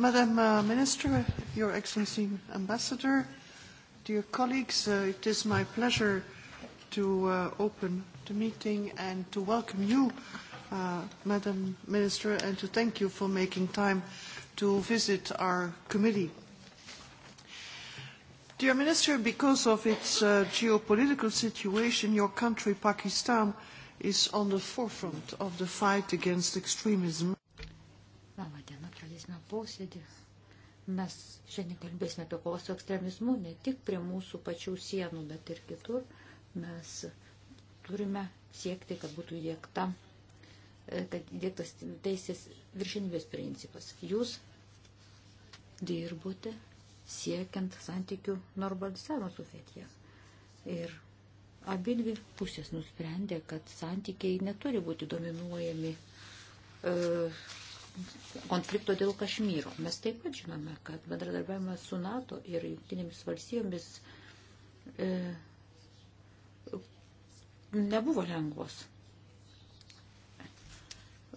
Madam uh, Minister, Your Excellency Ambassador, dear colleagues, uh, it is my pleasure to uh, open the meeting and to welcome you, uh, Madam Minister, and to thank you for making time to visit our committee. Dear Minister, because of its uh, geopolitical situation, your country, Pakistan, is on the forefront of the fight against extremism posėdį mes šiandien kalbėsime apie kovą su ekstremizmu ne tik prie mūsų pačių sienų, bet ir kitur. Mes turime siekti, kad būtų įdėkta, e, kad įdėktas teisės viršinybės principas. Jūs dirbote siekiant santykių normalizavimo su Fetija. Ir abidvi pusės nusprendė, kad santykiai neturi būti dominuojami e, konflikto dėl Kašmyro. Mes taip pat žinome, kad bendradarbiavimas su NATO ir jungtinėmis valstybėmis e, nebuvo lengvos.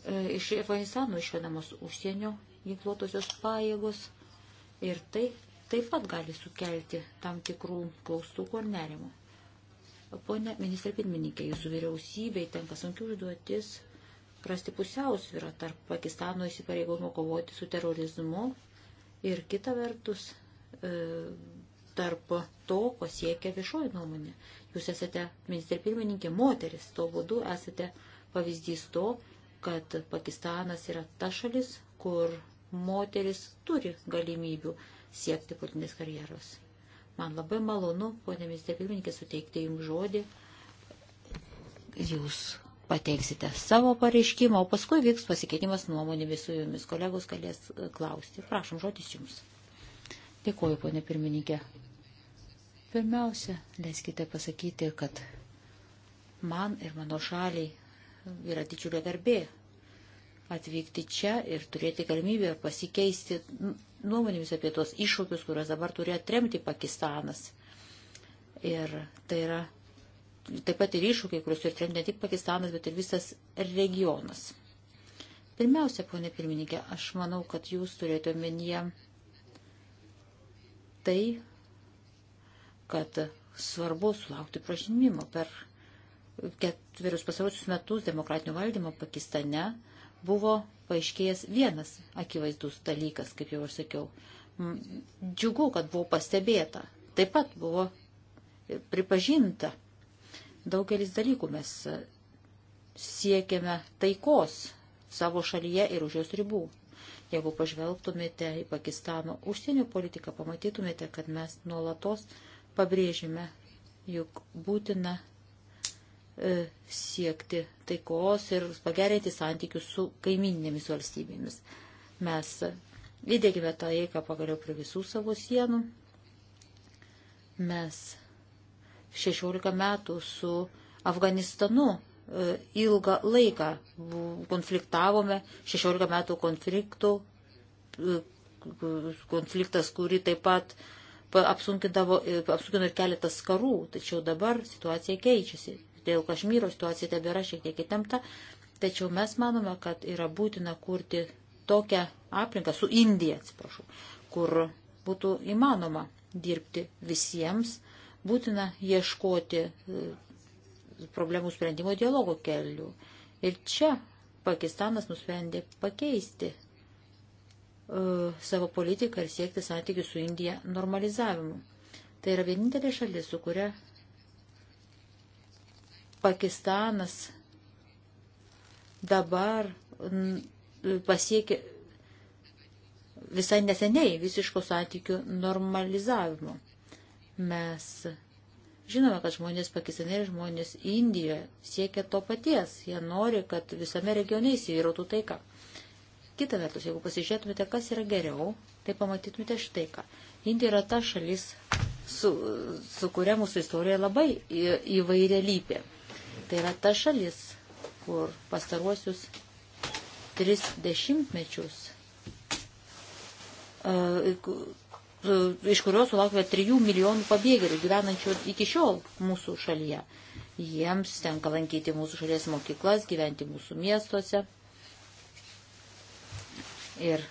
E, iš Afganistano išvedamos užsienio ginkluotosios pajėgos ir tai taip pat gali sukelti tam tikrų klaustukų ar nerimo. Pone ministrė pirmininkė, jūsų vyriausybei tenka sunkių užduotis rasti pusiausvyrą tarp Pakistano įsipareigojimo kovoti su terorizmu ir kita vertus e, tarp to, ko siekia viešoji nuomonė. Jūs esate ministrė pirmininkė moteris, to būdu esate pavyzdys to, kad Pakistanas yra ta šalis, kur moteris turi galimybių siekti politinės karjeros. Man labai malonu, ponė ministrė pirmininkė, suteikti jums žodį. Jūs pateiksite savo pareiškimą, o paskui vyks pasikeitimas nuomonėmis su jumis. Kolegos galės e, klausti. Prašom, žodis jums. Dėkuoju, ponė pirmininkė. Pirmiausia, leiskite pasakyti, kad man ir mano šaliai yra didžiulė garbė atvykti čia ir turėti galimybę pasikeisti nuomonėmis apie tuos iššūkius, kuriuos dabar turi atremti Pakistanas. Ir tai yra taip pat ir iššūkiai, kuriuos ir trem ne tik Pakistanas, bet ir visas regionas. Pirmiausia, ponė pirmininkė, aš manau, kad jūs turėjote omenyje tai, kad svarbu sulaukti pražymimo per ketverius pasarosius metus demokratinio valdymo Pakistane buvo paaiškėjęs vienas akivaizdus dalykas, kaip jau aš sakiau. Džiugu, kad buvo pastebėta. Taip pat buvo pripažinta Daugelis dalykų mes siekiame taikos savo šalyje ir už jos ribų. Jeigu pažvelgtumėte į Pakistano užsienio politiką, pamatytumėte, kad mes nuolatos pabrėžime, juk būtina e, siekti taikos ir pagerinti santykius su kaiminėmis valstybėmis. Mes įdėkime tą eiką pagaliau prie visų savo sienų. Mes 16 metų su Afganistanu e, ilgą laiką konfliktavome, 16 metų konfliktų, e, konfliktas, kurį taip pat e, apsunkino ir keletas karų, tačiau dabar situacija keičiasi. Dėl Kašmyro situacija tebėra šiek tiek įtempta, tačiau mes manome, kad yra būtina kurti tokią aplinką su Indija, atsiprašau, kur būtų įmanoma dirbti visiems Būtina ieškoti e, problemų sprendimo dialogo kelių. Ir čia Pakistanas nusprendė pakeisti uh, savo politiką ir siekti santykių su Indija normalizavimu. Tai yra vienintelė šalis, su kuria Pakistanas dabar pasiekė visai neseniai visiško santykių normalizavimo. Mes žinome, kad žmonės Pakistane ir žmonės Indijoje siekia to paties. Jie nori, kad visame regione įsivyrautų taika. Kita vertus, jeigu pasižiūrėtumėte, kas yra geriau, tai pamatytumėte štai ką. Indija yra ta šalis, su, su kuria mūsų istorija labai įvairia lypė. Tai yra ta šalis, kur pastaruosius tris dešimtmečius e, E, iš kurios sulaukime 3 milijonų pabėgėlių gyvenančių iki šiol mūsų šalyje. Jiems tenka lankyti mūsų šalies mokyklas, gyventi mūsų miestuose. Ir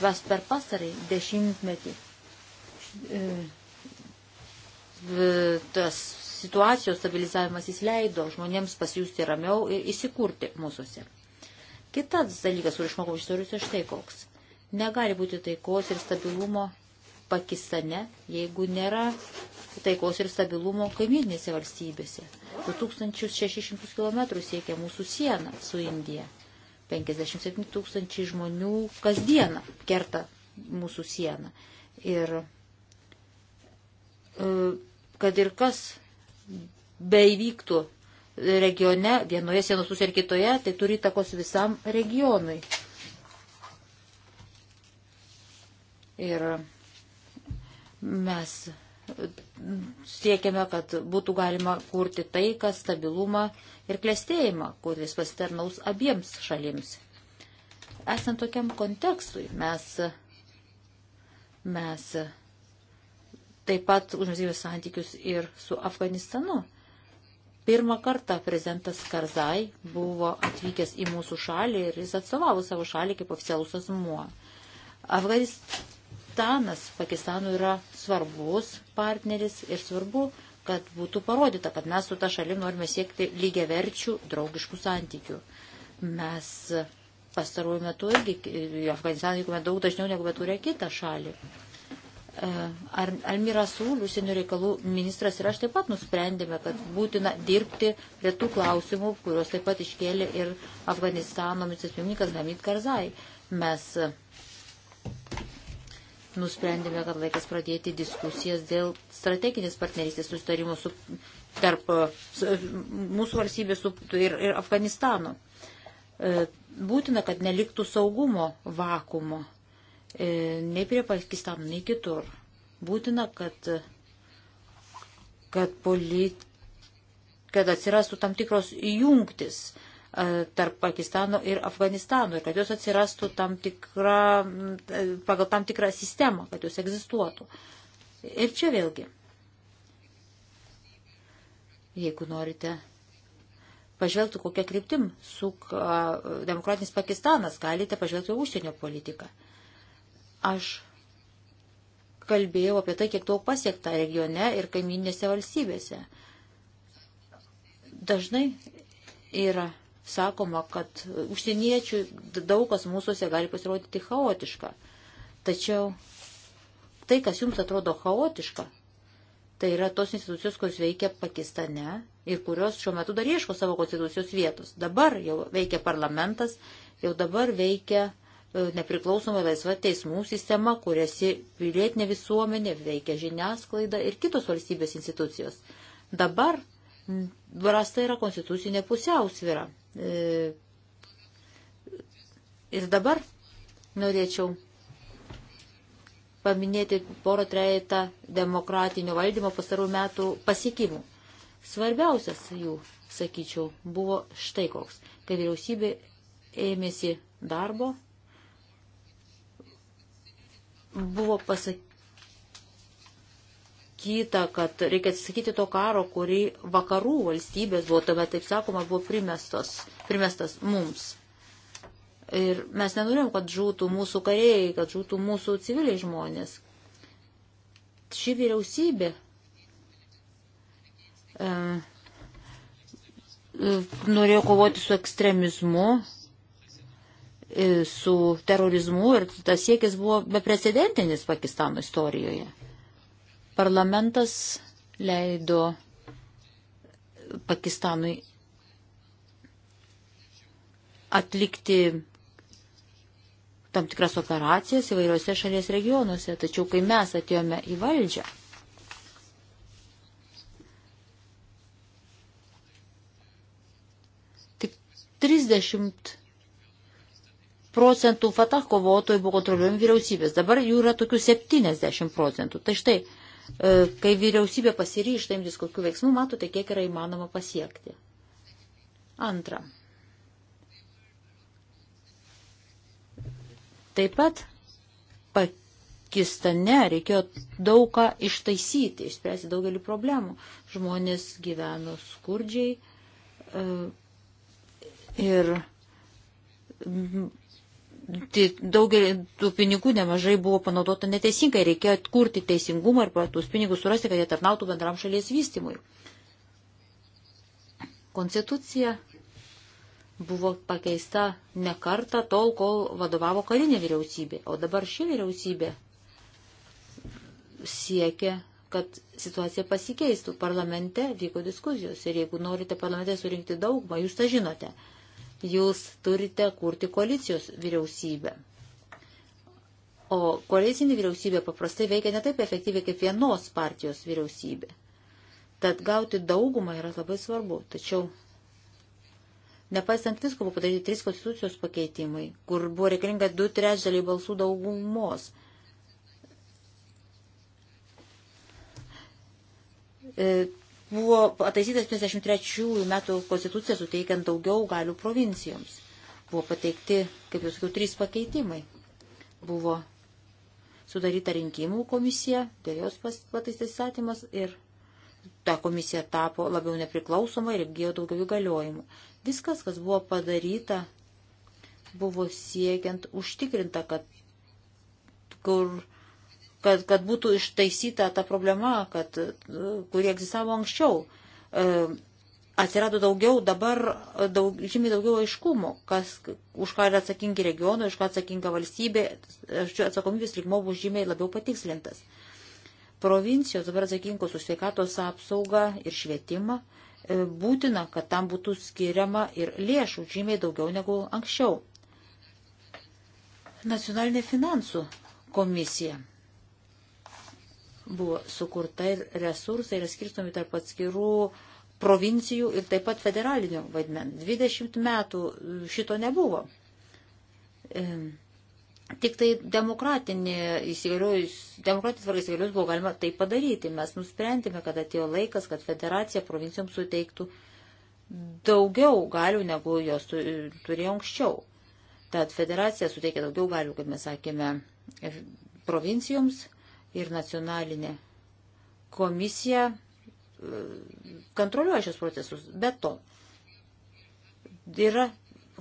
mes per pasarai dešimtmetį e, e, tas situacijos stabilizavimas įsileido žmonėms pasijūsti ramiau ir įsikurti mūsųse. Kitas dalykas, kurį išmokau iš istorijos, tai štai koks Negali būti taikos ir stabilumo Pakistane, jeigu nėra taikos ir stabilumo kaimininėse valstybėse. 2600 km siekia mūsų siena su Indija. 57 tūkstančiai žmonių kasdieną kerta mūsų sieną. Ir e, kad ir kas beivyktų regione, vienoje sienos pusėje ir kitoje, tai turi takos visam regionui. Ir mes siekiame, kad būtų galima kurti taiką, stabilumą ir klėstėjimą, kuris pasitarnaus abiems šalims. Esant tokiam kontekstui, mes, mes taip pat užmėsime santykius ir su Afganistanu. Pirmą kartą prezidentas Karzai buvo atvykęs į mūsų šalį ir jis atstovavo savo šalį kaip oficialus asmuo. Afganist Pakistanas, Pakistanų yra svarbus partneris ir svarbu, kad būtų parodyta, kad mes su ta šalim norime siekti lygiaverčių draugiškų santykių. Mes pastaruoju metu irgi į Afganistaną vykome daug dažniau negu bet kurią kitą šalį. E, Ar, Almira Sūl, užsienio reikalų ministras ir aš taip pat nusprendėme, kad būtina dirbti prie tų klausimų, kuriuos taip pat iškėlė ir Afganistano ministras pirmininkas Hamid Karzai. Mes nusprendėme, kad laikas pradėti diskusijas dėl strateginės partnerystės sustarimų su, tarp e, su, mūsų valstybės su, ir, ir Afganistano. E, būtina, kad neliktų saugumo vakumo e, nei prie Pakistano, nei kitur. Būtina, kad, kad, polit, kad atsirastų tam tikros jungtis E, tarp Pakistano ir Afganistano ir kad jos atsirastų tam tikra, e, pagal tam tikrą sistemą, kad jos egzistuotų. Ir čia vėlgi, jeigu norite pažvelgti, kokią kryptim suka demokratinis Pakistanas, galite pažvelgti užsienio politiką. Aš kalbėjau apie tai, kiek daug pasiekta regione ir kaiminėse valstybėse. Dažnai yra sakoma, kad užsieniečių daug kas mūsųse gali pasirodyti chaotiška. Tačiau tai, kas jums atrodo chaotiška, tai yra tos institucijos, kurios veikia Pakistane ir kurios šiuo metu dar ieško savo konstitucijos vietos. Dabar jau veikia parlamentas, jau dabar veikia e, nepriklausoma laisva teismų sistema, kuriasi pilietinė visuomenė, veikia žiniasklaida ir kitos valstybės institucijos. Dabar rasta yra konstitucinė pusiausvyra. E, ir dabar norėčiau paminėti porą trejetą demokratinio valdymo pastarų metų pasiekimų. Svarbiausias jų, sakyčiau, buvo štai koks, kai vyriausybė ėmėsi darbo, buvo pasak, pasakyta, kad reikia atsisakyti to karo, kurį vakarų valstybės buvo, tame taip sakoma, buvo primestos, primestas mums. Ir mes nenorim, kad žūtų mūsų kariai, kad žūtų mūsų civiliai žmonės. Ši vyriausybė e, norėjo kovoti su ekstremizmu, e, su terorizmu ir tas siekis buvo beprecedentinis Pakistano istorijoje. Parlamentas leido Pakistanui atlikti tam tikras operacijas įvairiose šalies regionuose. Tačiau, kai mes atėjome į valdžią, tik 30 procentų fatah kovotojų buvo kontroliuojami vyriausybės. Dabar jų yra tokių 70 procentų. Tai štai, E, kai vyriausybė pasiryžta imtis kokių veiksmų, matote, kiek yra įmanoma pasiekti. Antra. Taip pat Pakistane reikėjo daug ką ištaisyti, išspręsti daugelį problemų. Žmonės gyveno skurdžiai e, ir Tai daugelį tų pinigų nemažai buvo panaudota neteisingai, reikėjo atkurti teisingumą ir tuos pinigus surasti, kad jie tarnautų bendram šalies vystimui. Konstitucija buvo pakeista ne kartą tol, kol vadovavo karinė vyriausybė, o dabar ši vyriausybė siekia kad situacija pasikeistų. Parlamente vyko diskusijos ir jeigu norite parlamente surinkti daugumą, jūs tą žinote. Uh, jūs turite kurti koalicijos vyriausybę. O koalicinė vyriausybė paprastai veikia netaip efektyviai kaip vienos partijos vyriausybė. Tad gauti daugumą yra labai svarbu. Tačiau, nepaisant visko, buvo padaryti trys konstitucijos pakeitimai, kur buvo reikalinga du trečdaliai balsų daugumos. E, buvo pataisytas 53 metų konstitucija suteikiant daugiau galių provincijoms. Buvo pateikti, kaip jau sakiau, trys pakeitimai. Buvo sudaryta rinkimų komisija, dėl jos pataistas įstatymas ir ta komisija tapo labiau nepriklausoma ir įgijo daugiau įgaliojimų. Viskas, kas buvo padaryta, buvo siekiant užtikrinta, kad kur kad, kad būtų ištaisyta ta problema, kad, kuri egzistavo anksčiau. E, atsirado daugiau dabar, daug, žymiai daugiau aiškumo, kas, už ką yra atsakingi regionai, už ką atsakinga valstybė, atsakomybės lygmo bus žymiai labiau patikslintas. Provincijos dabar atsakingos už sveikatos apsaugą ir švietimą e, būtina, kad tam būtų skiriama ir lėšų žymiai daugiau negu anksčiau. Nacionalinė finansų komisija buvo sukurta ir resursai yra skirstomi tarp atskirų provincijų ir taip pat federalinių vaidmen. 20 metų šito nebuvo. Tik tai demokratinį įsigaliojus, demokratinį tvarką įsigaliojus buvo galima tai padaryti. Mes nusprendėme, kad atėjo laikas, kad federacija provincijoms suteiktų daugiau galių, negu jos turėjo anksčiau. Tad federacija suteikė daugiau galių, kaip mes sakėme, provincijoms ir nacionalinė komisija e, kontroliuoja šios procesus. Be to, yra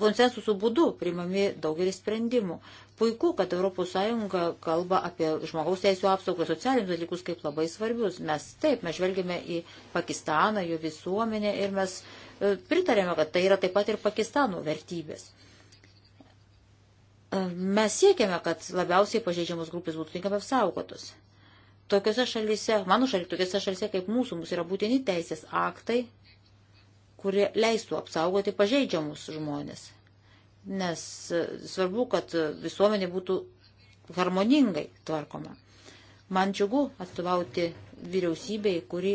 konsensusų būdu primami daugelis sprendimų. Puiku, kad ES kalba apie žmogaus teisų apsaugą, socialinius dalykus kaip labai svarbius. Mes taip, mes žvelgime į Pakistaną, jų visuomenę ir mes e, pritarėme, kad tai yra taip pat ir Pakistano vertybės. E, mes siekiame, kad labiausiai pažeidžiamos grupės būtų tinkamai apsaugotos. Tokiose šalyse, mano šalyje, tokiose šalyse kaip mūsų, mums yra būtini teisės aktai, kurie leistų apsaugoti pažeidžiamus žmonės. Nes e, svarbu, kad visuomenė būtų harmoningai tvarkoma. Man džiugu atstovauti vyriausybei, kuri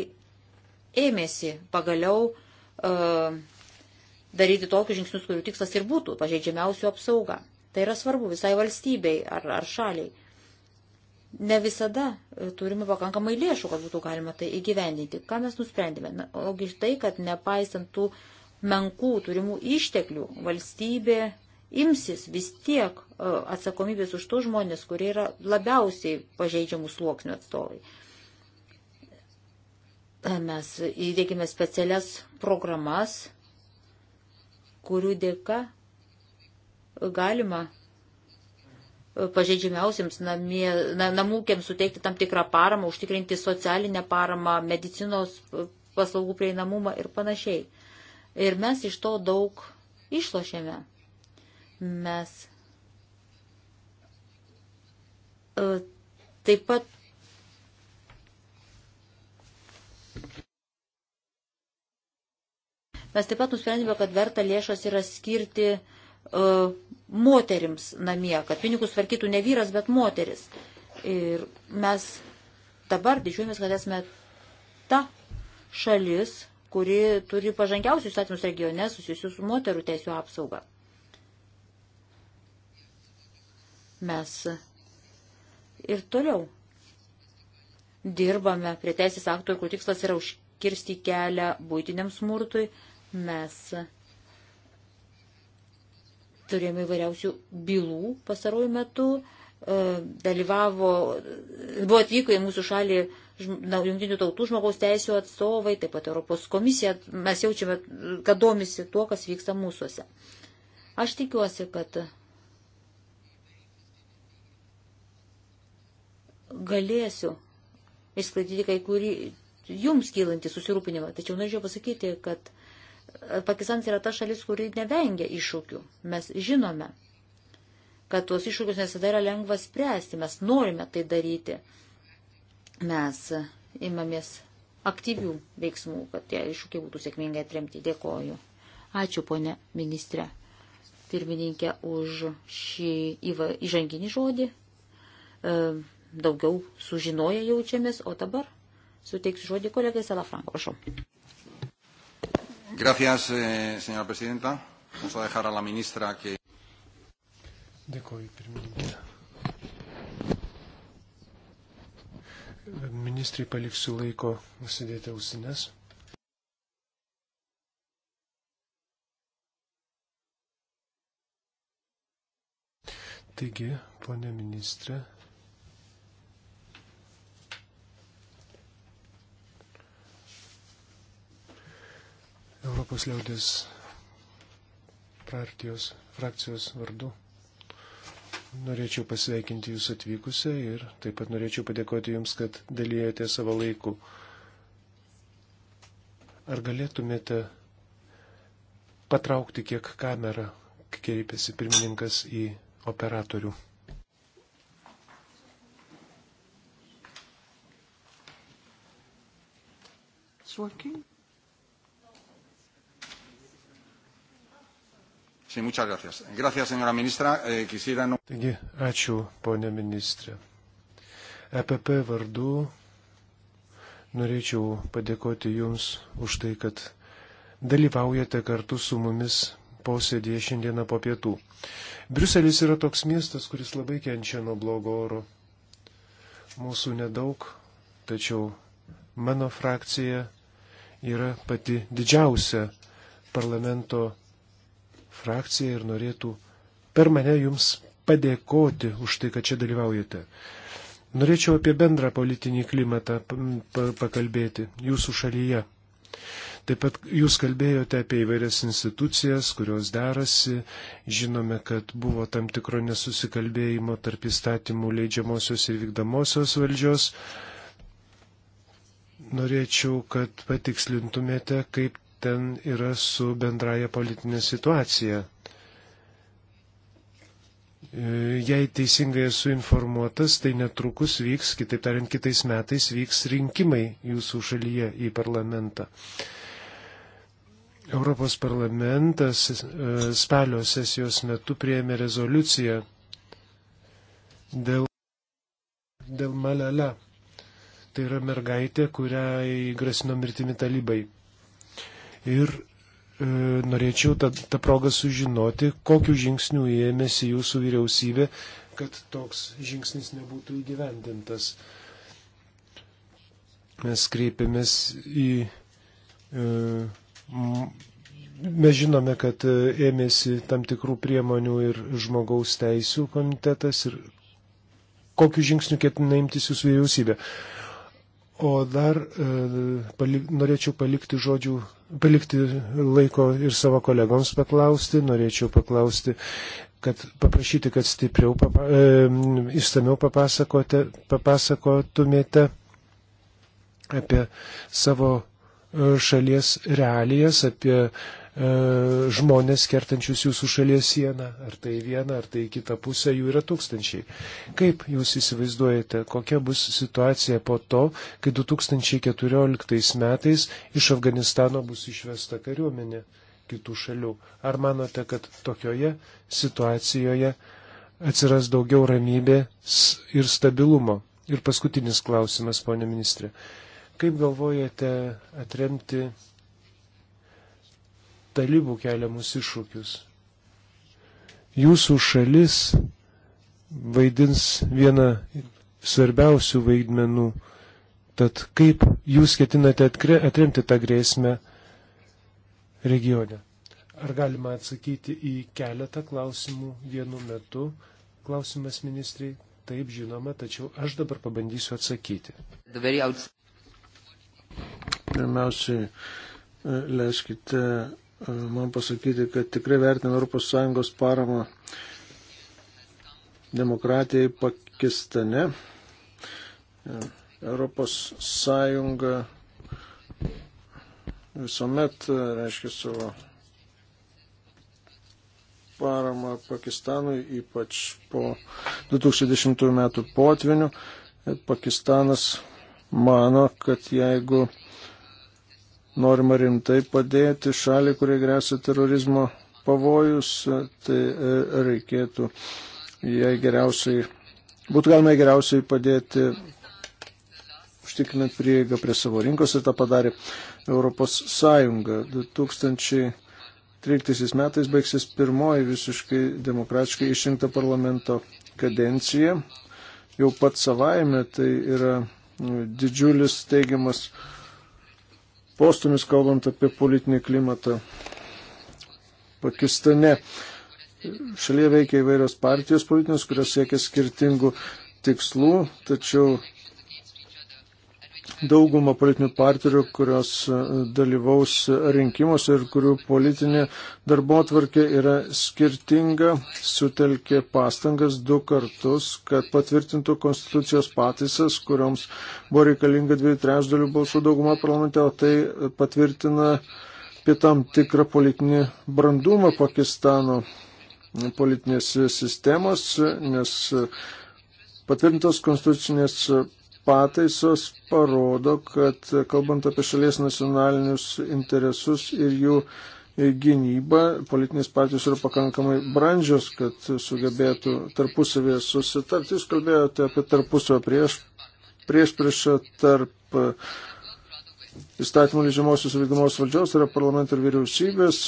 ėmėsi pagaliau uh, daryti tokius žingsnius, kurių tikslas ir būtų pažeidžiamiausių apsauga. Tai yra svarbu visai valstybei ar, ar šaliai ne visada e, turime pakankamai lėšų, kad būtų galima tai įgyvendinti. Ką mes nusprendėme? Na, ogi tai, kad nepaisant tų menkų turimų išteklių, valstybė imsis vis tiek e, atsakomybės už tos žmonės, kurie yra labiausiai pažeidžiamų sluoksnių atstovai. E, mes įdėkime specialias programas, kurių dėka galima pažeidžiamiausiams namie, na, namūkiams suteikti tam tikrą paramą, užtikrinti socialinę paramą, medicinos paslaugų prieinamumą ir panašiai. Ir mes iš to daug išlošėme. Mes e, taip pat Mes taip pat nusprendėme, kad verta lėšas yra skirti uh, E, moterims namie, kad pinigus tvarkytų ne vyras, bet moteris. Ir mes dabar didžiuojamės, kad esame ta šalis, kuri turi pažangiausius įstatymus regione susijusius su moterų teisų apsauga. Mes ir toliau dirbame prie teisės aktų, kur tikslas yra užkirsti kelią būtiniam smurtui. Mes turėjome įvairiausių bylų pasarojų metu, e, dalyvavo, buvo atvyko į mūsų šalį jungtinių tautų žmogaus teisų atstovai, taip pat Europos komisija, mes jaučiame, kad domisi tuo, kas vyksta mūsųse. Aš tikiuosi, kad galėsiu išsklaidyti kai kurį jums kylantį susirūpinimą, tačiau norėčiau pasakyti, kad Pakistanas yra ta šalis, kuri nevengia iššūkių. Mes žinome, kad tuos iššūkius nesada yra lengva spręsti, mes norime tai daryti. Mes imamės aktyvių veiksmų, kad tie iššūkiai būtų sėkmingai atremti. Dėkoju. Ačiū, ponė ministrė, pirmininkė, už šį įžanginį žodį. E, daugiau sužinoję jaučiamės, o dabar suteiksiu žodį kolegai Salafranko. Prašau. Gracias, eh, señora presidenta. Vamos a dejar a la ministra que. Dėkoju, pirmininkė. Ministrai paliksiu laiko nusidėti ausines. Taigi, ponė ministrė, Europos liaudės partijos frakcijos vardu. Norėčiau pasveikinti Jūs atvykusią ir taip pat norėčiau padėkoti Jums, kad dalyjate savo laiku. Ar galėtumėte patraukti kiek kamerą, kreipėsi pirmininkas į operatorių? It's working. Sí, muchas gracias. Gracias, señora ministra. Eh, quisiera... Taigi, ačiū, ponė ministrė. EPP vardu norėčiau padėkoti Jums už tai, kad dalyvaujate kartu su mumis posėdėje šiandieną po pietų. Briuselis yra toks miestas, kuris labai kenčia nuo blogo oro. Mūsų nedaug, tačiau mano frakcija yra pati didžiausia parlamento frakciją ir norėtų per mane jums padėkoti už tai, kad čia dalyvaujate. Norėčiau apie bendrą politinį klimatą pakalbėti jūsų šalyje. Taip pat jūs kalbėjote apie įvairias institucijas, kurios derasi. Žinome, kad buvo tam tikro nesusikalbėjimo tarp įstatymų leidžiamosios ir vykdomosios valdžios. Norėčiau, kad patikslintumėte, kaip ten yra su bendraja politinė situacija. Jei teisingai esu informuotas, tai netrukus vyks, kitaip tariant, kitais metais vyks rinkimai jūsų šalyje į parlamentą. Europos parlamentas e, spalio sesijos metu prieėmė rezoliuciją dėl, dėl Malala. Tai yra mergaitė, kuriai grasino mirtimi talybai ir e, norėčiau tą, tą progą sužinoti, kokiu žingsniu ėmėsi jūsų vyriausybė, kad toks žingsnis nebūtų įgyvendintas. Mes kreipiamės į. E, m, Mes žinome, kad e, ėmėsi tam tikrų priemonių ir žmogaus teisų komitetas ir kokiu žingsniu ketina imtis jūsų vyriausybė. E, O dar e, palik, norėčiau palikti žodžių, palikti laiko ir savo kolegoms paklausti, norėčiau paklausti, kad paprašyti, kad stipriau, papa, e, išsameu papasakotumėte apie savo e, šalies realijas, apie E, žmonės kertančius jūsų šalies sieną, ar tai vieną, ar tai kitą pusę, jų yra tūkstančiai. Kaip jūs įsivaizduojate, kokia bus situacija po to, kai 2014 metais iš Afganistano bus išvesta kariuomenė kitų šalių? Ar manote, kad tokioje situacijoje atsiras daugiau ramybės ir stabilumo? Ir paskutinis klausimas, ponė ministrė. Kaip galvojate atremti talibų keliamus iššūkius. Jūsų šalis vaidins vieną svarbiausių vaidmenų. Tad kaip jūs ketinate atremti tą grėsmę regione? Ar galima atsakyti į keletą klausimų vienu metu? Klausimas ministrai, taip žinoma, tačiau aš dabar pabandysiu atsakyti. Pirmiausiai, e, leiskite man pasakyti, kad tikrai vertina ES paramą demokratijai Pakistane. ES visuomet e, reiškia savo paramą Pakistanui, ypač po 2010 metų potvinių. E, Pakistanas mano, kad jeigu norima rimtai padėti šaliai, kurie grėsia terorizmo pavojus, tai e, reikėtų jai geriausiai, būtų galima geriausiai padėti užtikrinant prieigą prie savo rinkos ir tą padarė Europos Sąjunga. 2013 metais baigsis pirmoji visiškai demokratiškai išrinkta parlamento kadencija. Jau pat savaime tai yra nu, didžiulis teigiamas uh, postumis, kalbant apie politinį klimatą Pakistane. Šalyje veikia įvairios partijos politinės, kurios siekia skirtingų tikslų, tačiau daugumą politinių partijų, kurios e, dalyvaus rinkimuose ir kurių politinė darbo tvarkė yra skirtinga, sutelkė pastangas du kartus, kad patvirtintų konstitucijos pataisas, kurioms buvo reikalinga dviejų trečdalių balsų dauguma parlamente, o tai patvirtina apie tam tikrą politinį brandumą Pakistano politinės sistemos, nes patvirtintos konstitucinės pataisos parodo, kad kalbant apie šalies nacionalinius interesus ir jų gynybą, politinės partijos yra pakankamai brandžios, kad sugebėtų tarpusavėje susitarti. Jūs kalbėjote apie tarpusavę prieš, prieš priešą tarp įstatymų leidžiamosios vykdomos valdžios, tai yra parlamento ir vyriausybės.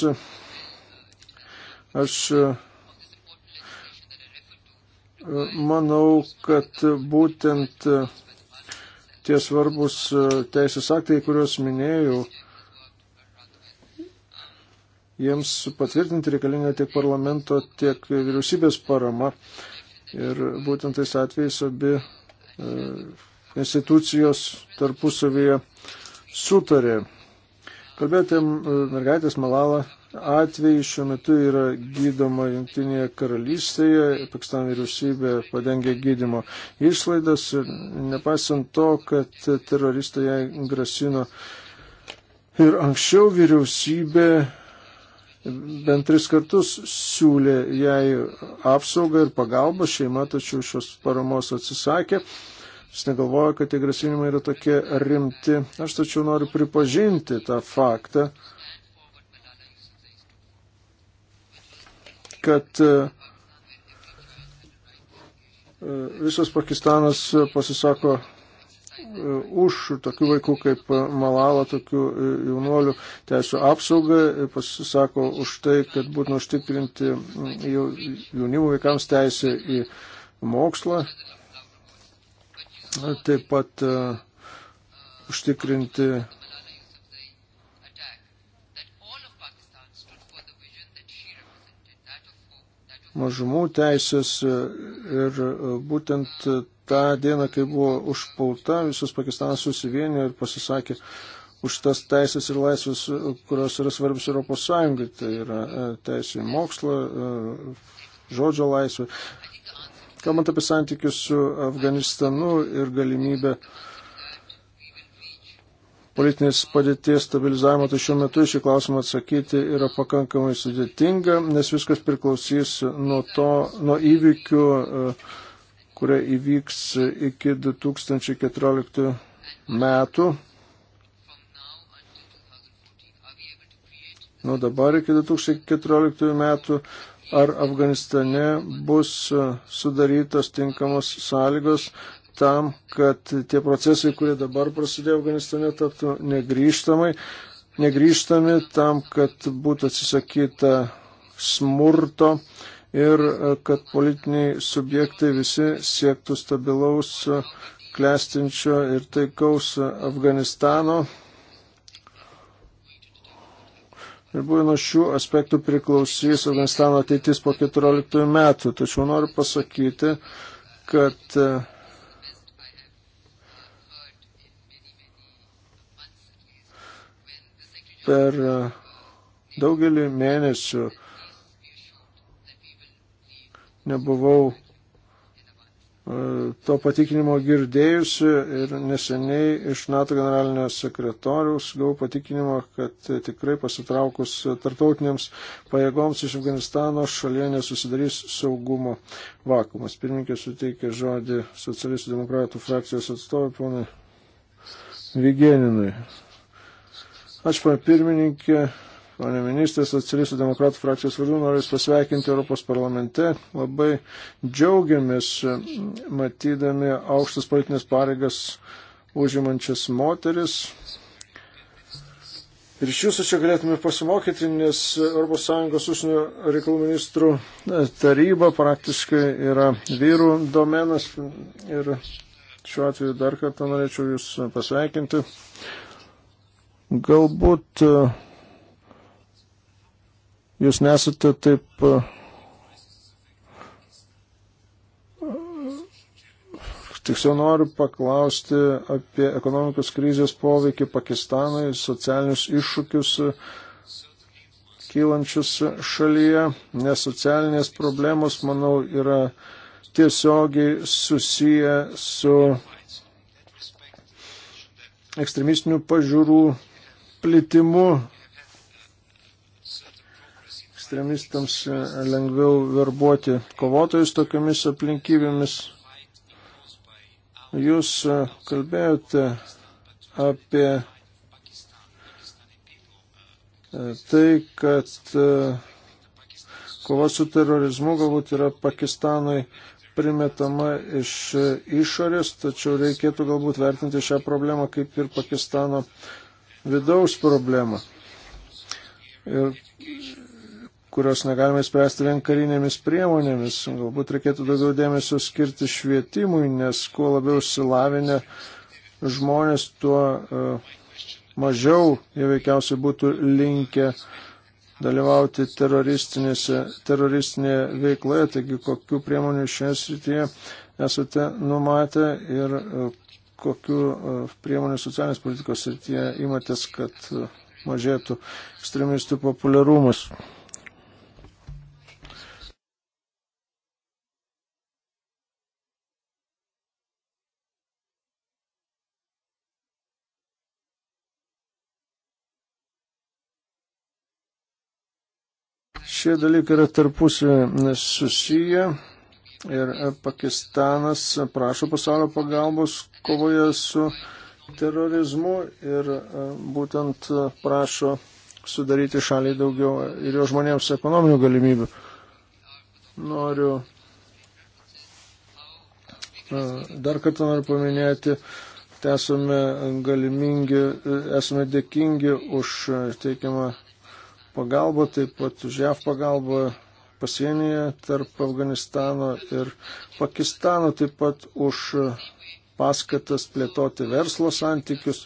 Aš e, manau, kad būtent tie svarbus e, teisės aktai, kuriuos minėjau, jiems patvirtinti reikalinga tiek parlamento, tiek vyriausybės parama. Ir būtent tais atvejais abi e, institucijos tarpusavėje sutarė. Kalbėjote e, mergaitės Malalą atvejai šiuo metu yra gydoma Junktinėje karalystėje, Pakistano vyriausybė padengia gydimo išlaidas, nepaisant to, kad teroristai jai grasino ir anksčiau vyriausybė bent tris kartus siūlė jai apsaugą ir pagalbą šeima, tačiau šios paramos atsisakė. Jis negalvoja, kad tie grasinimai yra tokie rimti. Aš tačiau noriu pripažinti tą faktą, kad e, e, visas Pakistanas pasisako e, už tokių vaikų kaip Malala, tokių jaunuolių teisų apsaugą, pasisako už tai, kad būtų užtikrinti mm, jaunimų vaikams teisę į mokslą, taip pat užtikrinti mažumų teisės e, ir e, būtent e, tą dieną, kai buvo užpulta, visas Pakistanas susivienė ir pasisakė už tas teisės ir laisvės, kurios yra svarbios Europos Sąjungai. Tai yra teisė į mokslą, žodžio laisvė. Kalbant apie santykius su Afganistanu ir galimybę uh, politinės padėties stabilizavimo, tai šiuo metu šį klausimą atsakyti yra pakankamai sudėtinga, nes viskas priklausys nuo, to, nuo įvykių, e, kurie įvyks iki 2014 metų. Nuo dabar iki 2014 metų ar Afganistane bus sudarytos tinkamos sąlygos tam, kad tie procesai, kurie dabar prasidėjo Afganistane, taptų negryžtamai, negryžtami tam, kad būtų atsisakyta smurto ir e, kad politiniai subjektai visi siektų stabilaus, e, klestinčio ir taikaus Afganistano. Ir būtent nuo šių aspektų priklausys Afganistano ateitis po 14 metų. Tačiau noriu pasakyti, kad e, per e, daugelį mėnesių nebuvau e, to patikinimo girdėjusi ir neseniai iš NATO generalinio sekretoriaus gavau patikinimą, kad tikrai pasitraukus tartautiniams pajėgoms iš Afganistano šalyje nesusidarys saugumo vakumas. Pirmininkė suteikė žodį socialistų demokratų frakcijos atstovui, ponai Vigeninui. Ačiū, pan pirmininkė. Pane ministrė, socialistų demokratų frakcijos vardu noriu Jūs pasveikinti Europos parlamente. Labai džiaugiamės matydami aukštas politinės pareigas užimančias moteris. Ir iš jūsų čia galėtume pasimokyti, nes ES užsienio reikalų ministrų taryba praktiškai yra vyrų domenas. Ir šiuo atveju dar kartą norėčiau Jūs pasveikinti. Galbūt e, jūs nesate taip e, Tiksliau noriu paklausti apie ekonomikos krizės poveikį Pakistanui, socialinius iššūkius e, kylančius šalyje, nes socialinės problemos, manau, yra tiesiogiai susiję su ekstremistinių pažiūrų plitimu ekstremistams e, lengviau verbuoti kovotojus tokiamis aplinkybėmis. Jūs e, kalbėjote apie e, tai, kad kova su terorizmu galbūt yra Pakistanui primetama iš išorės, tačiau reikėtų galbūt vertinti šią problemą kaip ir Pakistano vidaus problemų, ir, kurios negalime spręsti vien karinėmis priemonėmis. Galbūt reikėtų daugiau dėmesio skirti švietimui, nes kuo labiau išsilavinę žmonės, tuo uh, mažiau jie veikiausiai būtų linkę dalyvauti teroristinėje veikloje, taigi kokiu priemonių šioje srityje esate numatę ir e, kokiu e, priemonių socialinės politikos srityje imatės, kad e, mažėtų ekstremistų populiarumas. Šie dalykai yra tarpusavį susiję ir e, Pakistanas prašo pasaulio pagalbos kovoje su terorizmu ir e, būtent prašo sudaryti šaliai daugiau ir jo žmonėms ekonominių galimybių. Noriu e, Dar kartą noriu paminėti, tai esame galimingi, esame dėkingi už teikiamą pagalbą, taip pat už JAV pagalbą pasienyje tarp Afganistano ir Pakistano, taip pat už paskatas plėtoti verslo santykius.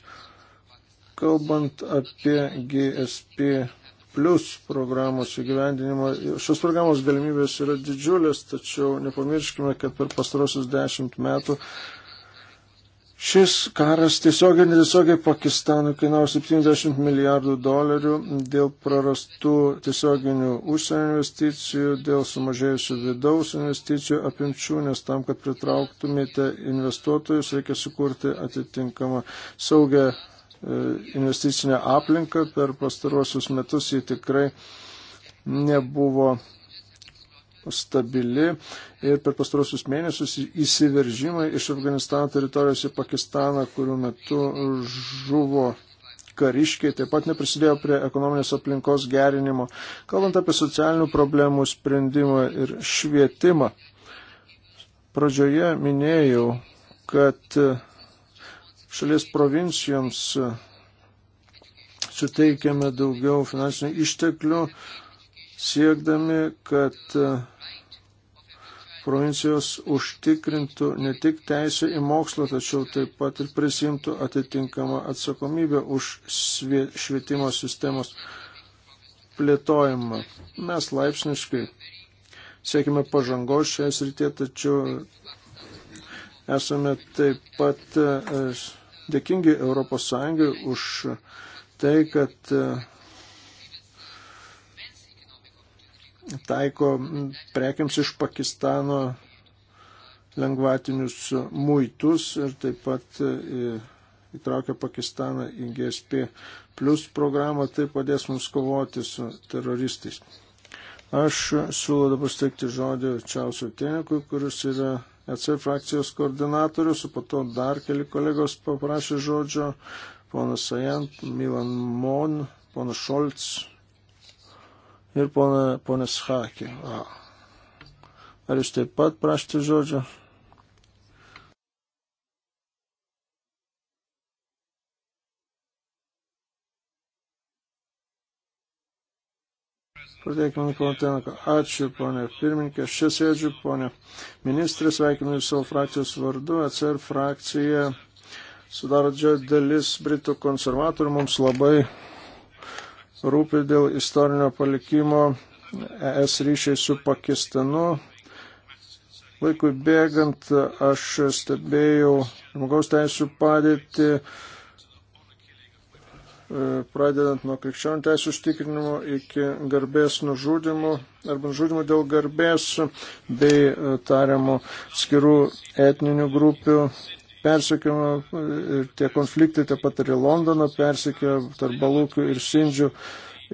Kalbant apie GSP plus programos įgyvendinimą, šios programos galimybės yra didžiulės, tačiau nepamirškime, kad per pastarosius dešimt metų Šis karas tiesiogiai ir netiesiogiai Pakistanui kainavo 70 milijardų dolerių dėl prarastų tiesioginių užsienio investicijų, dėl sumažėjusių vidaus investicijų apimčių, nes tam, kad pritrauktumėte investuotojus, reikia sukurti atitinkamą saugę e, investicinę aplinką. Per pastaruosius metus jį tikrai nebuvo stabili ir per pastarosius mėnesius įsiveržimai iš Afganistano teritorijos į Pakistaną, kurių metu žuvo kariškiai, taip pat neprisidėjo prie ekonominės aplinkos gerinimo, kalbant apie socialinių problemų sprendimą ir švietimą. Pradžioje minėjau, kad e, šalies provincijoms e, suteikiame daugiau finansinių išteklių, siekdami, kad e, provincijos užtikrintų ne tik teisę į mokslą, tačiau taip pat ir prisimtų atitinkamą atsakomybę už švietimo sistemos plėtojimą. Mes laipsniškai siekime pažangos šioje srityje, tačiau esame taip pat e, dėkingi ES už tai, kad e, taiko prekiams iš Pakistano lengvatinius muitus ir taip pat e, įtraukia Pakistaną į GSP plus programą, tai padės mums kovoti su teroristais. Aš siūlau dabar steigti žodį Čiausiu Tenikui, kuris yra EC frakcijos koordinatorius, o po to dar keli kolegos paprašė žodžio, ponas Sajant, Milan Mon, ponas Šolts, ir ponas Hakė. Ar jūs taip pat prašyti žodžio? Pradėkime nuo Tenako. Ačiū, ponė pirmininkė. Aš čia sėdžiu, ponė ministrė, sveikinu jūs savo frakcijos vardu. ACR frakcija sudaro didžioji dalis Britų konservatorių. Mums labai rūpi dėl istorinio palikimo ES ryšiai su Pakistanu. Laikui bėgant aš stebėjau žmogaus teisų padėtį, e, pradedant nuo krikščionių teisų stikrinimo iki garbės nužudimų arba nužudimų dėl garbės bei e, tariamų skirų etninių grupių persekiojama ir tie konfliktai taip pat ir į Londoną persekioja tarp Balūkių ir Sindžių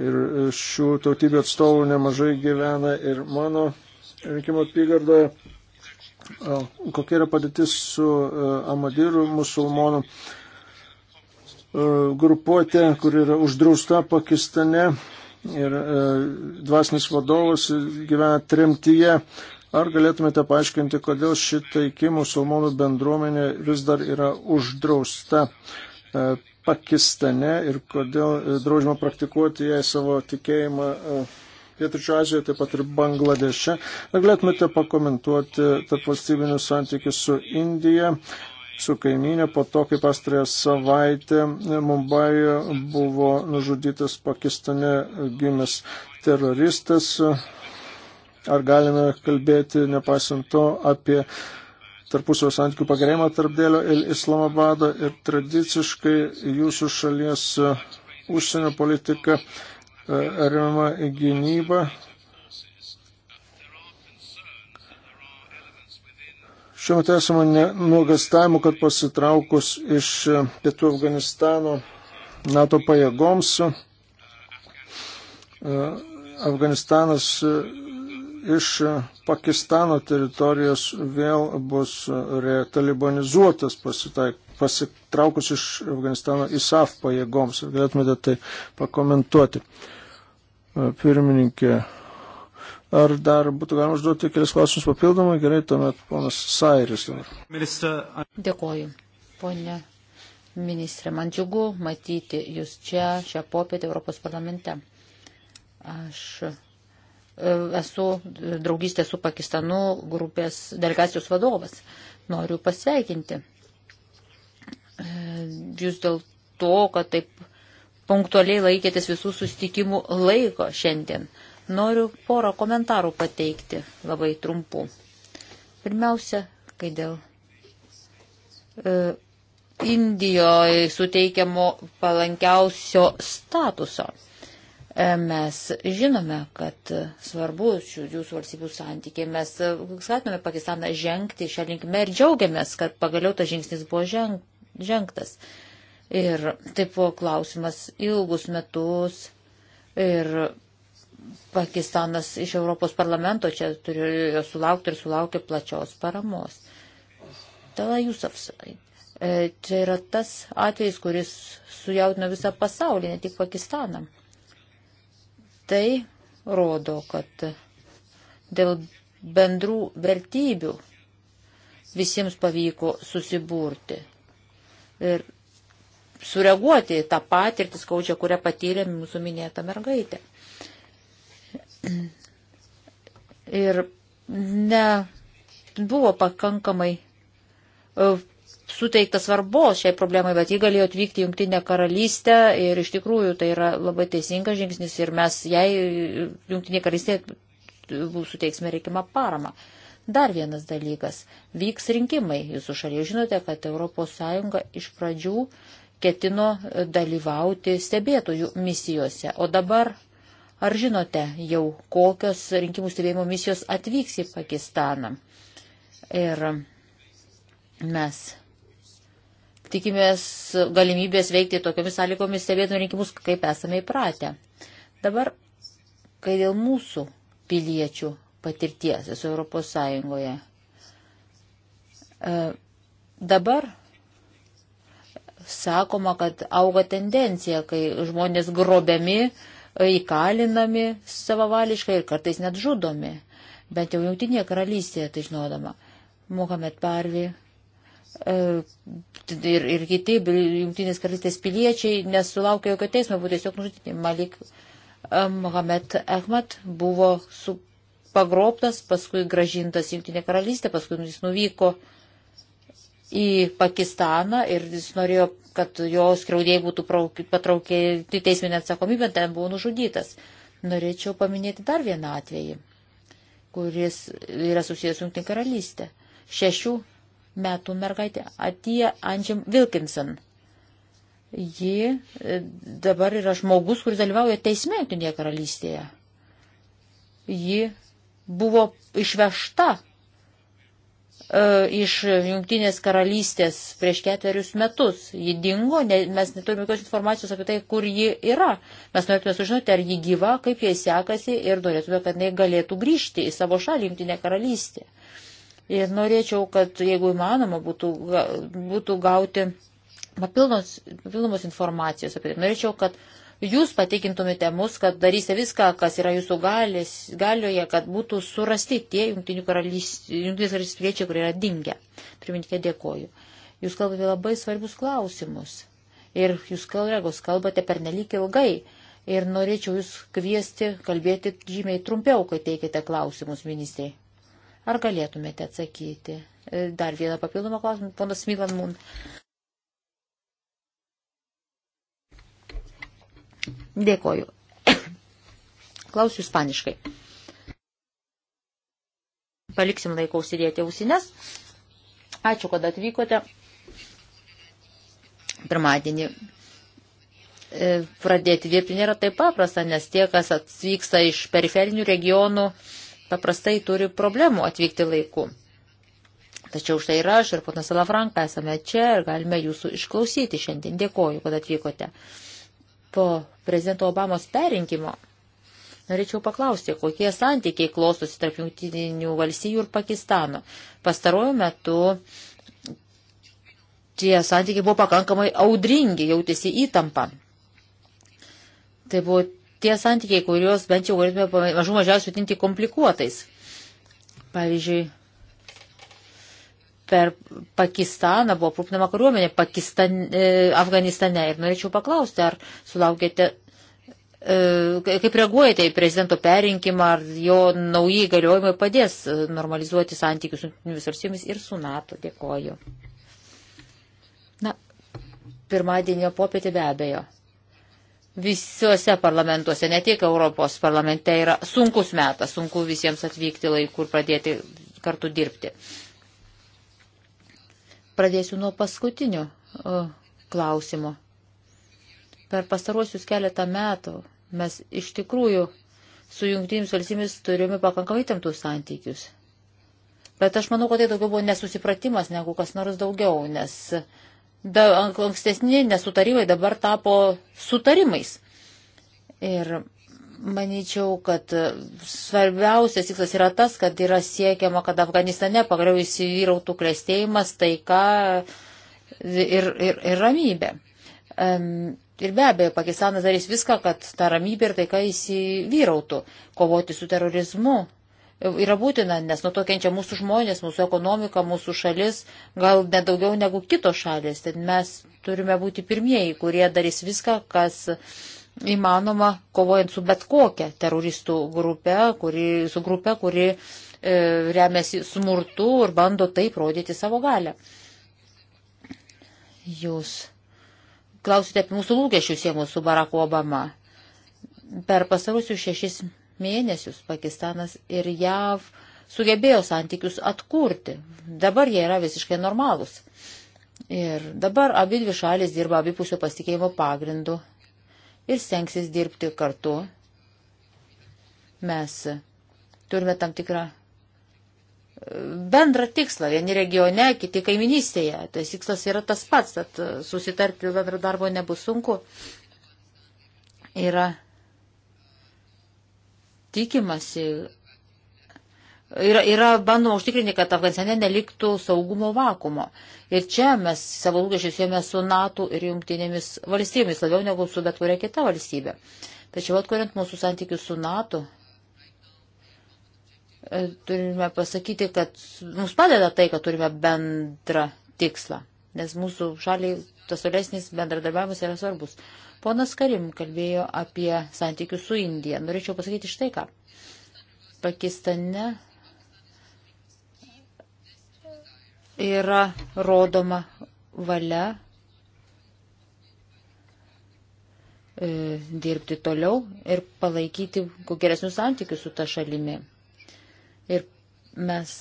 ir šių tautybių atstovų nemažai gyvena ir mano rinkimo apygardoje. Kokia yra padėtis su e, Amadirų musulmonų e, grupuotė, kur yra uždrausta Pakistane ir e, dvasinis vadovas gyvena tremtyje Ar galėtumėte paaiškinti, kodėl šitaiki musulmonų bendruomenė vis dar yra uždrausta e, Pakistane ir kodėl e, draudžiama praktikuoti jai savo tikėjimą e, Pietričio Azijoje, taip pat ir Bangladeše? Ar galėtumėte pakomentuoti tarp valstybinius santykius su Indija? su kaiminė po to, kai pastarąją savaitę Mumbai buvo nužudytas Pakistane gimęs teroristas, Ar galime kalbėti, nepaisant to, apie tarpusio santykių pagerėjimą tarp dėlio ir Islamabado ir tradiciškai jūsų šalies e, užsienio politika e, remiama gynyba. Šiuo metu esame nuogastavimų, kad pasitraukus iš e, pietų Afganistano NATO pajėgoms, Afganistanas iš Pakistano teritorijos vėl bus retalibanizuotas pasitraukus iš Afganistano ISAF pajėgoms. Ar galėtumėte tai pakomentuoti, e, pirmininkė? Ar dar būtų galima užduoti kelias klausimus papildomai? Gerai, tuomet ponas Sairis. Dėkoju, ponė ministrė. Man džiugu matyti jūs čia šią popietę Europos parlamente. Aš esu draugystė su Pakistanu grupės delegacijos vadovas. Noriu pasveikinti. E, jūs dėl to, kad taip punktualiai laikėtės visų sustikimų laiko šiandien. Noriu porą komentarų pateikti labai trumpų. Pirmiausia, kai dėl e, Indijoje suteikiamo palankiausio statuso. E, mes žinome, kad svarbu šių jūsų valstybių santykiai. Mes e, skatiname Pakistaną žengti šią linkmę ir džiaugiamės, kad pagaliau tas žingsnis buvo ženg, žengtas. Ir tai buvo klausimas ilgus metus. Ir Pakistanas iš Europos parlamento čia turėjo sulaukti ir sulaukė plačios paramos. Tala Jusafsai. E, čia yra tas atvejis, kuris sujaudino visą pasaulį, ne tik Pakistaną. Tai rodo, kad dėl bendrų vertybių visiems pavyko susiburti ir sureaguoti tą patirtį skaudžią, kurią patyrė mūsų minėta mergaitė. Ir ne buvo pakankamai suteikta svarbos šiai problemai, bet ji galėjo atvykti Junktinę karalystę ir iš tikrųjų tai yra labai teisingas žingsnis ir mes jai Junktinė karalystė suteiksime reikimą paramą. Dar vienas dalykas. Vyks rinkimai. Jūsų šalyje žinote, kad ES iš pradžių ketino dalyvauti stebėtojų misijose. O dabar, ar žinote jau, kokios rinkimų stebėjimo misijos atvyks į Pakistaną? Ir mes tikimės galimybės veikti tokiomis sąlygomis stebėtume rinkimus, kaip esame įpratę. Dabar, kai dėl mūsų piliečių patirties esu Europos Sąjungoje, e, dabar sakoma, kad auga tendencija, kai žmonės grobiami, e, įkalinami savavališkai ir kartais net žudomi, bent jau jungtinėje karalystėje, tai žinodama. Mohamed Parvi E, ir, ir kiti jungtinės karalystės piliečiai nesulaukė jokio teismo, buvo tiesiog nužudyti. Malik e, Mohamed Ahmad buvo su, pagroptas, paskui gražintas jungtinė karalystė, paskui jis nuvyko į Pakistaną ir jis norėjo, kad jo skriaudėjai būtų patraukėti teisminę atsakomybę, ten buvo nužudytas. Norėčiau paminėti dar vieną atvejį, kuris yra susijęs jungtinė karalystė. Šešių metų mergaitė Atija Andžiam Wilkinson. Ji e, dabar yra žmogus, kuris dalyvauja teisme Jungtinėje karalystėje. Ji buvo išvežta e, iš Jungtinės karalystės prieš ketverius metus. Ji dingo, ne, mes neturime jokios informacijos apie tai, kur ji yra. Mes norėtume sužinoti, ar ji gyva, kaip jai sekasi ir norėtume, kad jinai galėtų grįžti į savo šalį Jungtinę karalystę. E, Ir norėčiau, kad jeigu įmanoma būtų, būtų gauti papildomos, papildomos informacijos apie tai. Norėčiau, kad jūs patikintumėte mus, kad darysite viską, kas yra jūsų galės, galioje, kad būtų surasti tie jungtinių karalystės piliečiai, kurie yra dingę. Pirmininkė, dėkoju. Jūs kalbate labai svarbius klausimus. Ir jūs, kolegos, kalbate per nelik ilgai. Ir norėčiau jūs kviesti kalbėti žymiai trumpiau, kai teikite klausimus ministrai. Ar galėtumėte atsakyti? E, dar vieną papildomą klausimą, ponas Mylan Mun. Dėkoju. Klausiu ispaniškai. Paliksim laiką užsidėti ausines. Ačiū, kad atvykote. Pirmadienį e, pradėti dirbti nėra taip paprasta, nes tie, kas atvyksta iš periferinių regionų, paprastai turi problemų atvykti laiku. Tačiau štai ir aš, ir ponas Salafranka esame čia ir galime jūsų išklausyti šiandien. Dėkoju, kad atvykote. Po prezidento Obamos perinkimo norėčiau paklausti, kokie santykiai klostosi tarp jungtinių valstybių ir Pakistano. Pastaruoju metu tie santykiai buvo pakankamai audringi, jautėsi įtampa. Tai buvo tie santykiai, kuriuos bent jau galėtume mažų mažiausiai vadinti komplikuotais. Pavyzdžiui, per Pakistaną buvo aprūpinama kariuomenė Pakistan, e, Afganistane ir norėčiau paklausti, ar sulaukėte, e, kaip reaguojate į prezidento perinkimą, ar jo nauji galiojimai padės e, normalizuoti santykius su valstybėmis ir su NATO. Dėkoju. Na, pirmadienio popietė be abejo Visiuose parlamentuose, ne tik Europos parlamente, yra sunkus metas, sunku visiems atvykti laiku ir pradėti kartu dirbti. Pradėsiu nuo paskutinio e, klausimo. Per pastaruosius keletą metų mes iš tikrųjų su jungtinėmis valstybėmis turime pakankamai temtų santykius. Bet aš manau, kad tai daugiau buvo nesusipratimas negu kas nors daugiau, nes da, ankstesni nesutarimai dabar tapo sutarimais. Ir manyčiau, kad svarbiausias tikslas yra tas, kad yra siekiama, kad Afganistane pagaliau įsivyrautų klėstėjimas, taika ir, ir, ir ramybė. Ir be abejo, Pakistanas darys viską, kad ta ramybė ir taika įsivyrautų, kovoti su terorizmu, yra būtina, nes nuo to kenčia mūsų žmonės, mūsų ekonomika, mūsų šalis, gal nedaugiau negu kitos šalis. Tad mes turime būti pirmieji, kurie darys viską, kas įmanoma, kovojant su bet kokia teroristų grupė, kuri, su grupė, kuri e, remiasi smurtu ir bando taip rodyti savo galę. Jūs klausite apie mūsų lūkesčius siemus su Baracku Obama. Per pasarusius šešis mėnesius Pakistanas ir JAV sugebėjo santykius atkurti. Dabar jie yra visiškai normalūs. Ir dabar abi dvi šalis dirba abipusio pasitikėjimo pagrindu ir stengsis dirbti kartu. Mes turime tam tikrą e, bendrą tikslą, vieni regione, kiti kaiminystėje. Tas tikslas yra tas pats, tad susitarti dėl bendro darbo nebus sunku. Yra tikimasi, yra, yra bandoma užtikrinti, kad Afganistane neliktų saugumo vakumo. Ir čia mes savo lūkesčius jėme su NATO ir jungtinėmis valstybėmis, labiau negu su bet kuria kita valstybė. Tačiau atkuriant mūsų santykius su NATO, e, turime pasakyti, kad mums padeda tai, kad turime bendrą tikslą nes mūsų šaliai tas tolesnis bendradarbiavimas yra svarbus. Ponas Karim kalbėjo apie santykius su Indija. Norėčiau pasakyti štai ką. Pakistane yra rodoma valia e, dirbti toliau ir palaikyti geresnius santykius su ta šalimi. Ir mes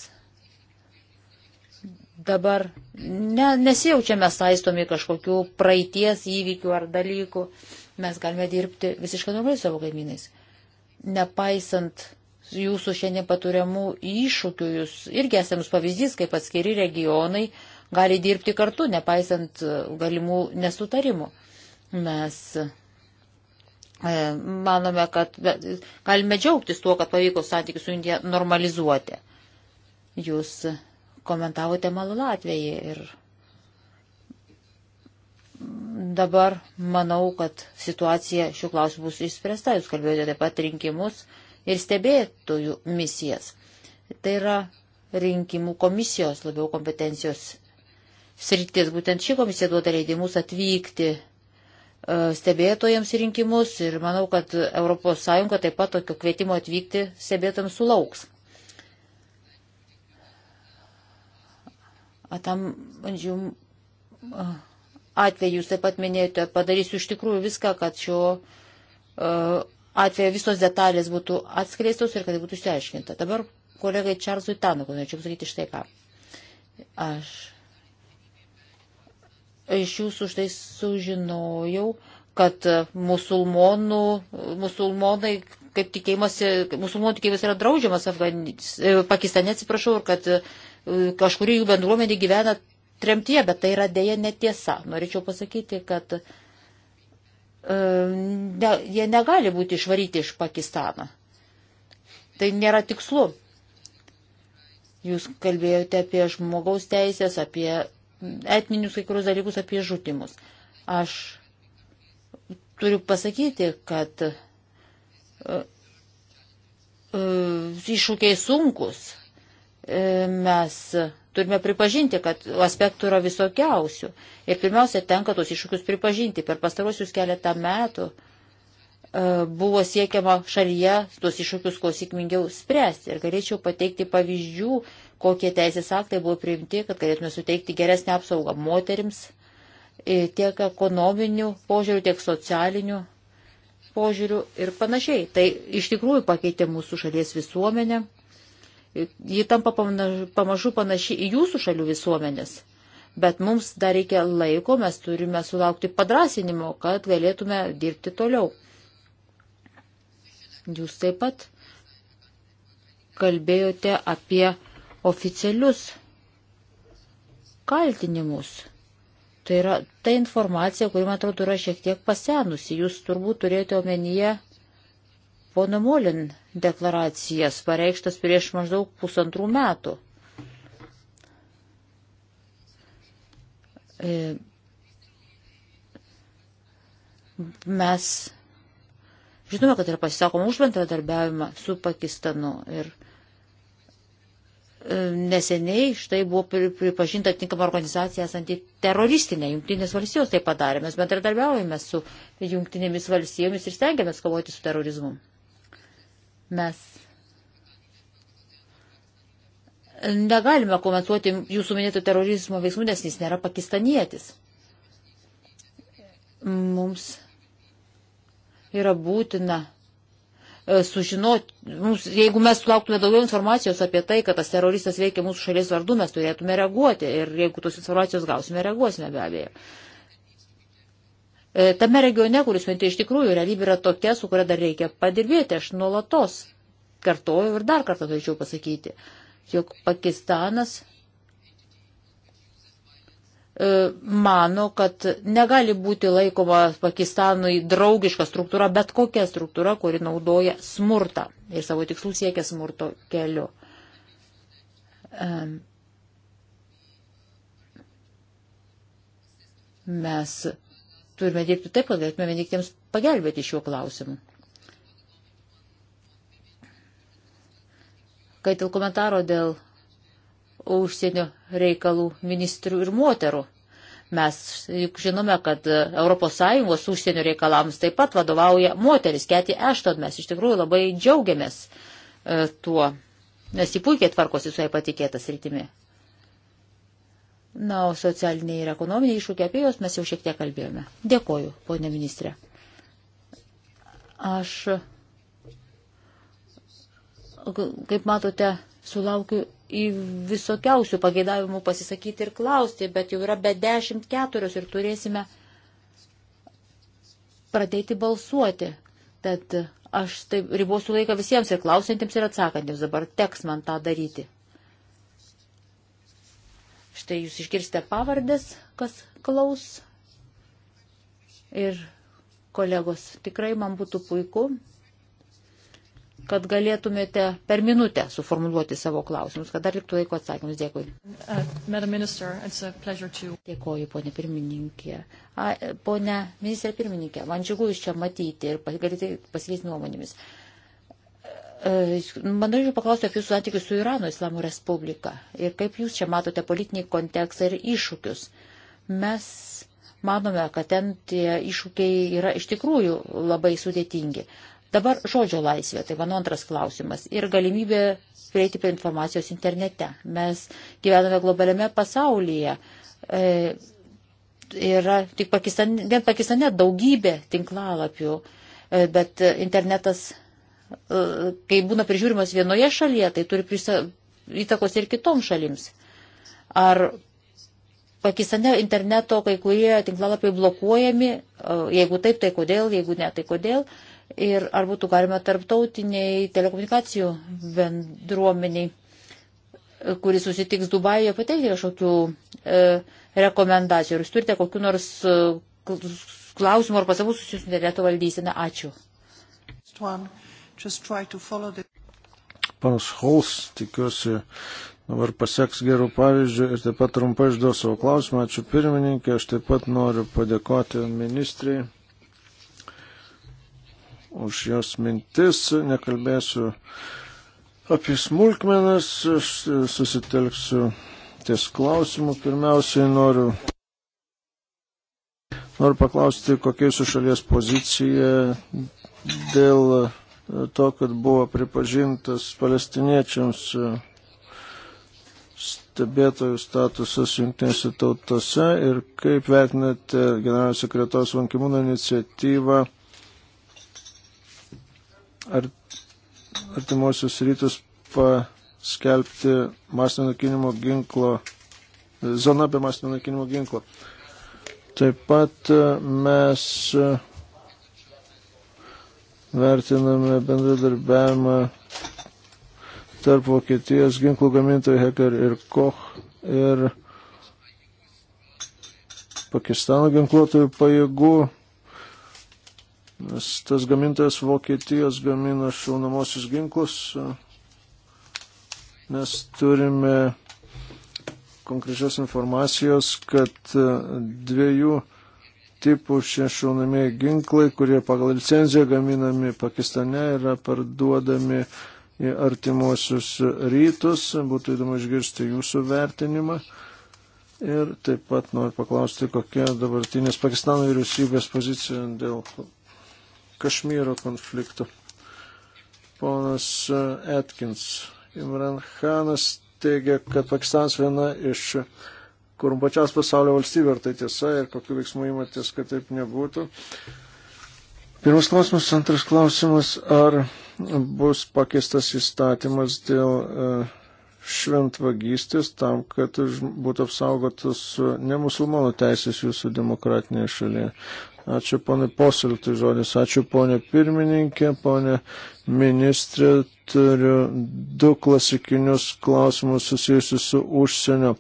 dabar ne, nesijaučiame saistomi kažkokių praeities įvykių ar dalykų. Mes galime dirbti visiškai normaliai savo kaimynais. Nepaisant jūsų šiandien paturiamų iššūkių, jūs irgi esame pavyzdys, kaip atskiri regionai gali dirbti kartu, nepaisant e, galimų nesutarimų. Mes e, manome, kad galime džiaugtis tuo, kad pavyko santykius su Indija normalizuoti. Jūs komentavote Malala atvejį ir dabar manau, kad situacija šių klausimų bus išspręsta. Jūs kalbėjote taip pat rinkimus ir stebėtojų misijas. Tai yra rinkimų komisijos labiau kompetencijos sritis. Būtent ši komisija duoda leidimus atvykti e, stebėtojams rinkimus ir manau, kad ES taip pat tokio kvietimo atvykti stebėtojams sulauks. Atamandžių atveju jūs taip pat minėjote, padarysiu iš tikrųjų viską, kad šio atveju visos detalės būtų atskleistos ir kad būtų išsiaiškinta. Dabar kolegai Čarzui Tanukui norėčiau pasakyti štai ką. Aš iš jūsų štai sužinojau, kad musulmonų, musulmonai, kaip tikėjimas, musulmonų tikėjimas yra draudžiamas Afganis, Pakistane, atsiprašau, ir kad E, kažkuri jų bendruomenė gyvena tremtyje, bet tai yra dėja netiesa. Norėčiau pasakyti, kad e, ne, jie negali būti išvaryti iš Pakistano. Tai nėra tikslu. Jūs kalbėjote apie žmogaus teisės, apie etninius kai kurios dalykus, apie žudimus. Aš turiu pasakyti, kad e, e, iššūkiai sunkus E, mes turime pripažinti, kad aspektų yra visokiausių. Ir pirmiausia, tenka tos iššūkius pripažinti. Per pastarosius keletą metų e, buvo siekiama šalyje tos iššūkius kuo sėkmingiau spręsti. Ir galėčiau pateikti pavyzdžių, kokie teisės aktai buvo priimti, kad galėtume suteikti geresnę apsaugą moterims e, tiek ekonominių požiūrių, tiek socialinių požiūrių ir panašiai. Tai iš tikrųjų pakeitė mūsų šalies visuomenę ji tampa pamažu panaši į jūsų šalių visuomenės. Bet mums dar reikia laiko, mes turime sulaukti padrasinimo, kad galėtume dirbti toliau. Jūs taip pat kalbėjote apie oficialius kaltinimus. Tai yra ta informacija, kuri, man atrodo, yra šiek tiek pasenusi. Jūs turbūt turėjote omenyje pono Molin deklaracijas pareikštas prieš maždaug pusantrų metų. E, mes žinome, kad yra pasisakoma už bendradarbiavimą su Pakistanu ir e, neseniai štai buvo pripažinta tinkama organizacija esanti teroristinė. Junktinės valstijos tai padarė. Mes bendradarbiaujame su Junktinėmis valstijomis ir stengiamės kovoti su terorizmu. Mes negalime komentuoti jūsų minėto terorizmo veiksmų, nes jis nėra pakistanietis. Mums yra būtina e, sužinoti, mums, jeigu mes sulauktume daugiau informacijos apie tai, kad tas teroristas veikia mūsų šalies vardu, mes turėtume reaguoti ir jeigu tos informacijos gausime, reaguosime be abejo. E, tame regione, kuris minti iš tikrųjų, realybė yra tokia, su kuria dar reikia padirbėti. Aš nuolatos kartoju ir dar kartą norėčiau pasakyti, jog Pakistanas e, mano, kad negali būti laikoma Pakistanui draugiška struktūra, bet kokia struktūra, kuri naudoja smurtą ir savo tikslų siekia smurto keliu. E, mes turime dirbti taip, kad galėtume vieni kitiems pagelbėti šiuo klausimu. Kai dėl komentaro dėl užsienio reikalų ministrų ir moterų. Mes juk žinome, kad ES užsienio reikalams taip pat vadovauja moteris, Keti Ešton, mes iš tikrųjų labai džiaugiamės e, tuo, nes jį puikiai tvarkosi su jai patikėtas rytimi. Na, o socialiniai ir ekonominiai iššūkiai apie juos mes jau šiek tiek kalbėjome. Dėkoju, ponė ministrė. Aš, kaip matote, sulaukiu į visokiausių pageidavimų pasisakyti ir klausti, bet jau yra be 104 ir turėsime pradėti balsuoti. Tad aš taip ribosiu laiką visiems ir klausantiems ir atsakantiems. Dabar teks man tą daryti. Štai jūs išgirsite pavardės, kas klaus. Ir kolegos, tikrai man būtų puiku, kad galėtumėte per minutę suformuluoti savo klausimus, kad dar liktų laiko atsakymus. Dėkui. Uh, Dėkoju, ponė pirmininkė. A, ponė ministrė pirmininkė, man džiugu jūs čia matyti ir galite pasikeisti nuomonėmis. Uh, Man e, norėčiau paklausti apie jūsų santykius su Irano Islamo Respublika ir kaip jūs čia matote politinį kontekstą ir iššūkius. Mes manome, kad ten tie iššūkiai yra iš tikrųjų labai sudėtingi. Dabar žodžio laisvė, tai mano antras klausimas, ir galimybė prieiti prie informacijos internete. Mes gyvename globaliame pasaulyje. E, yra tik Pakistane, vien Pakistane daugybė tinklalapių, e, bet internetas kai būna prižiūrimas vienoje šalyje, tai turi prisa, įtakos ir kitoms šalims. Ar Pakistane interneto kai kurie tinklalapiai blokuojami, jeigu taip, tai kodėl, jeigu ne, tai kodėl. Ir ar būtų galima tarptautiniai telekomunikacijų bendruomeniai, kuris susitiks Dubajoje, pateikti kažkokių e, rekomendacijų. Ar jūs turite kokiu nors e, klausimu ar pasavų susijusiu interneto valdyseną? Ačiū. Stuan. The... Panas Hols, tikiuosi, dabar paseks gerų pavyzdžių ir taip pat trumpai išduos savo klausimą. Ačiū pirmininkė, aš taip pat noriu padėkoti ministrai už jos mintis, nekalbėsiu apie smulkmenas, aš susitelksiu ties klausimu. Pirmiausiai noriu Noriu paklausti, kokia jūsų šalies pozicija dėl to, kad buvo pripažintas palestiniečiams e, stebėtojų statusas jungtinėse tautose ir kaip vertinate generalinio sekretos vankimūno iniciatyvą ar artimuosius rytus paskelbti masinio nakinimo ginklo, zona be masinio nakinimo ginklo. Taip pat e, mes e, vertiname bendradarbiavimą tarp Vokietijos ginklų gamintojų Hecker ir Koch ir Pakistano ginkluotojų pajėgų, nes tas gamintojas Vokietijos gamina šaunamosius ginklus, nes turime konkrečios informacijos, kad dviejų tipų šie šaunamieji ginklai, kurie pagal licenciją gaminami Pakistane, yra parduodami į artimuosius rytus. Būtų įdomu išgirsti jūsų vertinimą. Ir taip pat noriu paklausti, kokia dabartinės Pakistano vyriausybės pozicija dėl Kašmyro konflikto. Ponas Atkins. Imran Khanas teigia, kad Pakistanas viena iš korumpuočiaus pasaulio valstybė, ar tai tiesa ir kokiu veiksmu įmatės, kad taip nebūtų. Pirmas klausimas, antras klausimas, ar bus pakeistas įstatymas dėl e, šventvagystės tam, kad būtų apsaugotas ne musulmonų teisės jūsų demokratinėje šalyje. Ačiū ponai posiltai žodis, ačiū ponė pirmininkė, ponė ministrė, turiu du klasikinius klausimus susijusius su užsienio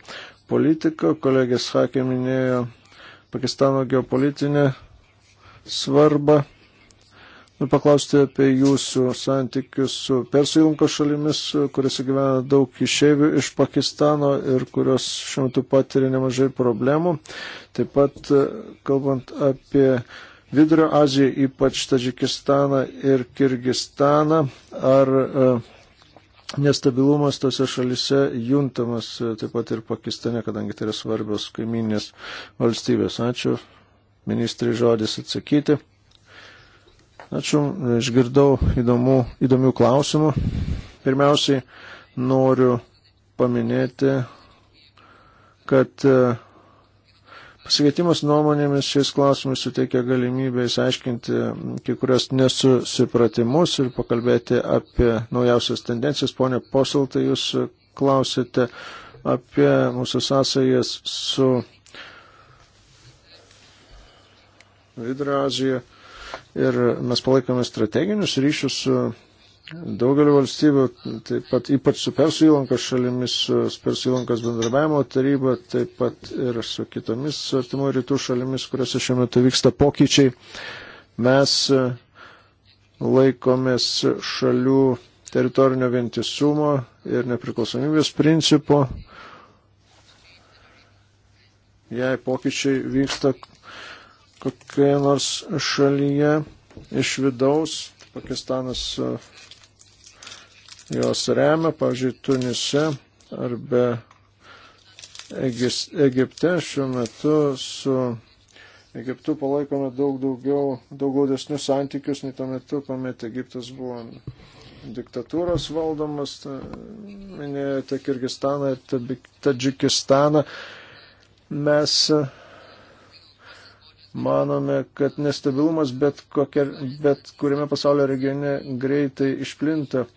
politiką. Kolegė Sakė minėjo Pakistano geopolitinę svarbą. Noriu paklausti apie jūsų santykius su Persų įlankos šalimis, kuriuose gyvena daug išeivių iš Pakistano ir kurios šiuo metu patiria nemažai problemų. Taip pat e, kalbant apie Vidurio Aziją, ypač Tadžikistaną ir Kirgistaną, ar uh, nestabilumas tose šalise juntamas e, taip pat ir Pakistane, kadangi tai yra svarbios kaiminės valstybės. Ačiū. Ministrai žodis atsakyti. Ačiū. Išgirdau įdomų, įdomių klausimų. Pirmiausiai noriu paminėti, kad e, Pasikeitimas nuomonėmis šiais klausimais suteikia galimybę įsiaiškinti kai kurios nesusipratimus ir pakalbėti apie naujausias tendencijas. Pone Posiltai, jūs klausėte apie mūsų sąsajas su Vidurio Azija ir mes palaikome strateginius ryšius su Daugelio valstybių, taip pat ypač su Persų įlankos šalimis, su Persų įlankos bendrabiavimo taryba, taip pat ir su kitomis artimų rytų šalimis, kuriuose šiuo metu vyksta pokyčiai, mes e, laikomės šalių teritorinio vientisumo ir nepriklausomybės principo. Jei pokyčiai vyksta kokioje nors šalyje iš vidaus, Pakistanas e, jos remia, pavyzdžiui, Tunise arba Egipte šiuo metu su Egiptu palaikome daug daugiau, daug gaudesnius santykius, nei tuo metu, kuomet Egiptas buvo diktatūros valdomas, ta, minėjote Kirgistaną ir Tadžikistaną. Mes manome, kad nestabilumas bet, kokia, bet kuriame pasaulio regione greitai išplinta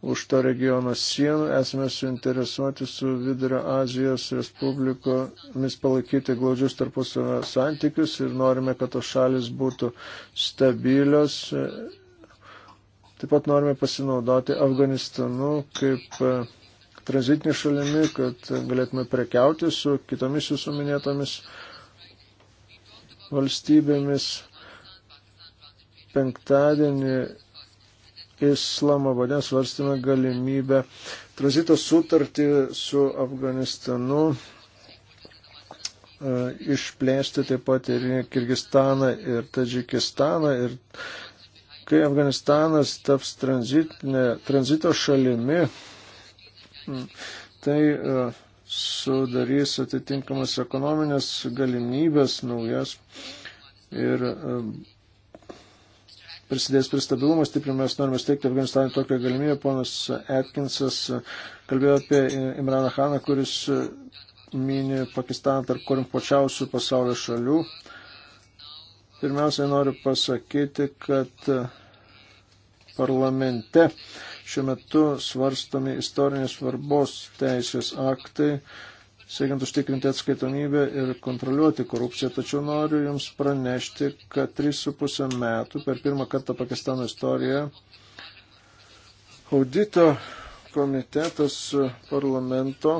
už to regiono sienų. Esame suinteresuoti su Vidurio Azijos Respublikomis palaikyti glaudžius tarpusavio santykius ir norime, kad tos šalis būtų stabilios. Taip pat norime pasinaudoti Afganistanu kaip e, tranzitinė šalimi, kad galėtume prekiauti su kitomis jūsų minėtomis valstybėmis. Penktadienį Islamabadė svarstėme galimybę tranzito sutartį su Afganistanu e, išplėsti taip pat ir Kirgistaną ir Tadžikistaną. Ir kai Afganistanas taps tranzito šalimi, tai e, sudarys atitinkamas ekonominės galimybės naujas ir e, prisidės prie stabilumo stiprinimo, mes norime steigti Afganistanui tokią galimybę. Ponas Atkinsas kalbėjo apie Imraną Haną, kuris mini Pakistaną tarp korimpočiausių pasaulio šalių. Pirmiausiai noriu pasakyti, kad parlamente šiuo metu svarstomi istorinės svarbos teisės aktai siekiant užtikrinti atskaitomybę ir kontroliuoti korupciją. Tačiau noriu Jums pranešti, kad 3,5 metų per pirmą kartą Pakistano istoriją audito komitetas parlamento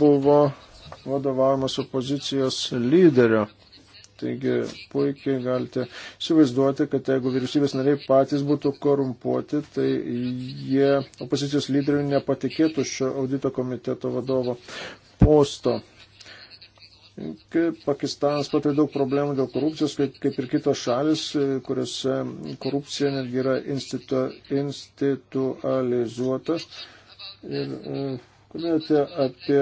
buvo vadovaujamas opozicijos lyderio Taigi puikiai galite įsivaizduoti, kad jeigu vyriausybės nariai patys būtų korumpuoti, tai jie opozicijos lyderių nepatikėtų šio audito komiteto vadovo posto. Kaip Pakistanas patiria daug problemų dėl korupcijos, kaip, kaip ir kitos šalis, kuriuose korupcija netgi yra institu, institualizuota. Ir e, kalbėjote apie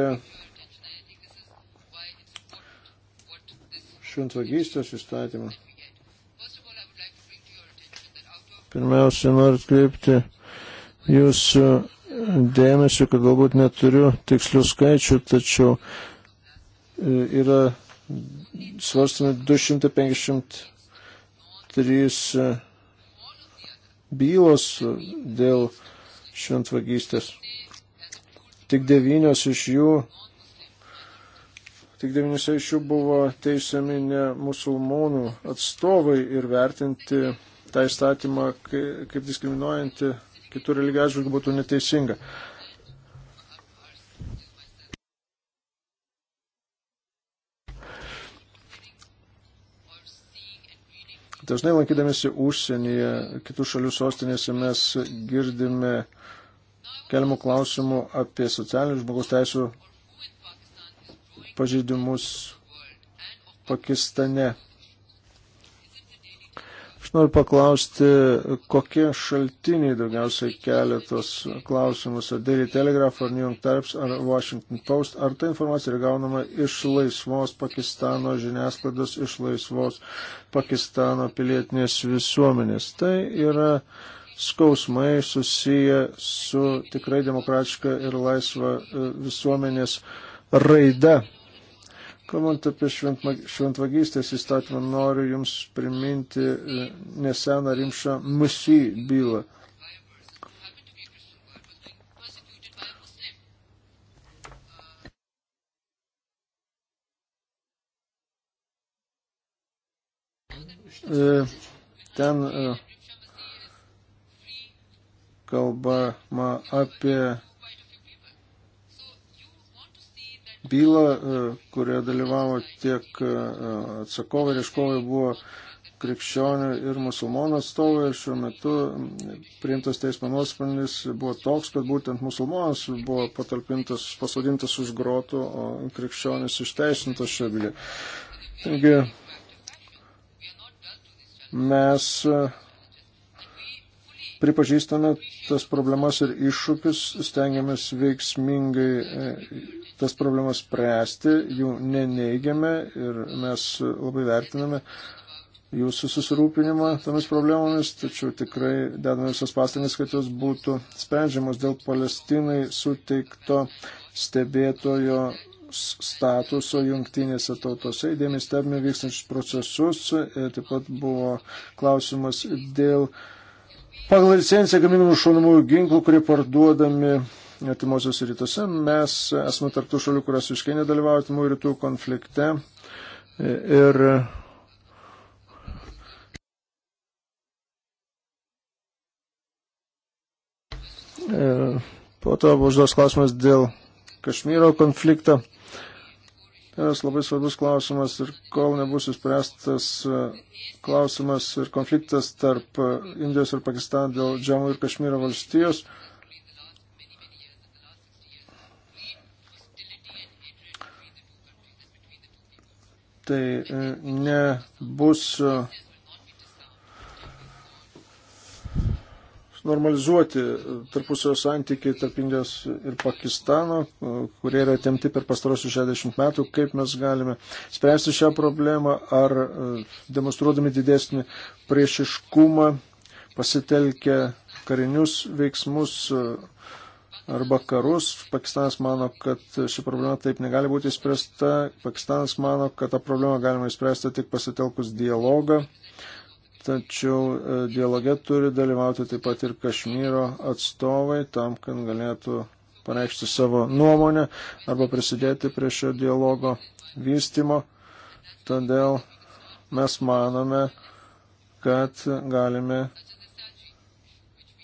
šventvagystės įstatymą. Pirmiausia, noriu atkreipti jūsų dėmesį, kad galbūt neturiu tikslių skaičių, tačiau e, yra svarstami 253 e, bylos dėl šventvagystės. Tik devynios iš jų Tik devyniose iš jų buvo teisiami ne musulmonų atstovai ir vertinti tą įstatymą kaip diskriminuojantį kitų religijų atžvilgių būtų neteisinga. Dažnai lankydamėsi užsienyje, kitų šalių sostinėse mes girdime keliamų klausimų apie socialinių žmogaus teisų pažeidimus Pakistane. Aš noriu paklausti, kokie šaltiniai daugiausiai kelia tos klausimus, ar Daily Telegraph, ar New York Times, ar Washington Post, ar ta informacija yra gaunama iš laisvos Pakistano žiniasklaidos, iš laisvos Pakistano pilietinės visuomenės. Tai yra skausmai susiję su tikrai demokratiška ir laisva e, visuomenės raida Kalbant apie šventvagystės įstatymą, noriu Jums priminti e, neseną rimšą Musi bylą. E, ten e, kalbama apie bylą, e, kurioje dalyvavo tiek e, atsakovai ir iškovai buvo krikščionių ir musulmonų atstovai. Šiuo metu priimtas teismo nuosprendis buvo toks, kad būtent musulmonas buvo patalpintas, pasodintas už grotų, o krikščionis išteisintas šią bylę. Taigi mes Pripažįstame tas problemas ir iššūkius, stengiamės veiksmingai e, tas problemas spręsti, jų neneigiame ir mes labai vertiname jūsų susirūpinimą tomis problemomis, tačiau tikrai dedame visas pastangas, kad jos būtų sprendžiamos dėl Palestinai suteikto stebėtojo statuso jungtinėse tautose. Įdėmiai stebime vykstančius procesus. E, taip pat buvo klausimas dėl uh, Pagal licenciją gaminamų šaunamųjų ginklų, kurie parduodami Artimuosios rytuose, mes esame tarptų šalių, kurios visiškai nedalyvauja Artimųjų rytų konflikte. Ir po to buvo užduos klausimas dėl Kašmyro konflikto. Vienas labai svarbus klausimas ir kol nebus įspręstas e, klausimas ir konfliktas tarp e, Indijos ir Pakistano dėl Džamų ir Kašmyro valstijos. Tai e, nebus normalizuoti tarpusio santykiai tarp Indijos ir Pakistano, kurie yra temti per pastarosius 60 metų, kaip mes galime spręsti šią problemą, ar e, demonstruodami didesnį priešiškumą, pasitelkę karinius veiksmus e, arba karus. Pakistanas mano, kad ši problema taip negali būti įspręsta. Pakistanas mano, kad tą problemą galima įspręsti tik pasitelkus dialogą tačiau e, dialoge turi dalyvauti taip pat ir Kašmyro atstovai tam, kad galėtų pareikšti savo nuomonę arba prisidėti prie šio dialogo vystimo. Todėl mes manome, kad galime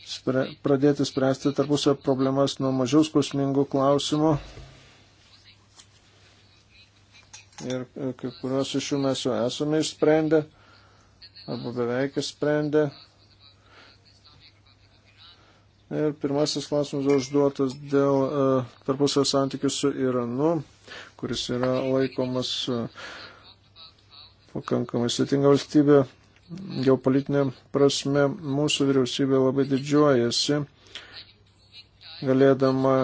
spre, pradėti spręsti tarpusio problemas nuo mažiau skausmingų klausimų. Ir e, kai kuriuos iš jų mes jau esame išsprendę arba beveik išsprendė. Ir pirmasis klausimas užduotas dėl uh, e, tarpusio santykių su Iranu, kuris yra laikomas uh, pakankamai sėtinga valstybė, geopolitinė prasme. Mūsų vyriausybė labai didžiuojasi, galėdama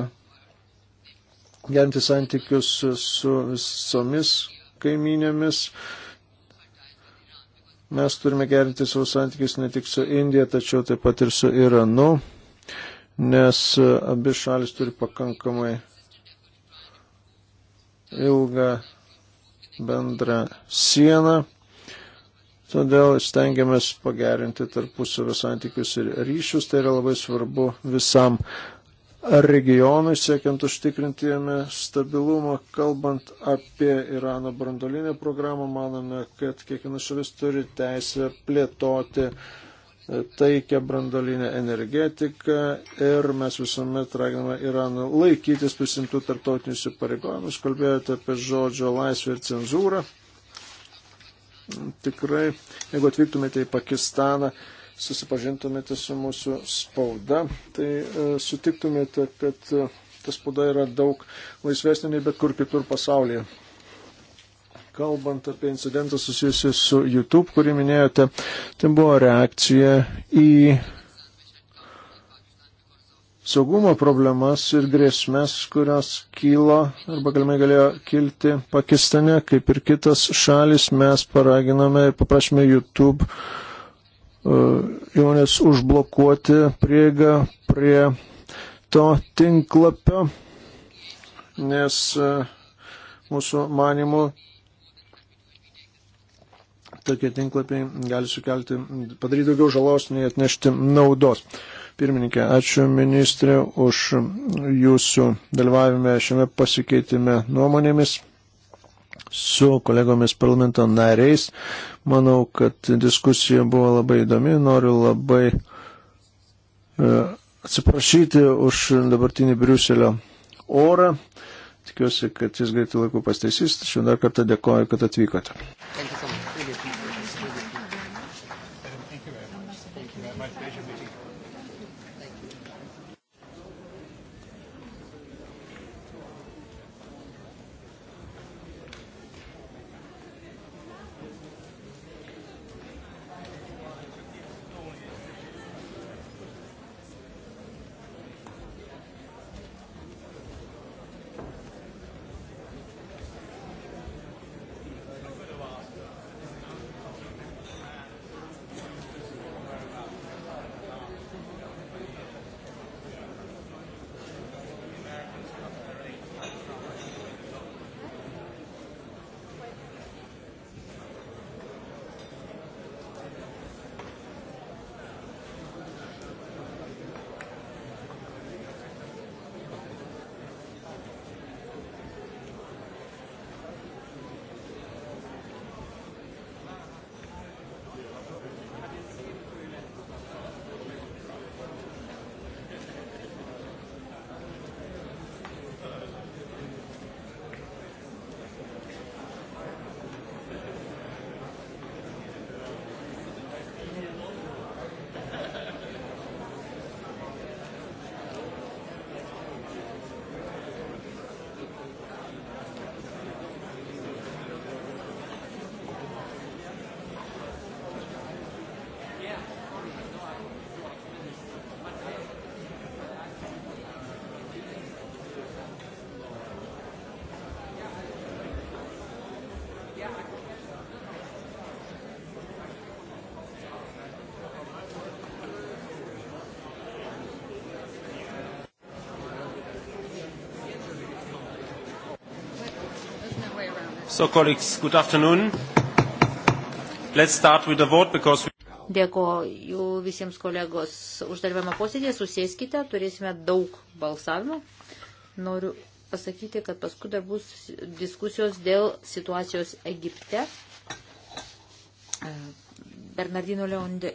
gerinti santykius su visomis kaiminėmis. Uh, Mes turime gerinti savo santykius ne tik su Indija, tačiau taip pat ir su Iranu, nes e, abi šalis turi pakankamai ilgą bendrą sieną. Todėl stengiamės pagerinti tarpusavio santykius ir ryšius, tai yra labai svarbu visam regionui, siekiant užtikrinti jame stabilumą. Kalbant apie Irano brandolinę programą, manome, kad kiekviena šalis turi teisę plėtoti e, taikę brandolinę energetiką ir mes visuomet raginame Iraną laikytis prisimtų tarptautinių įsipareigojimų. Jūs kalbėjote apie žodžio laisvę ir cenzūrą. Tikrai, jeigu atvyktumėte į Pakistaną, susipažintumėte su mūsų spauda, tai e, sutiktumėte, kad e, ta spauda yra daug laisvesnė nei bet kur kitur pasaulyje. Kalbant apie incidentą susijusi su YouTube, kurį minėjote, tai buvo reakcija į saugumo problemas ir grėsmės, kurios kylo arba galimai galėjo kilti Pakistane, kaip ir kitas šalis, mes paraginome ir paprašėme YouTube įmonės e, užblokuoti prieigą prie to tinklapio, nes e, mūsų manimų tokie tinklapiai gali sukelti, padaryti daugiau žalos, nei atnešti naudos. Pirmininkė, ačiū ministrė už jūsų dalyvavimą šiame pasikeitime nuomonėmis su kolegomis parlamento nariais. Manau, kad diskusija buvo labai įdomi. Noriu labai e, atsiprašyti už dabartinį Briuselio orą. Tikiuosi, kad jis greitai laiku pasteisys. Tačiau dar kartą dėkoju, kad atvykote. Thank you so much. So, colleagues, good afternoon. Let's start with the vote because we... Dėkoju visiems kolegos už dalyvavimą posėdėje. Susėskite, turėsime daug balsavimų. Noriu pasakyti, kad paskui dar bus diskusijos dėl situacijos Egipte. Bernardino Leonde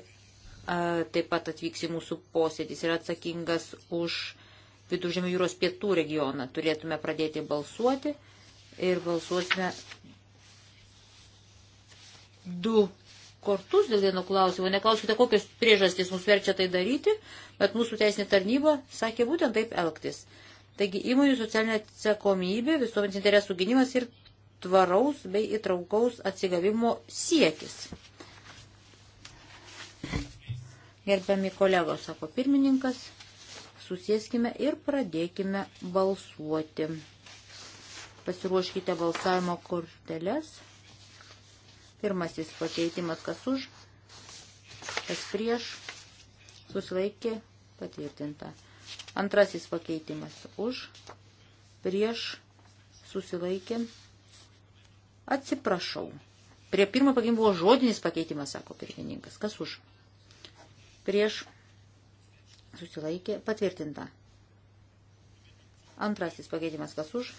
taip pat atvyks į mūsų posėdis ir atsakingas už Viduržėmio jūros pietų regioną. Turėtume pradėti balsuoti ir balsuosime du kartus dėl vieno klausimo. Neklauskite, kokios priežastys mus verčia tai daryti, bet mūsų teisinė tarnyba sakė būtent taip elgtis. Taigi įmonių socialinė atsakomybė, visuomenės interesų gynimas ir tvaraus bei įtraukaus atsigavimo siekis. Gerbiami kolegos, sako pirmininkas, susėskime ir pradėkime balsuoti. Pasiruoškite balsavimo korteles. Pirmasis pakeitimas, kas už, kas prieš, susilaikė, patvirtinta. Antrasis pakeitimas už, prieš, susilaikė, atsiprašau. Prie pirmo pakeitimo buvo žodinis pakeitimas, sako pirmininkas. Kas už? Prieš, susilaikė, patvirtinta. Antrasis pakeitimas, kas už?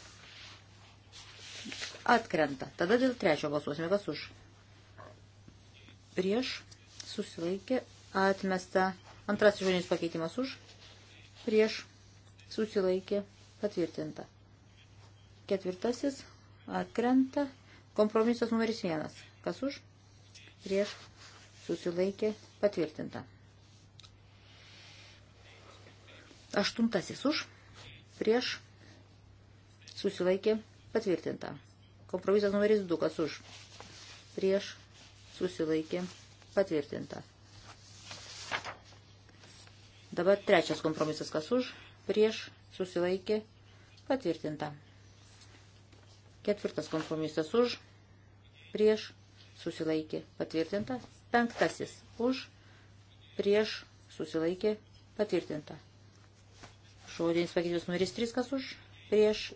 Atkrenta. Tada dėl trečio balsuosime, kas už prieš, susilaikė, atmesta. Antrasis žodinis pakeitimas už, prieš, susilaikė, patvirtinta. Ketvirtasis atkrenta. Kompromisas numeris vienas. Kas už? Prieš susilaikė patvirtinta. Aštuntasis už. Prieš susilaikė patvirtinta. Kompromisas numeris du. Kas už? Prieš susilaikė patvirtinta. Dabar trečias kompromisas, kas už, prieš, susilaikė, patvirtinta. Ketvirtas kompromisas už, prieš, susilaikė, patvirtinta. Penktasis už, prieš, susilaikė, patvirtinta. Šodinis pakeitimas numeris 3, kas už, prieš,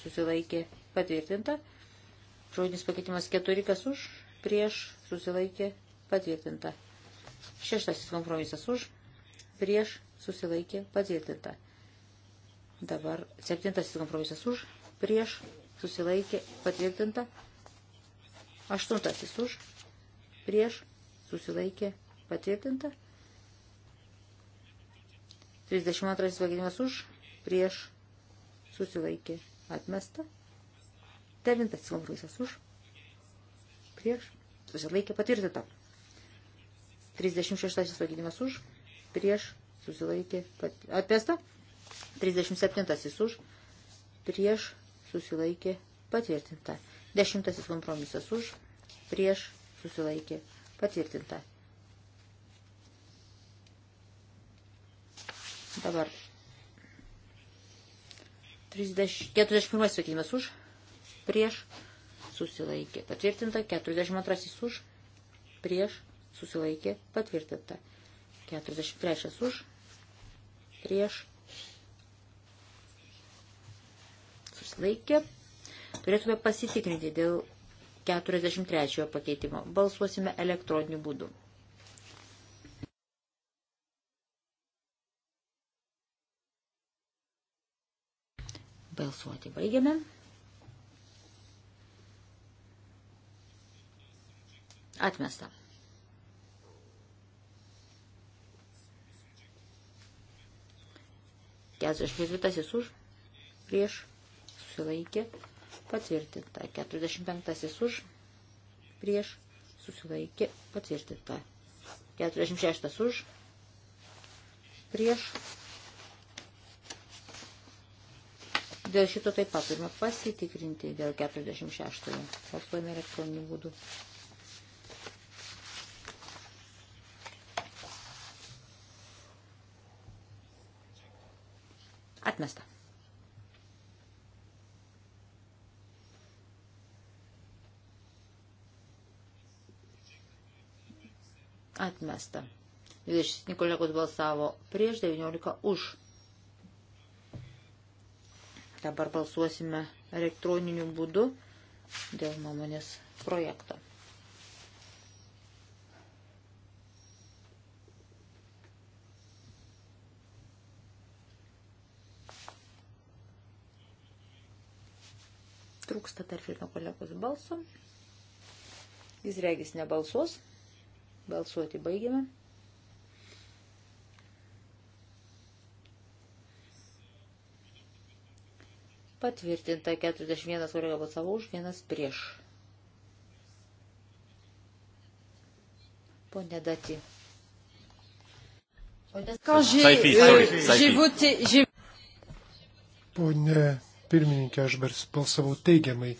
susilaikė, patvirtinta. Žodinis pakeitimas 4, kas už, prieš susilaikė patvirtinta. Šeštasis kompromisas už, prieš susilaikė patvirtinta. Dabar septintasis kompromisas už, prieš susilaikė patvirtinta. Aštuntasis už, prieš susilaikė patvirtinta. 32 pagrindimas už, prieš susilaikė atmesta. Devintasis kompromisas už, prieš, susilaikė patvirtinta. 36 pakeitimas už, prieš, susilaikė pat... atmesta. 37 už, prieš, susilaikė patvirtinta. 10 kompromisas už, prieš, susilaikė patvirtinta. Dabar 30, 41 pakeitimas už, prieš, susilaikė patvirtinta, 42 už, prieš susilaikė patvirtinta, 43 už, prieš susilaikė. Turėtume pasitikrinti dėl 43 pakeitimo. Balsuosime elektroniniu būdu. Balsuoti baigiame. Atmesta. Keturiasdešimt ketvirtasis už, prieš, susilaikė, patvirtinta. Keturiasdešimt penktasis už, prieš, susilaikė, patvirtinta. Keturiasdešimt šeštas už, prieš. Dėl šito taip pat turime pasitikrinti dėl 46-ojo. Balsuojame elektroniniu būdu. Atmesta. Atmesta. 20 kolegos balsavo prieš, 19 už. Dabar balsuosime elektroniniu būdu dėl nuomonės projekto. Trūksta dar vieno kolegos balso. Jis regis nebalsuos. Balsuoti baigiame. Patvirtinta 41 kolega balsavo už, vienas prieš. Pone Dati. Quand j'ai euh, voté, j'ai. Pone pirmininkė, aš balsavau teigiamai,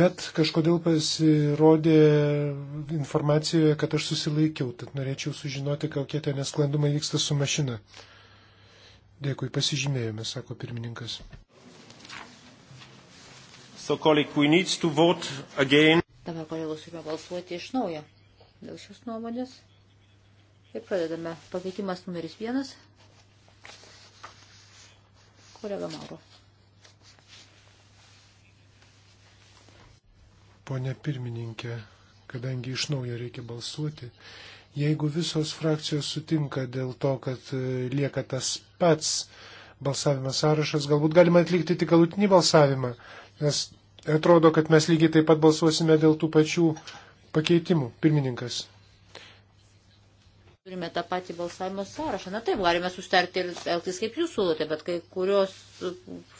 bet kažkodėl pasirodė informacijoje, kad aš susilaikiau, tad norėčiau sužinoti, kokie tie nesklandumai vyksta su mašina. Dėkui, pasižymėjome, sako pirmininkas. So, colleague, Dabar kolegos turime balsuoti iš naujo dėl šios nuomonės. Ir pradedame. Pakeitimas numeris vienas. Kolega Mauro. ponė pirmininkė, kadangi iš naujo reikia balsuoti, jeigu visos frakcijos sutinka dėl to, kad e, lieka tas pats balsavimas sąrašas, galbūt galima atlikti tik galutinį balsavimą, nes atrodo, kad mes lygiai taip pat balsuosime dėl tų pačių pakeitimų. Pirmininkas. Turime tą patį balsavimo sąrašą. Na taip, galime sustarti ir elgtis kaip jūs siūlote, bet kai kurios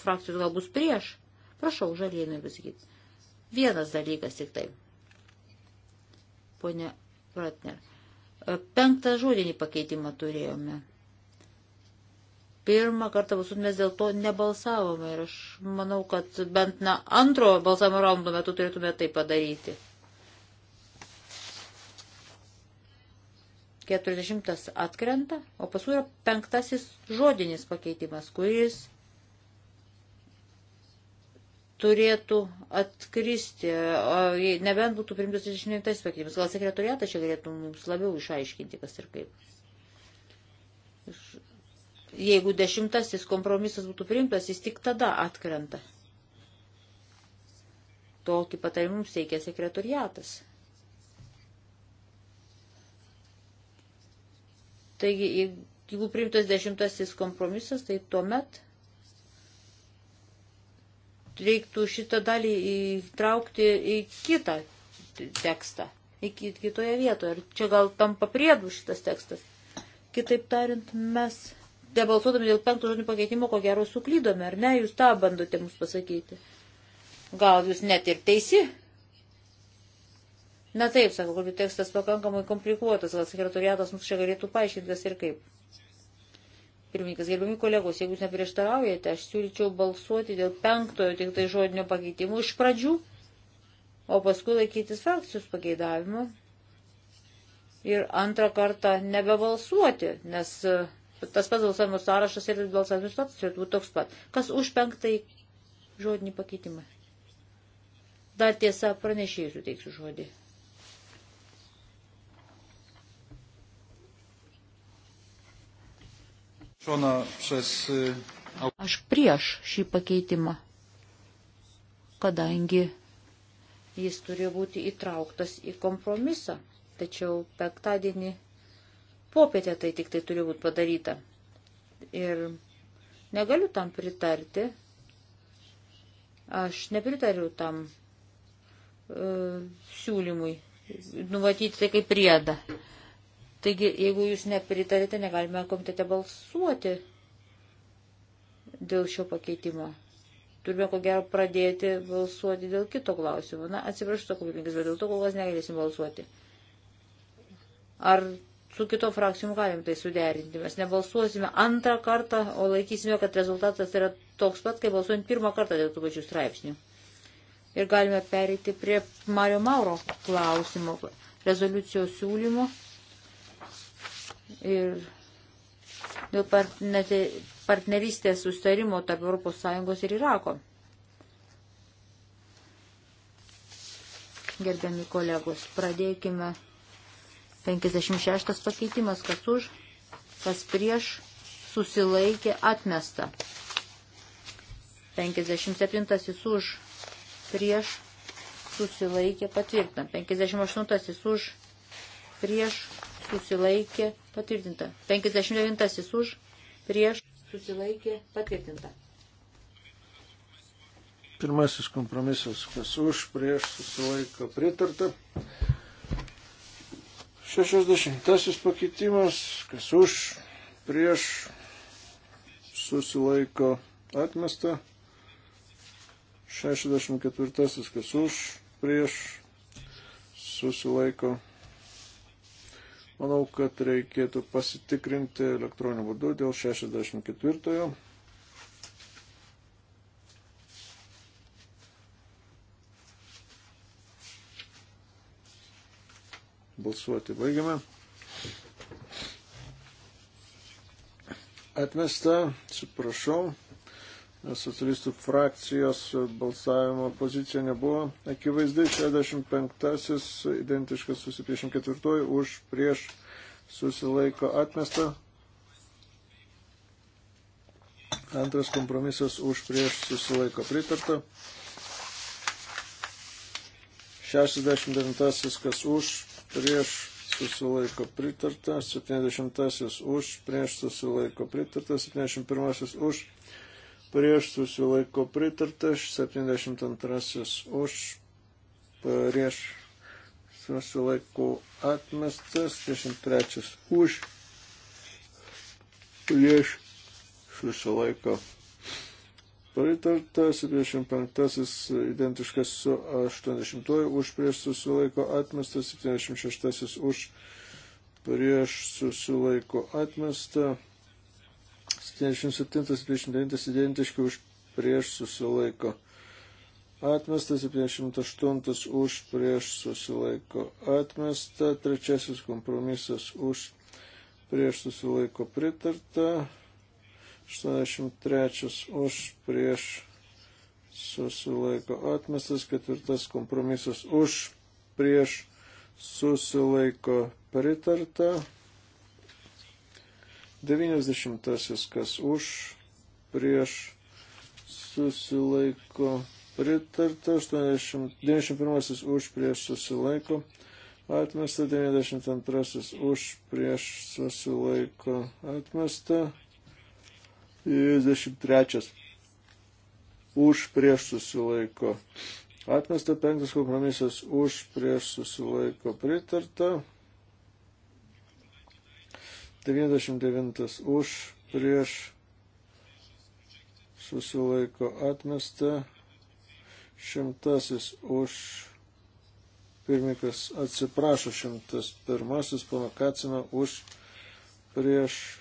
frakcijos galbūt prieš. Prašau, žalėjai, pasakyti. Vienas dalykas tik tai. Pone Pratner. E, penktą žodinį pakeitimą turėjome. Pirmą kartą visur mes dėl to nebalsavome ir aš manau, kad bent na antro balsavimo raundo metu turėtume tai padaryti. 40 atkrenta, o paskui yra penktasis žodinis pakeitimas, kuris turėtų atkristi, nebent būtų priimtas 29 pakeitimas. Gal sekretoriatas čia galėtų mums labiau išaiškinti, kas ir kaip. Jeigu dešimtasis kompromisas būtų priimtas, jis tik tada atkrenta. Tokį patarimą mums teikia sekretoriatas. Taigi, jeigu priimtas dešimtasis kompromisas, tai tuomet reiktų šitą dalį įtraukti į kitą tekstą, į kitoje vietoje. Ir čia gal tampa priedų šitas tekstas. Kitaip tariant, mes debalsuodami dėl penkto žodžių pakeitimo, ko gero suklydome, ar ne, jūs tą bandote mums pasakyti. Gal jūs net ir teisi? Na taip, sako, kad tekstas pakankamai komplikuotas, gal sekretoriatas mums čia galėtų paaiškinti, kas ir kaip. Pirmininkas, gerbiami kolegos, jeigu jūs neprieštaraujate, aš siūlyčiau balsuoti dėl penktojo tik tai žodinio pakeitimo iš pradžių, o paskui laikytis frakcijos pageidavimo ir antrą kartą nebebalsuoti, nes e, tas pats balsavimo sąrašas ir balsavimo statusas turėtų būti toks pat. Kas už penktąjį žodinį pakeitimą? Dar tiesa, pranešėjus suteiksiu žodį. E, aš prieš šį pakeitimą, kadangi jis turi būti įtrauktas į kompromisą, tačiau penktadienį popietę tai tik tai turi būti padaryta. Ir negaliu tam pritarti, aš nepritariu tam e, siūlymui numatyti tai kaip priedą. E, Taigi, jeigu jūs nepritarite, negalime komitete balsuoti dėl šio pakeitimo. Turime, ko gero, pradėti balsuoti dėl kito klausimo. Na, atsiprašau, komitininkas, bet dėl to kol kas negalėsim balsuoti. Ar su kito frakcijom galim tai suderinti? Mes nebalsuosime antrą kartą, o laikysime, kad rezultatas yra toks pat, kaip balsuojant pirmą kartą dėl tų pačių straipsnių. Ir galime perėti prie Mario Mauro klausimo, rezoliucijos siūlymo ir dėl partnerystės sustarimo tarp ES ir Irako. Gerbiami kolegos, pradėkime 56 pakeitimas, kas už, kas prieš, susilaikė, atmesta. 57 už, prieš, susilaikė, patvirtina. 58 už, prieš, susilaikė, atmesta patvirtinta. 59 už, prieš, susilaikė, patvirtinta. Pirmasis kompromisas, kas už, prieš, susilaiko, pritarta. 60 pakeitimas, kas už, prieš, susilaiko, atmesta. 64 kas už, prieš, susilaiko, atmesta Manau, kad reikėtų pasitikrinti elektroniniu būdu dėl 64. Balsuoti baigiame. Atmesta, atsiprašau socialistų frakcijos balsavimo pozicija nebuvo. Akivaizdai 65-asis identiškas su 74 už prieš susilaiko atmestą. Antras kompromisas už prieš susilaiko pritarta. 69-asis kas už prieš susilaiko pritarta. 70-asis už prieš susilaiko pritarta. 71-asis už prieš susilaiko pritarta, 72 už, prieš susilaiko atmestas, 63 už, prieš susilaiko pritarta, 75 identiškas su 80 už, prieš susilaiko atmestas, 76 už, prieš susilaiko atmestas. 77-29 identiški už prieš susilaiko. Atmestas 78 už prieš susilaiko. Atmesta trečiasis kompromisas už prieš susilaiko pritarta. 83 už prieš susilaiko. Atmestas ketvirtas kompromisas už prieš susilaiko pritarta. 90. Kas už, prieš, susilaiko. Pritarta. 91. Už, prieš, susilaiko. Atmesta. 92. Už, prieš, susilaiko. Atmesta. 93 už prieš susilaiko. Atmesta penktas kompromisas už prieš susilaiko pritarta. 99 už, prieš, susilaiko atmesta, šimtasis už, pirmininkas atsiprašo, šimtas pirmasis pono Kacino už, prieš,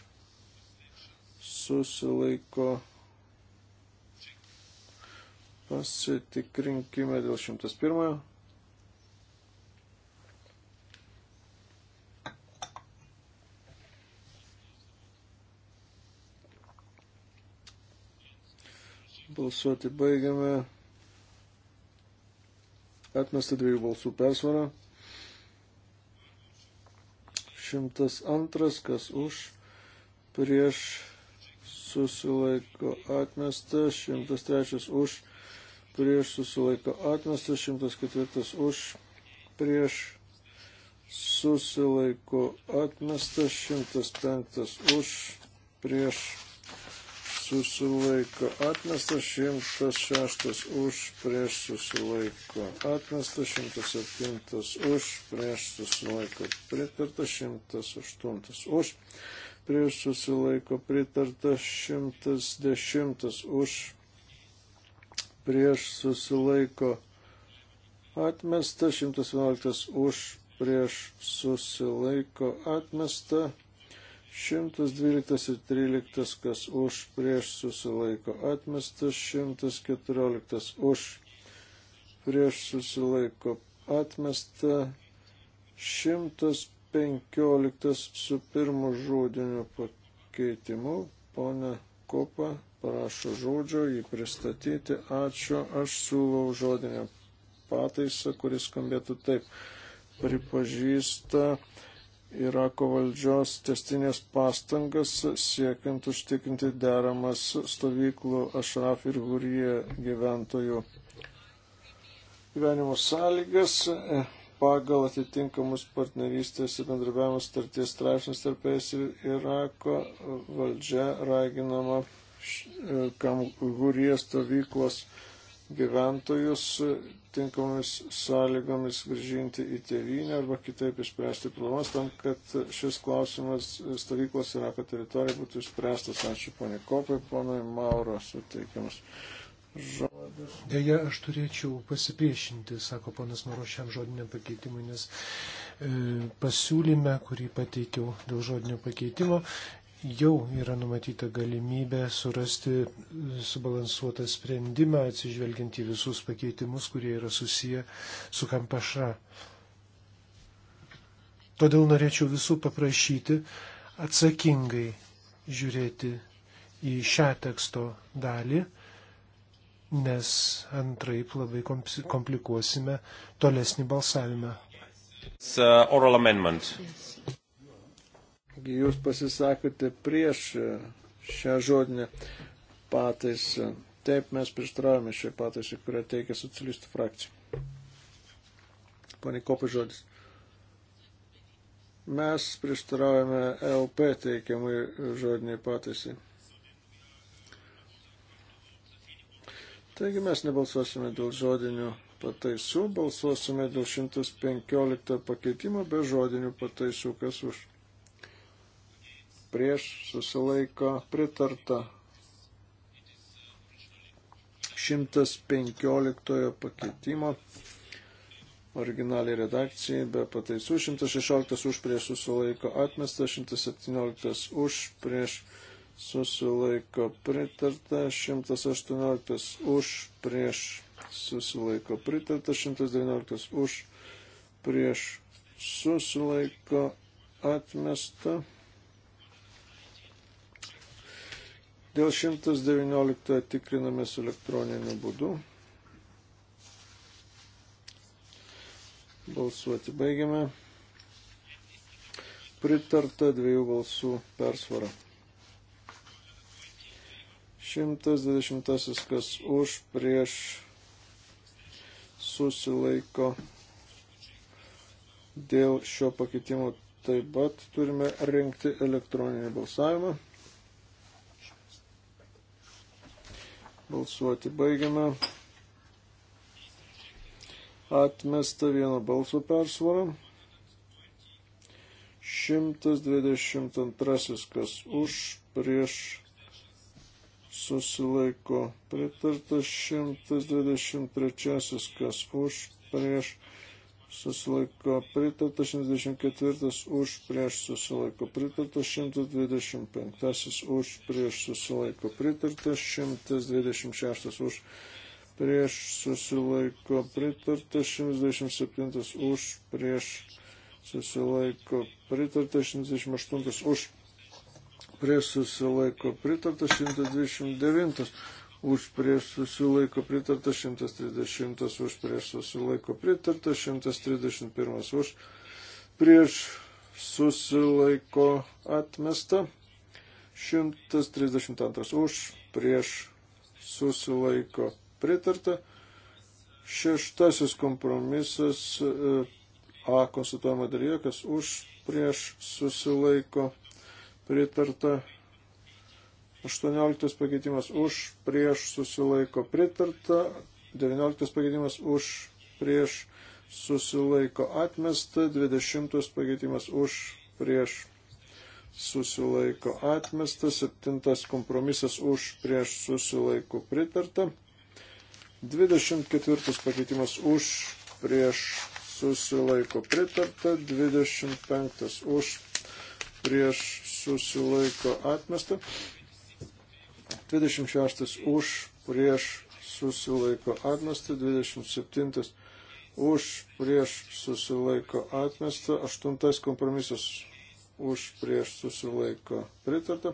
susilaiko pasitikrinkime dėl šimtas pirmojo. Balsuoti baigiame. Atmesta dviejų balsų persvara. 102, kas už, prieš susilaiko atmesta, 103 už, prieš susilaiko atmesta, 104 už, prieš susilaiko atmesta, 105 už, prieš susilaiko atmestas, 106 už prieš susilaiko atmestas, 107 už prieš susilaiko pritarta, 108 už prieš susilaiko pritarta, 110 už prieš susilaiko atmestas, 111 už prieš susilaiko atmestas. 112 ir 13, kas už, prieš susilaiko atmestas, 114 už, prieš susilaiko atmesta, 115 su pirmu žodiniu pakeitimu. Pone Kopa parašo žodžio jį pristatyti. Ačiū, aš siūlau žodinę pataisą, kuris skambėtų taip. Pripažįsta Irako valdžios testinės pastangas siekiant užtikrinti deramas stovyklų Ašraf ir Hurie gyventojų gyvenimo sąlygas e, pagal atitinkamus partnerystės ir bendrabiavimo starties straipsnius tarp ES ir Irako e, valdžia raginama e, kam Hurie stovyklos gyventojus tinkamomis sąlygomis grįžinti į tėvynę arba kitaip išspręsti problemas, tam, kad šis klausimas stovyklos Irako teritorija būtų išspręstas. Ačiū ponė Kopai, ponai Mauro suteikiamas. Žodis. Deja, aš turėčiau pasipriešinti, sako ponas Maro, šiam žodiniam pakeitimui, nes e, pasiūlyme, kurį pateikiau dėl žodinio pakeitimo, jau yra numatyta galimybė surasti subalansuotą sprendimą atsižvelgiant į visus pakeitimus, kurie yra susiję su kampaša. Todėl norėčiau visų paprašyti atsakingai žiūrėti į šią teksto dalį, nes antraip labai komplikuosime tolesnį balsavimą. Yes jūs pasisakote prieš šią žodinę pataisą. Taip mes prieštaravome šią pataisą, kurią teikia socialistų frakcija. Pane Kopai žodis. Mes prieštaravome LP teikiamai žodiniai pataisai. Taigi mes nebalsuosime dėl žodinių pataisų, balsuosime dėl 115 pakeitimo be žodinių pataisų, kas už prieš susilaiko pritarta. 115 pakeitimo originaliai redakcijai be pataisų. 116 už prieš susilaiko atmestas, 117 už prieš susilaiko pritarta, 118 už prieš susilaiko pritarta, 119 už prieš susilaiko atmesta. Dėl 119 tikrinamės elektroniniu būdu. Balsuoti baigiame. Pritarta dviejų balsų persvara. 120 kas už prieš susilaiko dėl šio pakeitimo taip pat turime rinkti elektroninį balsavimą. Balsuoti baigiame. Atmesta vieno balsų persvara. 122 kas už prieš susilaiko pritartas 123 kas už prieš susilaiko pritarta 64 už prieš susilaiko pritarta 125 už prieš susilaiko pritarta 126 už prieš susilaiko pritarta 127 už prieš susilaiko pritarta 128 už prieš susilaiko pritarta 129 už prieš susilaiko pritarta, 130 už prieš susilaiko pritarta, 131 už prieš susilaiko atmesta, 132 už prieš susilaiko pritarta, šeštasis kompromisas e, A konsultuojama dalyje, kas už prieš susilaiko pritarta, 18 pakeitimas už, prieš susilaiko pritarta, 19 pakeitimas už, prieš susilaiko atmesta, 20 pakeitimas už, prieš susilaiko atmesta, 7 kompromisas už, prieš susilaiko pritarta, 24 pakeitimas už, prieš susilaiko pritarta, 25 už, prieš susilaiko atmesta. 26 už, prieš susilaiko atmestą, 27 už, prieš susilaiko atmestą, 8 kompromisas už, prieš susilaiko pritarta,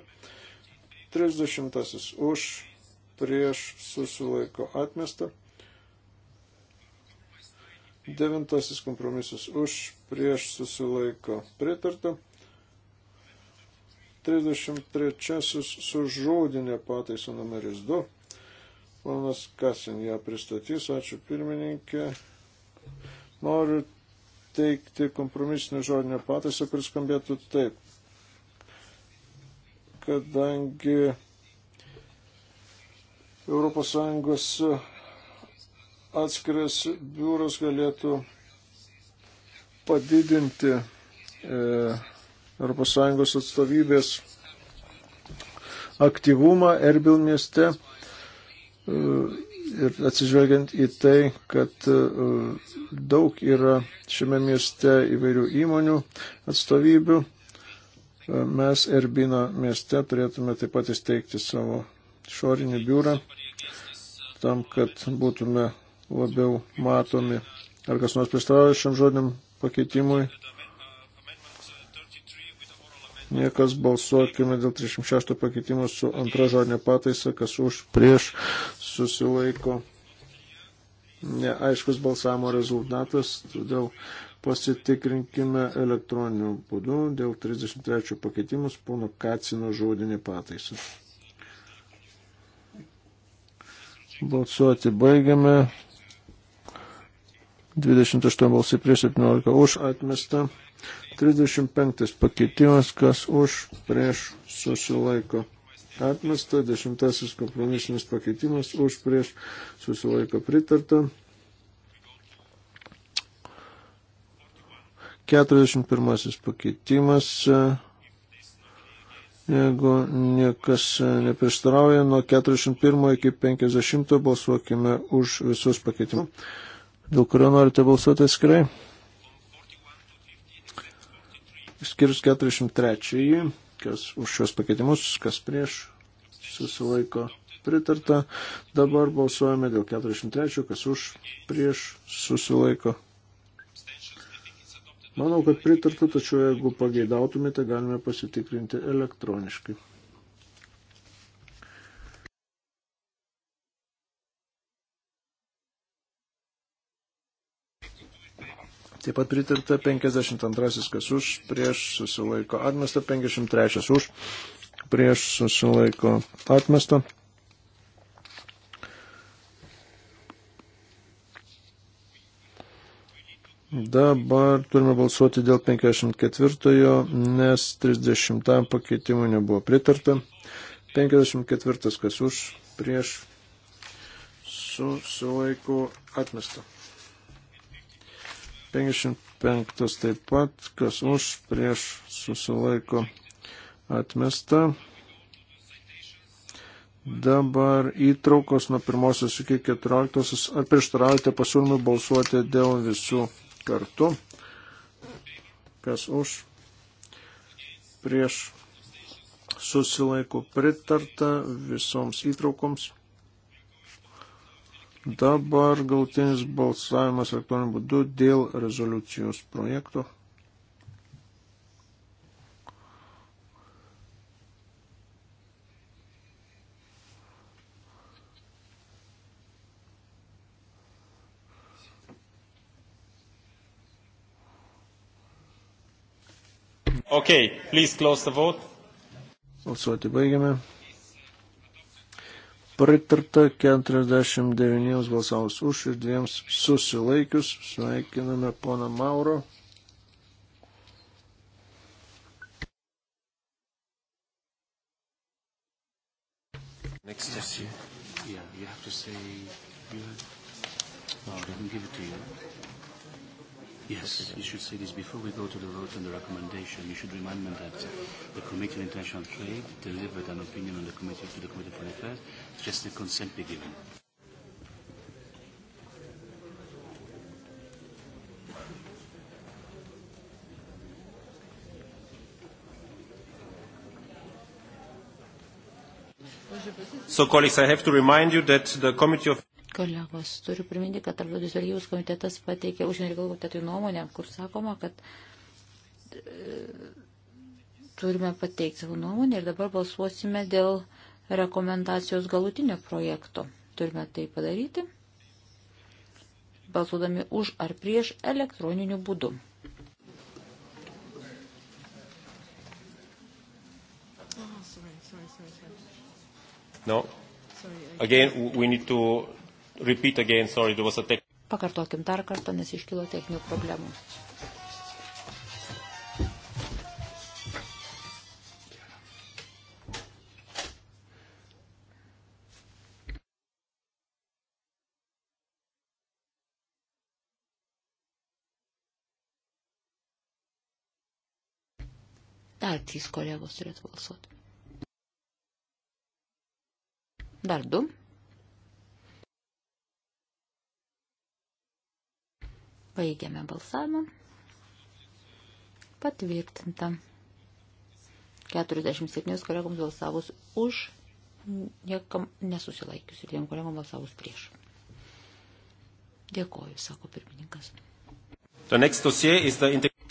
30 už, prieš susilaiko atmestą. Devintasis kompromisas už prieš susilaiko pritarta. 33 su žodinė pataisa numeris 2. Ponas Kasin ją pristatys. Ačiū pirmininkė. Noriu teikti kompromisinę žodinę pataisą, kuris skambėtų taip. Kadangi ES atskiras biuras galėtų padidinti e, ES atstovybės aktyvumą Erbil mieste e, ir atsižvelgiant į tai, kad e, daug yra šiame mieste įvairių įmonių atstovybių, e, mes Erbino mieste turėtume taip pat įsteigti savo išorinį biurą, tam, kad būtume labiau matomi. Ar kas nors prieštarauja šiam žodiniam pakeitimui? Niekas balsuokime dėl 36 pakeitimo su antra žodinė pataisa, kas už prieš susilaiko neaiškus balsavimo rezultatas, todėl pasitikrinkime elektroniniu būdu dėl 33 pakeitimus pono Kacino žodinė pataisa. Balsuoti baigiame. 28 balsai prieš 17 už atmestą. 35 pakeitimas, kas už, prieš, susilaiko. Atmesta, dešimtasis kompromisinis pakeitimas, už, prieš, susilaiko pritarta. 41 pakeitimas, jeigu niekas neprieštarauja, nuo 41 iki 50 balsuokime už visus pakeitimus. Dėl kurio norite balsuoti atskirai? išskyrus 43, kas už šios pakeitimus, kas prieš, susilaiko pritarta. Dabar balsuojame dėl 43, kas už, prieš, susilaiko. Manau, kad pritarta, tačiau jeigu pageidautumėte, galime pasitikrinti elektroniškai. Taip pat pritarta 52 kas už, prieš susilaiko atmesta, 53 už, prieš susilaiko atmesta. Dabar turime balsuoti dėl 54, nes 30 pakeitimų nebuvo pritarta. 54 kas už, prieš susilaiko atmesta. 55 taip pat, kas už prieš susilaiko atmesta. Dabar įtraukos nuo pirmosios iki keturioliktosios. Ar prieštaraujate pasiūlymui balsuoti dėl visų kartu? Kas už prieš susilaiko pritarta visoms įtraukoms? Dabar galtinis balsavimas elektroniniu būdu dėl rezoliucijos projekto. Okay, please close the vote. Balsuoti baigiame pritarta 49 balsavus už ir dviems susilaikius. Sveikiname poną Mauro. Next yes. yeah, you have to say you have, well, I can give it to you. Yes, you should say this before we go to the vote on the recommendation. You should remind me that the Committee on International Trade delivered an opinion on the committee to the Committee for Affairs, just the consent be given. So, colleagues, I have to remind you that the Committee of Kolegos, turiu priminti, kad Tarptautinis žvalgybos komitetas pateikė užsienio reikalų komitetui nuomonę, kur sakoma, kad e, turime pateikti savo nuomonę ir dabar balsuosime dėl rekomendacijos galutinio projekto. Turime tai padaryti, balsuodami už ar prieš elektroniniu būdu. Ah, no. Again, we need to Repeat again, sorry, there was a tech... Pakartokim dar kartą, nes iškilo techninių problemų. Dar trys kolegos turėtų balsuoti. Dar du. Baigiame balsavimą. Patvirtinta. 47 kolegoms balsavus už, niekam nesusilaikius ir dviem kolegom balsavus prieš. Dėkoju, sako pirmininkas.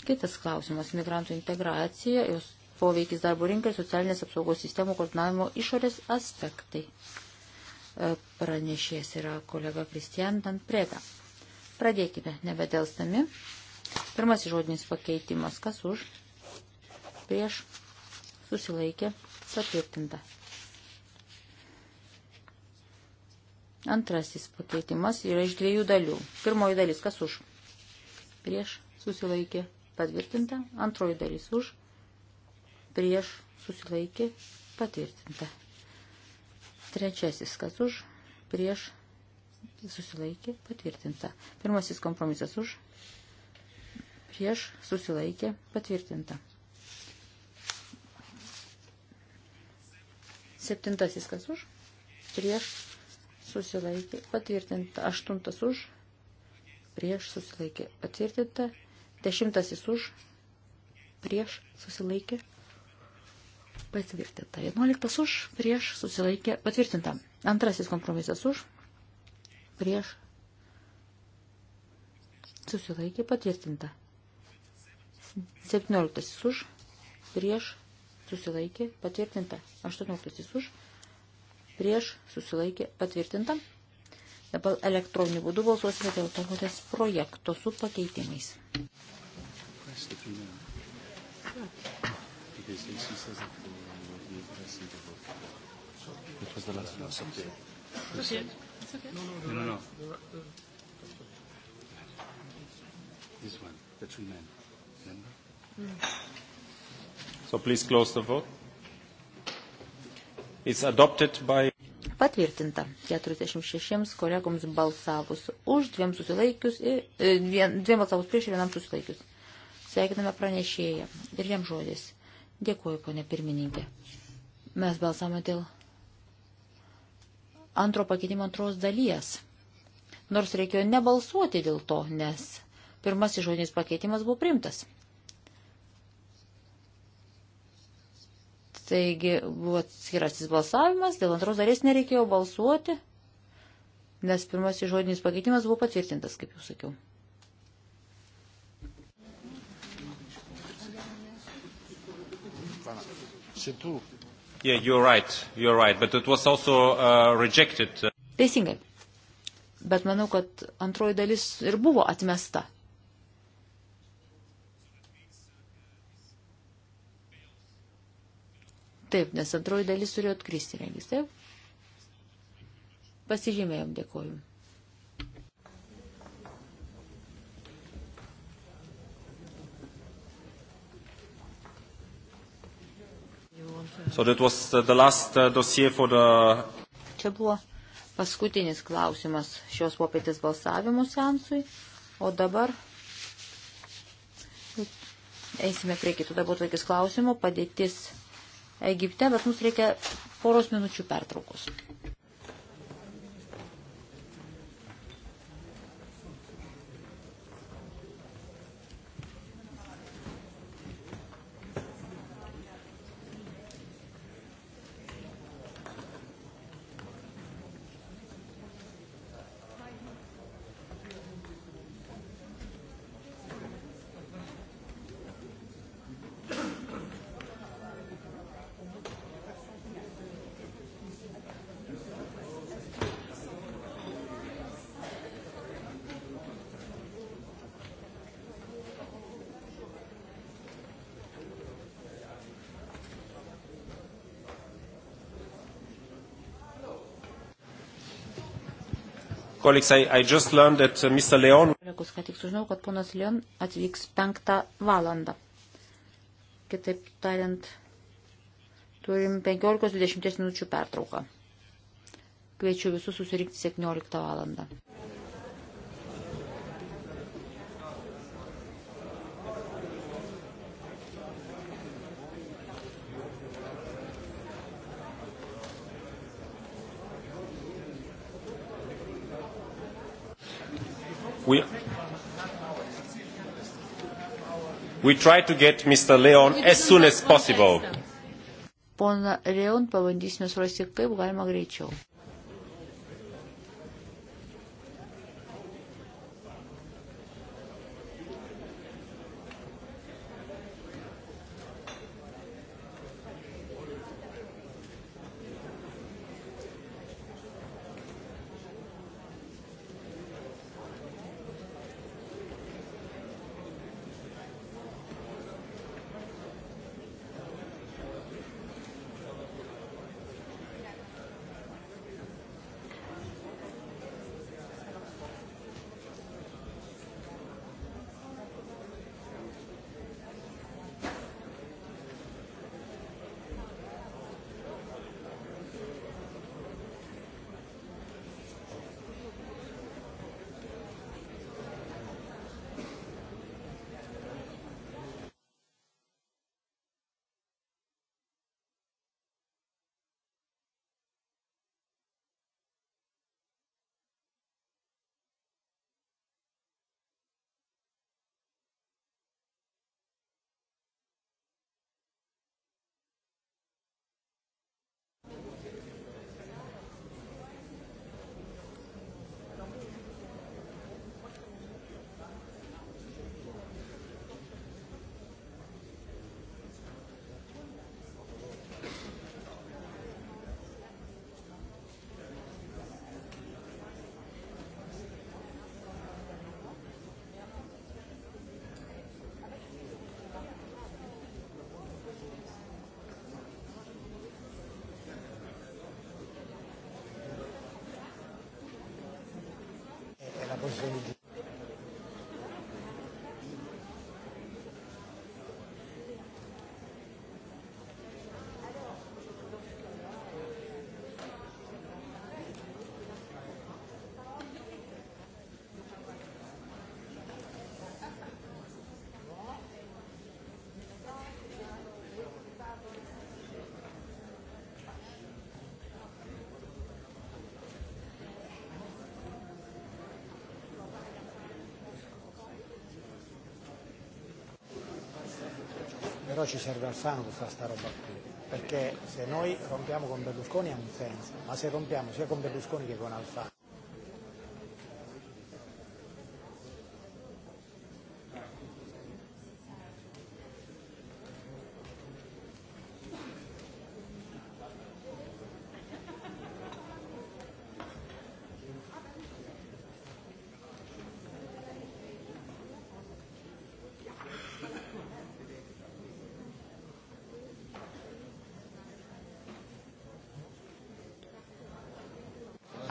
Kitas klausimas - migrantų integracija, jos poveikis darbo rinkai, socialinės apsaugos sistemų koordinavimo išorės aspektai. E, Pranešės yra kolega Kristijan Danpreda. Pradėkime, nebedelstami. Pirmasis žodinis pakeitimas, kas už, prieš, susilaikė, patvirtinta. Antrasis pakeitimas yra iš dviejų dalių. Pirmoji dalis, kas už, prieš, susilaikė, patvirtinta. Antroji dalis už, prieš, susilaikė, patvirtinta. Trečiasis, kas už, prieš, susilaikė, patvirtinta. Pirmasis kompromisas už, prieš, susilaikė, patvirtinta. Septintasis kas už, prieš, susilaikė, patvirtinta. Aštuntas už, prieš, susilaikė, patvirtinta. Dešimtasis už, prieš, susilaikė, patvirtinta. Vienuoliktas už, prieš, susilaikė, patvirtinta. Antrasis kompromisas už, prieš susilaikė patvirtinta. 17 už prieš susilaikė patvirtinta. 18 už prieš susilaikė patvirtinta. Dabar elektroniniu būdu balsuosime dėl tokios projekto su pakeitimais. It was the last one. It's okay. No, no, the no, right, no. The, right, the, this one, the three men. Remember? Mm. So please close the vote. It's adopted by patvirtinta 46 kolegoms balsavus už, dviem susilaikius, ir, dviem, e, dviem balsavus prieš ir vienam susilaikius. Sveikiname pranešėją ir jam žodis. Dėkuoju, ponė pirmininkė. Mes balsavome dėl antro pakeitimo antros dalies. Nors reikėjo nebalsuoti dėl to, nes pirmasis žodinis pakeitimas buvo primtas. Taigi buvo atskirasis balsavimas, dėl antros dalies nereikėjo balsuoti, nes pirmasis žodinis pakeitimas buvo patvirtintas, kaip jau sakiau. C'est tout. Yeah, you're right, you're right, but it was also uh, rejected. Uh. Teisingai. Bet manau, kad antroji dalis ir buvo atmesta. Taip, nes antroji dalis turėjo atkristi, regis, taip? Pasižymėjom, dėkojom. So that was uh, the last uh, dossier for the... Čia buvo paskutinis klausimas šios popietės balsavimo sensui, o dabar eisime prie kitų dabar tvarkės klausimų, padėtis Egipte, bet mums reikia poros minučių pertraukos. Colleagues, I, I just learned that uh, Mr. Leon... Kolegos, ką tik sužinau, kad ponas Leon atvyks penktą valandą. Kitaip tariant, turim 15-20 minučių pertrauką. Kviečiu visus susirinkti 17 valandą. We try to get Mr. Leon as soon as possible. Pona Leon pabandysime surasti, kaip galima greičiau. Bonne journée. però ci serve Alfano tutta sta roba qui, perché se noi rompiamo con Berlusconi ha un senso, ma se rompiamo sia con Berlusconi che con Alfano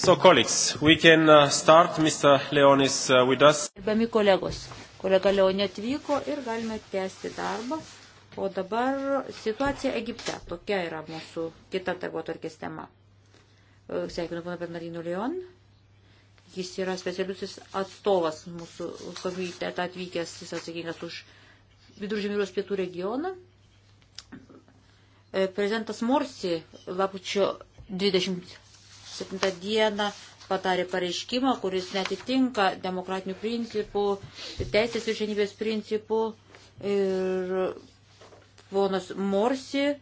So, colleagues, we can uh, start. Mr. Leon is uh, with us. Gerbiami kolegos, kolega Leonė atvyko ir galime tęsti darbą. O dabar situacija Egipte. Tokia yra mūsų kita darbotvarkės tema. E, sveikinu pana Bernardino Leon. Jis yra specialusis atstovas mūsų komitetą atvykęs, jis atsakingas už viduržemiriaus pietų regioną. E, prezidentas Morsi lapučio 20 7 dieną patarė pareiškimą, kuris netitinka demokratinių principų, teisės viršenybės principų. Ir ponas Morsi e,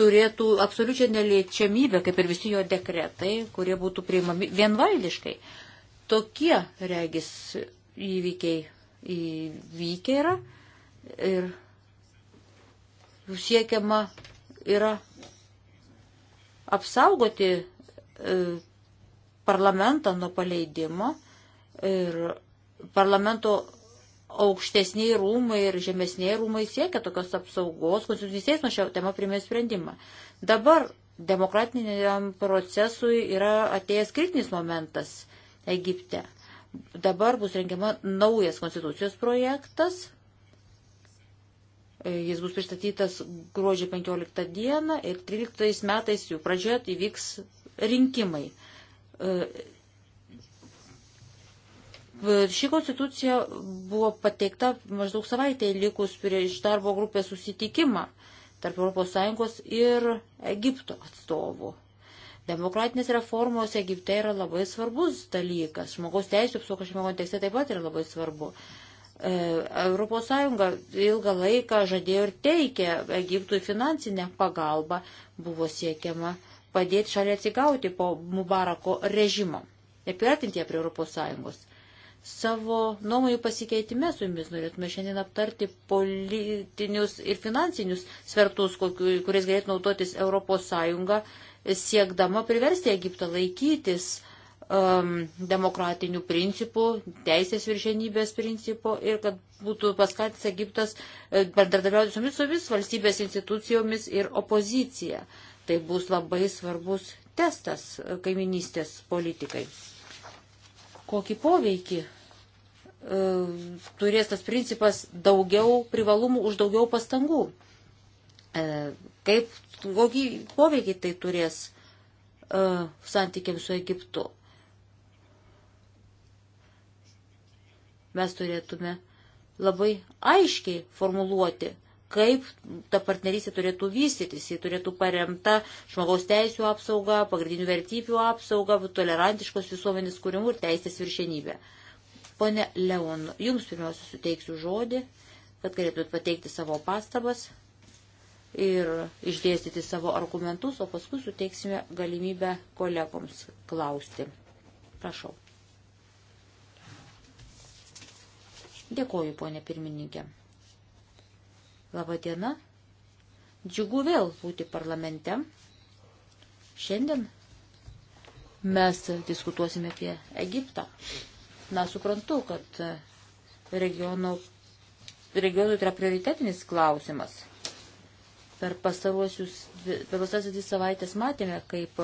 turėtų absoliučią neliečiamybę, kaip ir visi jo dekretai, kurie būtų priimami vienvaldiškai. Tokie regis įvykiai įvykę yra ir siekiama yra apsaugoti e, parlamentą nuo paleidimo ir parlamento aukštesniai rūmai ir žemesniai rūmai siekia tokios apsaugos, konstitucinis teismas šią temą primė sprendimą. Dabar demokratiniam procesui yra atėjęs kritinis momentas Egipte. Dabar bus rengiama naujas konstitucijos projektas, E, jis bus pristatytas gruodžio 15 dieną ir 13 metais jų pradžioje įvyks tai rinkimai. E, ši konstitucija buvo pateikta maždaug savaitėje likus prieš darbo grupės susitikimą tarp ES ir Egipto atstovų. Demokratinės reformos Egipte yra labai svarbus dalykas. Žmogaus teisų apsauga šiame kontekste taip pat yra labai svarbu. ES ilgą laiką žadėjo ir teikė Egiptui finansinę pagalbą, buvo siekiama padėti šaliai atsigauti po Mubarako režimo ir priartinti ją prie ES. Savo nuomonių pasikeitime su jumis norėtume šiandien aptarti politinius ir finansinius svertus, kuriais galėtų naudotis ES siekdama priversti Egiptą laikytis um, demokratinių principų, teisės viršenybės principų ir kad būtų paskatęs Egiptas e, bendradarbiauti su visomis valstybės institucijomis ir opozicija. Tai bus labai svarbus testas e, kaiminystės politikai. Kokį poveikį e, turės tas principas daugiau privalumų už daugiau pastangų. Kaip, kokį poveikį tai turės santykiams su Egiptu. Mes turėtume labai aiškiai formuluoti, kaip ta partnerystė turėtų vystytis. Ji turėtų paremta žmogaus teisų apsauga, pagrindinių vertybių apsauga, tolerantiškos visuomenės kūrimų ir teisės viršenybė. Pone Leon, jums pirmiausia suteiksiu žodį, kad galėtumėt pateikti savo pastabas ir išdėstyti savo argumentus, o paskui suteiksime galimybę kolegoms klausti. Prašau. Dėkoju, ponė pirmininkė. Labadiena. Džiugu vėl būti parlamente. Šiandien mes diskutuosime apie Egiptą. Na, suprantu, kad regionų, regionų tai yra prioritetinis klausimas. Per pastarosius per dvi savaitės matėme, kaip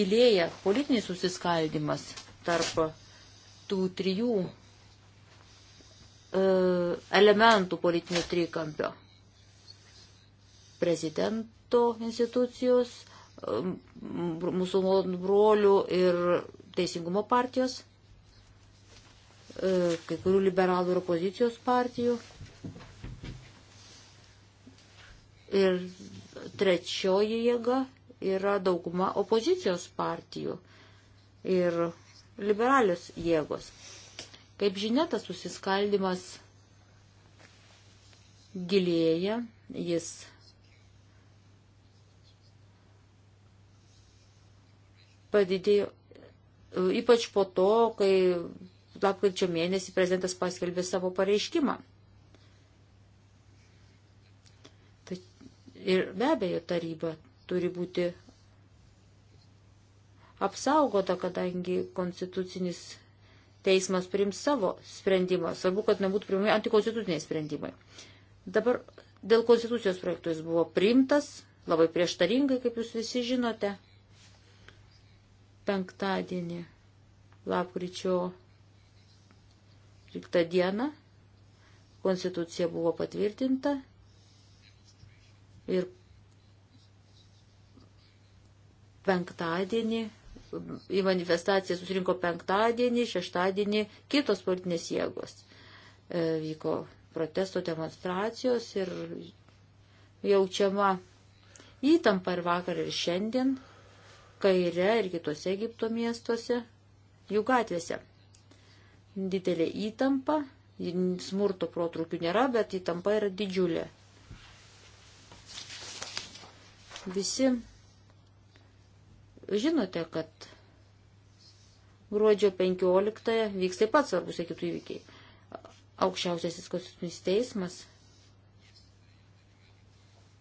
gilėja politinis susiskaldimas tarp tų trijų e, elementų politinio trikampio. Prezidento institucijos, e, musulmonų brolių ir teisingumo partijos, e, kai kurių liberalų ir opozicijos partijų. Ir trečioji jėga yra dauguma opozicijos partijų. Ir liberalios jėgos. Kaip žinia, tas susiskaldimas gilėja, jis padidėjo ypač po to, kai lapkričio mėnesį prezidentas paskelbė savo pareiškimą. Tai ir be abejo taryba turi būti apsaugota, kadangi konstitucinis teismas priims savo sprendimą. Svarbu, kad nebūtų priimami antikonstituciniai sprendimai. Dabar dėl konstitucijos projektų jis buvo priimtas, labai prieštaringai, kaip jūs visi žinote, penktadienį, lapkričio 13 dieną, konstitucija buvo patvirtinta ir penktadienį į manifestaciją susirinko penktadienį, šeštadienį kitos politinės jėgos. E, vyko protesto demonstracijos ir jaučiama įtampa ir vakar ir šiandien, kaire ir kitose Egipto miestuose, jų gatvėse. Didelė įtampa, smurto protrukių nėra, bet įtampa yra didžiulė. Visi Žinote, kad gruodžio 15 vyks taip pat svarbus kitų įvykiai. Aukščiausiasis konstitucinis teismas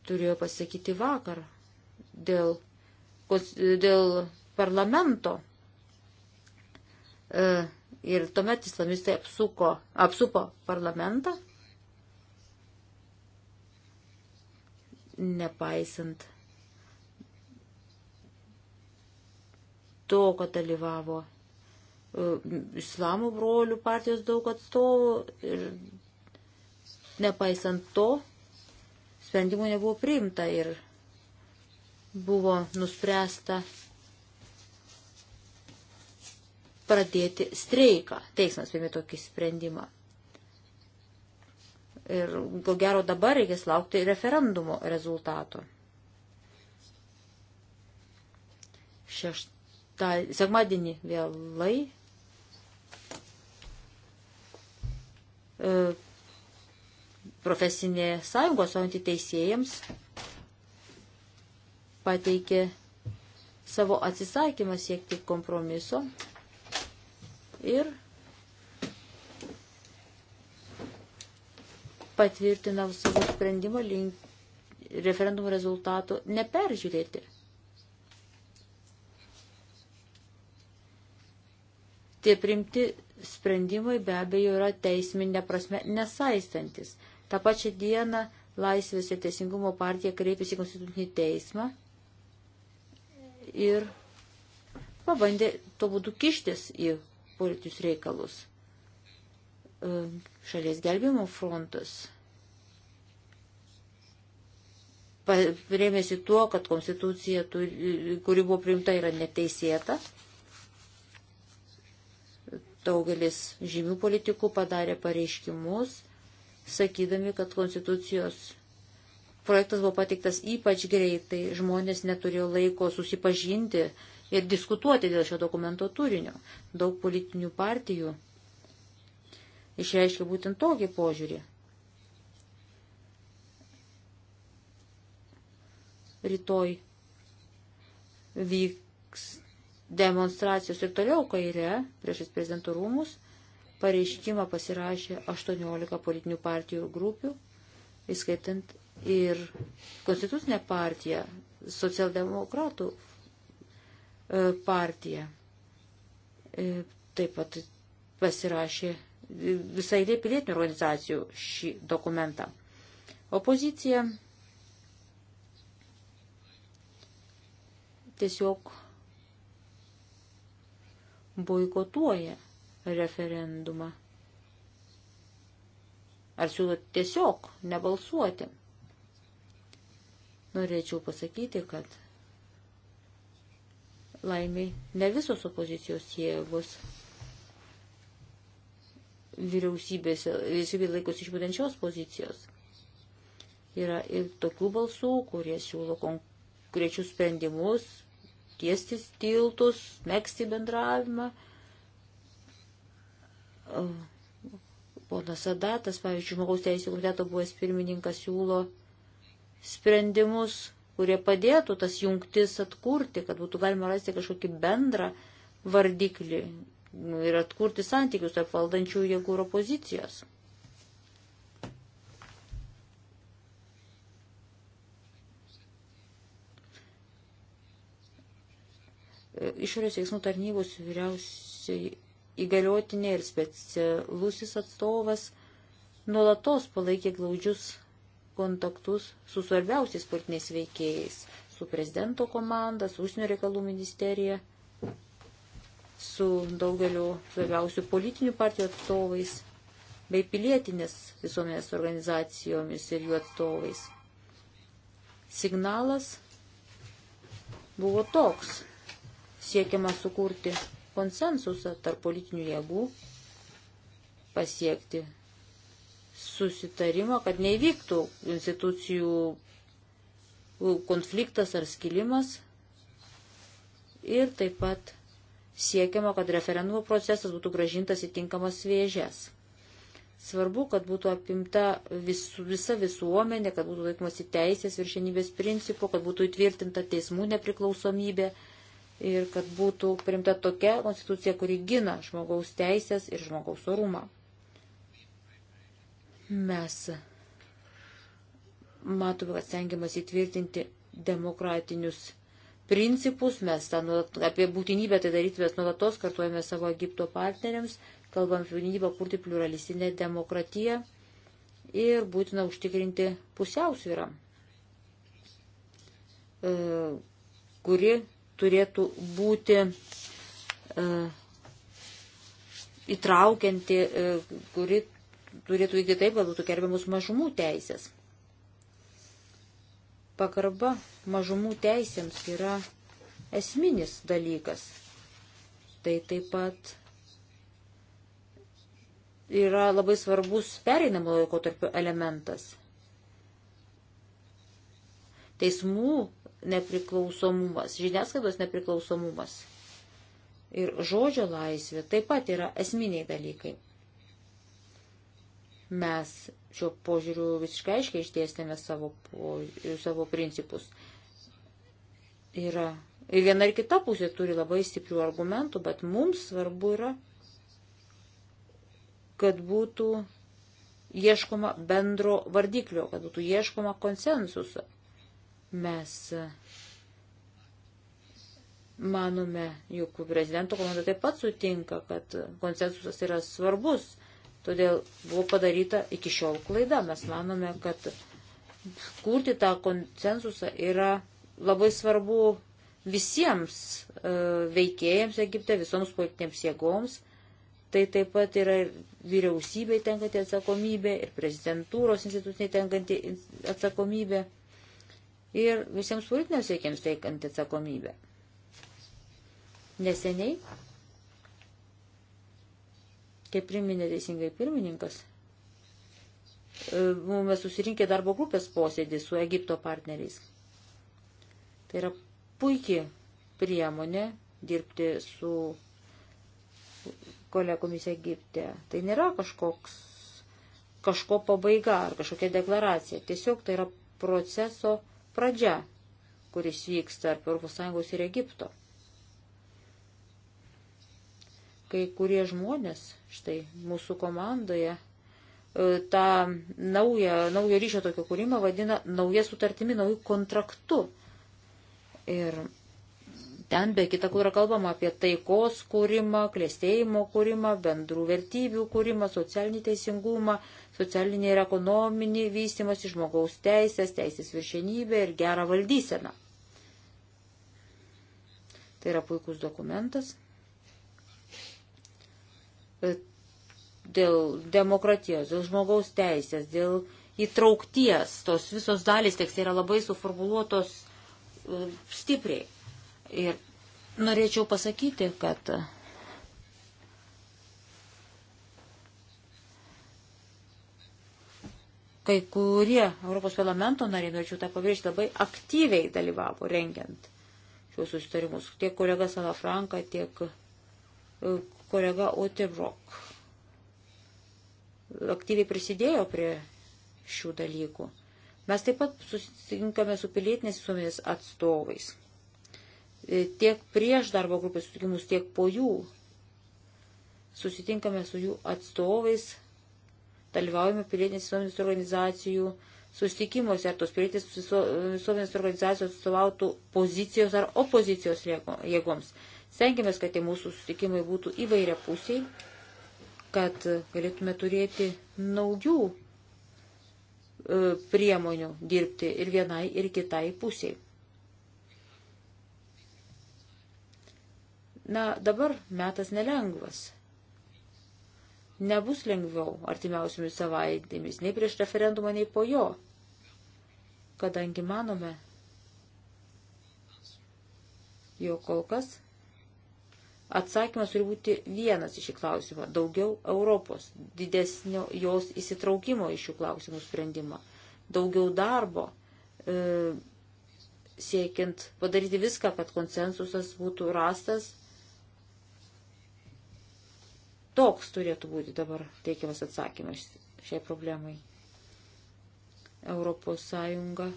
turėjo pasakyti vakar dėl, dėl parlamento. E, ir tuomet islamistai apsuko, apsupo parlamentą, nepaisant to, kad dalyvavo e, islamo brolių partijos daug atstovų ir nepaisant to sprendimų nebuvo priimta ir buvo nuspręsta pradėti streiką. Teismas priėmė tokį sprendimą. Ir ko gero dabar reikės laukti referendumo rezultato. Šešt, tą sekmadienį vėlai. E, profesinė sąjunga suojantį teisėjams pateikė savo atsisakymą siekti kompromiso ir patvirtinam savo sprendimą link referendumo rezultato neperžiūrėti. Tie primti sprendimai be abejo yra teisminė prasme nesaistantis. Ta pačia diena Laisvės ir Teisingumo partija kreipėsi į Konstitucinį teismą ir pabandė tuo būdu kištis į politinius reikalus. E, šalies gelbimo frontas rėmėsi tuo, kad konstitucija, turi, kuri buvo priimta, yra neteisėta Daugelis žymių politikų padarė pareiškimus, sakydami, kad konstitucijos projektas buvo pateiktas ypač greitai, žmonės neturėjo laiko susipažinti ir diskutuoti dėl šio dokumento turinio. Daug politinių partijų išreiškia būtent tokį požiūrį. Rytoj vyks demonstracijos ir toliau kaire priešis prezidentų rūmus. Pareiškimą pasirašė 18 politinių partijų ir grupių, įskaitant ir konstitucinę partiją, socialdemokratų e, partiją. E, taip pat pasirašė visai dėl pilietinių organizacijų šį dokumentą. Opozicija tiesiog boikotuoja referendumą? Ar siūlo tiesiog nebalsuoti? Norėčiau pasakyti, kad laimiai ne visos opozicijos jėgos vyriausybės, vyriausybė laikosi iš būtent šios pozicijos. Yra ir tokių balsų, kurie siūlo konkrečius sprendimus, tiestis tiltus, mėgsti bendravimą. Ponas Adatas, pavyzdžiui, žmogaus teisų komiteto buvęs pirmininkas, siūlo sprendimus, kurie padėtų tas jungtis atkurti, kad būtų galima rasti kažkokį bendrą vardiklį ir atkurti santykius tarp valdančių jėgų ir opozicijos. išorės veiksmų tarnybos vyriausiai įgaliotinė ir specialusis atstovas nuolatos palaikė glaudžius kontaktus su svarbiausiais politiniais veikėjais, su prezidento komanda, su užsienio reikalų ministerija, su daugeliu svarbiausių politinių partijų atstovais bei pilietinės visuomenės organizacijomis ir jų atstovais. Signalas buvo toks siekiama sukurti konsensusą tarp politinių jėgų, pasiekti susitarimą, kad neįvyktų institucijų konfliktas ar skilimas ir taip pat siekiama, kad referendumo procesas būtų gražintas į tinkamas vėžės. Svarbu, kad būtų apimta vis, visa visuomenė, kad būtų laikomasi teisės viršenybės principų, kad būtų įtvirtinta teismų nepriklausomybė ir kad būtų primta tokia konstitucija, kuri gina žmogaus teisės ir žmogaus orumą. Mes matome, kad stengiamas įtvirtinti demokratinius principus, mes tą, apie būtinybę tai daryti mes nuolatos kartuojame savo Egipto partneriams, kalbam apie būtinybę kurti pluralistinę demokratiją ir būtina užtikrinti pusiausvyrą, e, kuri turėtų būti e, įtraukianti, e, kuri turėtų įgyti taip, kad būtų gerbiamus mažumų teisės. Pagarba mažumų teisėms yra esminis dalykas. Tai taip pat yra labai svarbus pereinamo laikotarpio elementas. Teismų nepriklausomumas, žiniasklaidos nepriklausomumas ir žodžio laisvė taip pat yra esminiai dalykai. Mes šiuo požiūriu visiškai aiškiai išdėstėme savo, požiūrių, savo principus. Yra. Ir viena ir kita pusė turi labai stiprių argumentų, bet mums svarbu yra, kad būtų ieškoma bendro vardiklio, kad būtų ieškoma konsensuso. Mes e, manome, juk prezidento komanda taip pat sutinka, kad konsensusas yra svarbus, todėl buvo padaryta iki šiol klaida. Mes manome, kad kurti tą konsensusą yra labai svarbu visiems e, veikėjams Egipte, visoms politinėms jėgoms. Tai taip pat yra ir vyriausybei tenkanti atsakomybė, ir prezidentūros instituciniai tenkanti atsakomybė ir visiems politiniams veikiams teikant atsakomybę. Neseniai, kaip priminė teisingai pirmininkas, e, mes susirinkė darbo grupės posėdį su Egipto partneriais. Tai yra puikiai priemonė dirbti su kolegomis Egipte. Tai nėra kažkoks, kažko pabaiga ar kažkokia deklaracija. Tiesiog tai yra proceso pradžia, kuris vyks tarp ES ir Egipto. Kai kurie žmonės, štai mūsų komandoje, e, tą naują, naują ryšio tokio kūrimą vadina nauja sutartimi, naujų kontraktu. Ir Ten be kita, kur yra kalbama apie taikos kūrimą, klėstėjimo kūrimą, bendrų vertybių kūrimą, socialinį teisingumą, socialinį ir ekonominį vystimas, žmogaus teisės, teisės viršenybę ir gerą valdyseną. Tai yra puikus dokumentas. Dėl demokratijos, dėl žmogaus teisės, dėl įtraukties, tos visos dalys tekstai yra labai suformuluotos e, stipriai. Ir norėčiau pasakyti, kad kai kurie Europos parlamento nariai, norėčiau tą pabrėžti, labai aktyviai dalyvavo rengiant šios susitarimus. Tiek kolega Salafranka, tiek e, kolega Otirok aktyviai prisidėjo prie šių dalykų. Mes taip pat susitinkame su pilietinės visuomenės atstovais. E, tiek prieš darbo grupės susitikimus, tiek po jų. Susitinkame su jų atstovais, dalyvaujame pilietinės visuomenės organizacijų susitikimuose, ar tos pilietinės visuomenės organizacijos atstovautų pozicijos ar opozicijos jėgoms. Stengiamės, kad tie mūsų susitikimai būtų įvairia pusiai, kad galėtume turėti naujų e, priemonių dirbti ir vienai, ir kitai pusiai. Na, dabar metas nelengvas. Nebus lengviau artimiausiomis savaitėmis, nei prieš referendumą, nei po jo, kadangi manome, jo kol kas atsakymas turi būti vienas iš šį klausimą – daugiau Europos, didesnio jos įsitraukimo iš šių klausimų sprendimą, daugiau darbo, e, siekiant padaryti viską, kad konsensusas būtų rastas – Toks turėtų būti dabar teikiamas atsakymas šiai problemai. Europos Sąjunga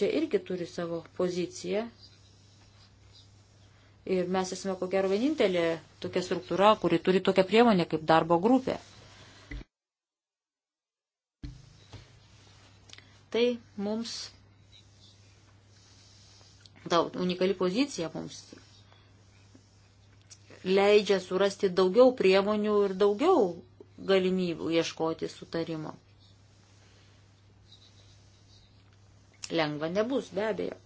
čia irgi turi savo poziciją. Ir mes esame ko gero vienintelė tokia struktūra, kuri turi tokią priemonę kaip darbo grupė. Tai mums ta unikali pozicija mums leidžia surasti daugiau priemonių ir daugiau galimybių ieškoti sutarimo. Lengva nebus, be abejo.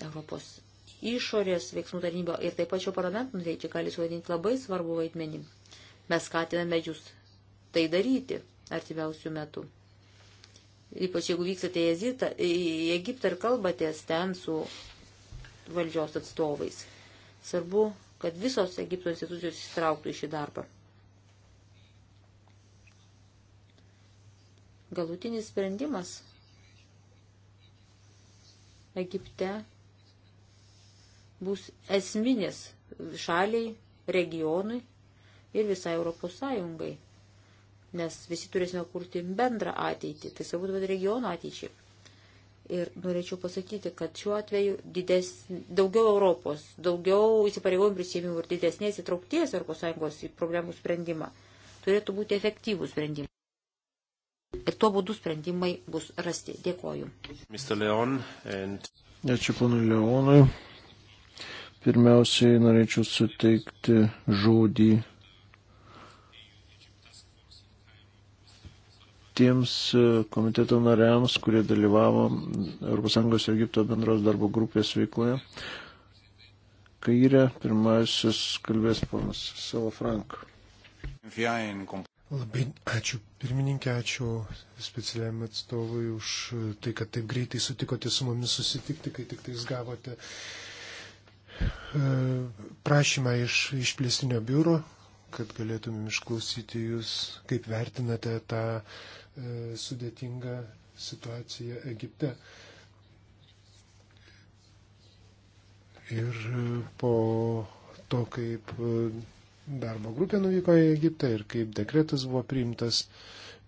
Europos išorės veiksmų tarnyba ir taip pat šio parlamento nuveičiai gali suvaidinti labai svarbu vaidmenį. Mes skatiname jūs tai daryti artimiausių metų ypač jeigu vykstate į, Ezitą, į Egiptą ir kalbatės ten su valdžios atstovais. Svarbu, kad visos Egipto institucijos įsitrauktų į šį darbą. Galutinis sprendimas Egipte bus esminis šaliai, regionui ir visai Europos Sąjungai nes visi turėsime kurti bendrą ateitį, tai svarbu dabar regiono ateičiai. Ir norėčiau pasakyti, kad šiuo atveju dides, daugiau Europos, daugiau įsipareigojimų prisėmimų ir didesnės įtraukties ES į problemų sprendimą turėtų būti efektyvų sprendimai. Ir tuo būdu sprendimai bus rasti. Dėkoju. Leon and... Ačiū ponui Leonui. Pirmiausiai norėčiau suteikti žodį tiems e, komiteto nariams, kurie dalyvavo ES ir Egipto bendros darbo grupės veikloje. Kairė, pirmasis kalbės ponas Savo Frank. Labai ačiū pirmininkė, ačiū specialiam atstovui už tai, kad taip greitai sutikote su mumis susitikti, kai tik tais gavote e, prašymą iš išplėstinio biuro kad galėtumėm išklausyti Jūs, kaip vertinate tą e, sudėtingą situaciją Egipte. Ir e, po to, kaip e, darbo grupė nuvyko į Egiptą ir kaip dekretas buvo priimtas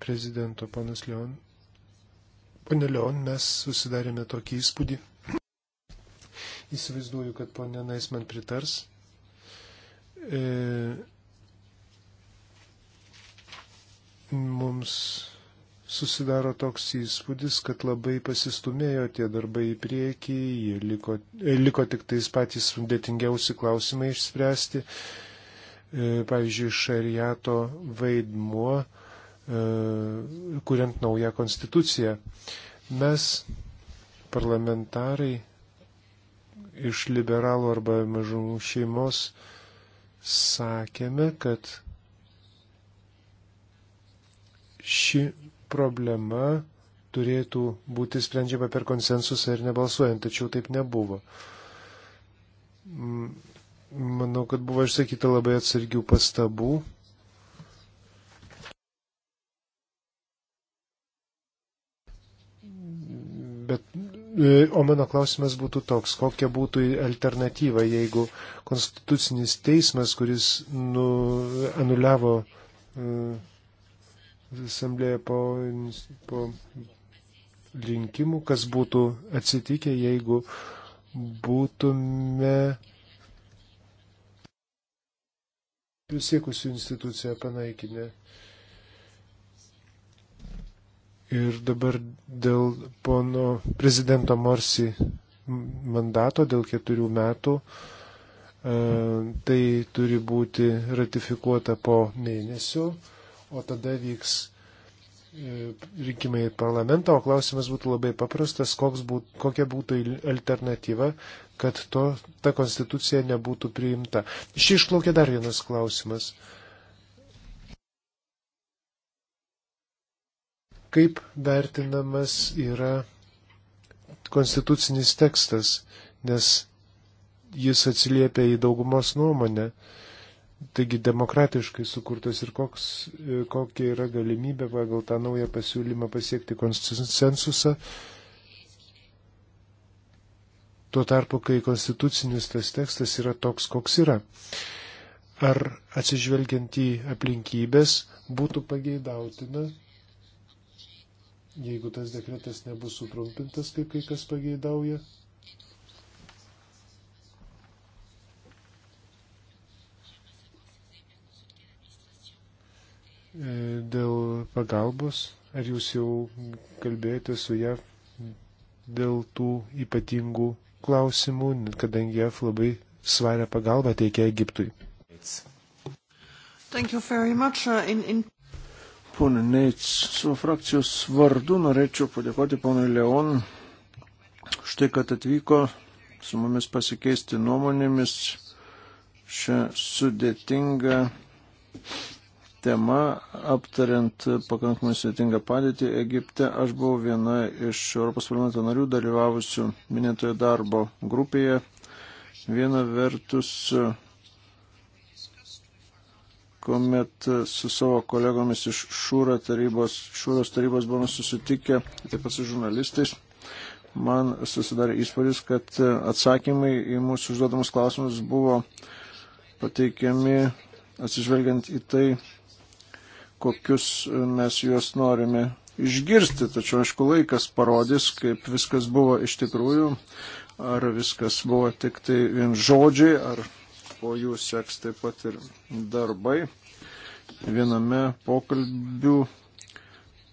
prezidento panas Leon, ponė Leon, mes susidarėme tokį įspūdį. Įsivaizduoju, kad ponė Naisman pritars. E, mums susidaro toks įspūdis, kad labai pasistumėjo tie darbai į priekį, liko, e, liko tik tais patys sudėtingiausi klausimai išspręsti. E, pavyzdžiui, šariato vaidmuo, e, kuriant naują konstituciją. Mes, parlamentarai, iš liberalų arba mažumų šeimos, sakėme, kad ši problema turėtų būti sprendžiama per konsensusą ir nebalsuojant, tačiau taip nebuvo. Manau, kad buvo išsakyta labai atsargių pastabų. Bet, e, o mano klausimas būtų toks, kokia būtų alternatyva, jeigu konstitucinis teismas, kuris nu, anuliavo uh, asamblėje po, po rinkimų, kas būtų atsitikę, jeigu būtume prisiekusių instituciją panaikinę. Ir dabar dėl pono prezidento Morsi mandato, dėl keturių metų, e, tai turi būti ratifikuota po mėnesio o tada vyks e, rinkimai į parlamentą, o klausimas būtų labai paprastas, būt, kokia būtų alternatyva, kad to, ta konstitucija nebūtų priimta. Iš čia išplaukė dar vienas klausimas. Kaip vertinamas yra konstitucinis tekstas, nes jis atsiliepia į daugumos nuomonę. E, taigi demokratiškai sukurtas ir koks, e, kokia yra galimybė pagal tą naują pasiūlymą pasiekti konsensusą. Tuo tarpu, kai konstitucinis tas tekstas yra toks, koks yra. Ar atsižvelgiant į aplinkybės būtų pageidautina, jeigu tas dekretas nebus sutrumpintas, kaip kai kas pageidauja, E, dėl pagalbos, ar jūs jau kalbėjote su JAV dėl tų ypatingų klausimų, kadangi JAV labai svarę pagalbą teikia Egiptui. Uh, in, in... Pone Neits, savo frakcijos vardu norėčiau padėkoti ponui Leon štai, kad atvyko su mumis pasikeisti nuomonėmis šią sudėtingą tema, aptariant pakankamai sudėtingą padėtį Egipte. Aš buvau viena iš Europos parlamento narių dalyvavusių minėtoje darbo grupėje. Viena vertus, kuomet su savo kolegomis iš Šūro tarybos, Šūros tarybos buvome susitikę, taip pat su žurnalistais, man susidarė įspūdis, kad atsakymai į mūsų užduodamus klausimus buvo pateikiami atsižvelgiant į tai, kokius mes juos norime išgirsti. Tačiau, aišku, laikas parodys, kaip viskas buvo iš tikrųjų, ar viskas buvo tik tai vien žodžiai, ar po jų seks taip pat ir darbai. Viename pokalbių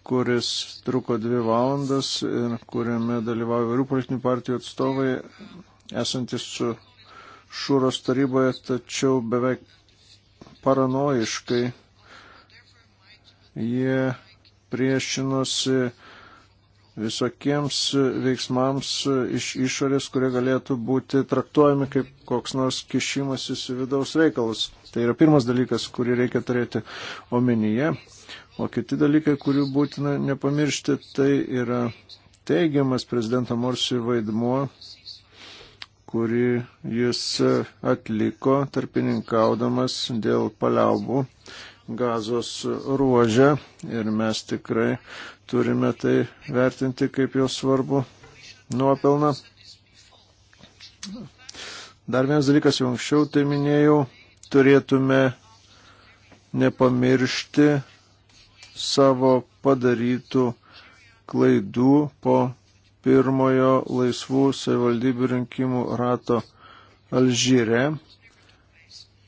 kuris truko dvi valandas ir kuriame dalyvavo įvairių politinių partijų atstovai, esantis su šūros taryboje, tačiau beveik paranoiškai Jie priešinosi visokiems veiksmams iš išorės, kurie galėtų būti traktuojami kaip koks nors kišimasis į vidaus reikalus. Tai yra pirmas dalykas, kurį reikia turėti omenyje. O kiti dalykai, kurių būtina nepamiršti, tai yra teigiamas prezidento Morsi vaidmuo, kurį jis atliko tarpininkaudamas dėl paliaubų gazos ruožę ir mes tikrai turime tai vertinti kaip jos svarbu nuopelną. Dar vienas dalykas, jau anksčiau tai minėjau, turėtume nepamiršti savo padarytų klaidų po pirmojo laisvų savivaldybių rinkimų rato Alžyre.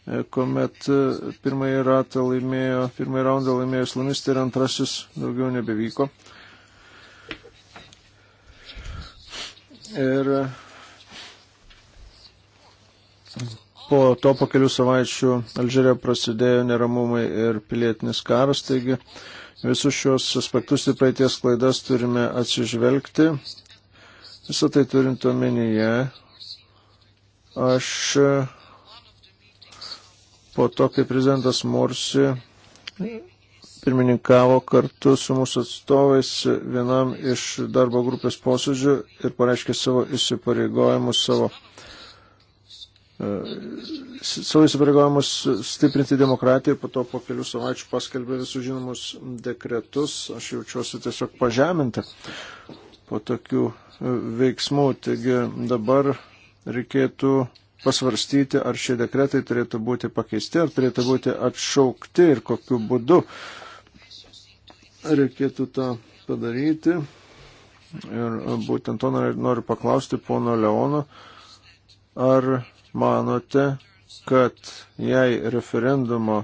E, kuomet e, pirmąjį ratą laimėjo, pirmąjį raundą laimėjo islamistai ir antrasis daugiau nebevyko. Ir e, po to po kelių savaičių Alžyrė prasidėjo neramumai ir pilietinis karas, taigi visus šios aspektus ir praeities klaidas turime atsižvelgti. Visą tai turint omenyje, aš po to, kai prezidentas Morsi pirmininkavo kartu su mūsų atstovais vienam iš darbo grupės posėdžių ir pareiškė savo įsipareigojimus, savo, e, savo įsipareigojimus stiprinti demokratiją ir po to po kelių savaičių paskelbė visus žinomus dekretus. Aš jaučiuosi tiesiog pažeminti po tokių e, veiksmų. Taigi dabar reikėtų pasvarstyti, ar šie dekretai turėtų būti pakeisti, ar turėtų būti atšaukti ir kokiu būdu reikėtų tą padaryti. Ir būtent to noriu paklausti pono Leono, ar manote, kad jei referendumo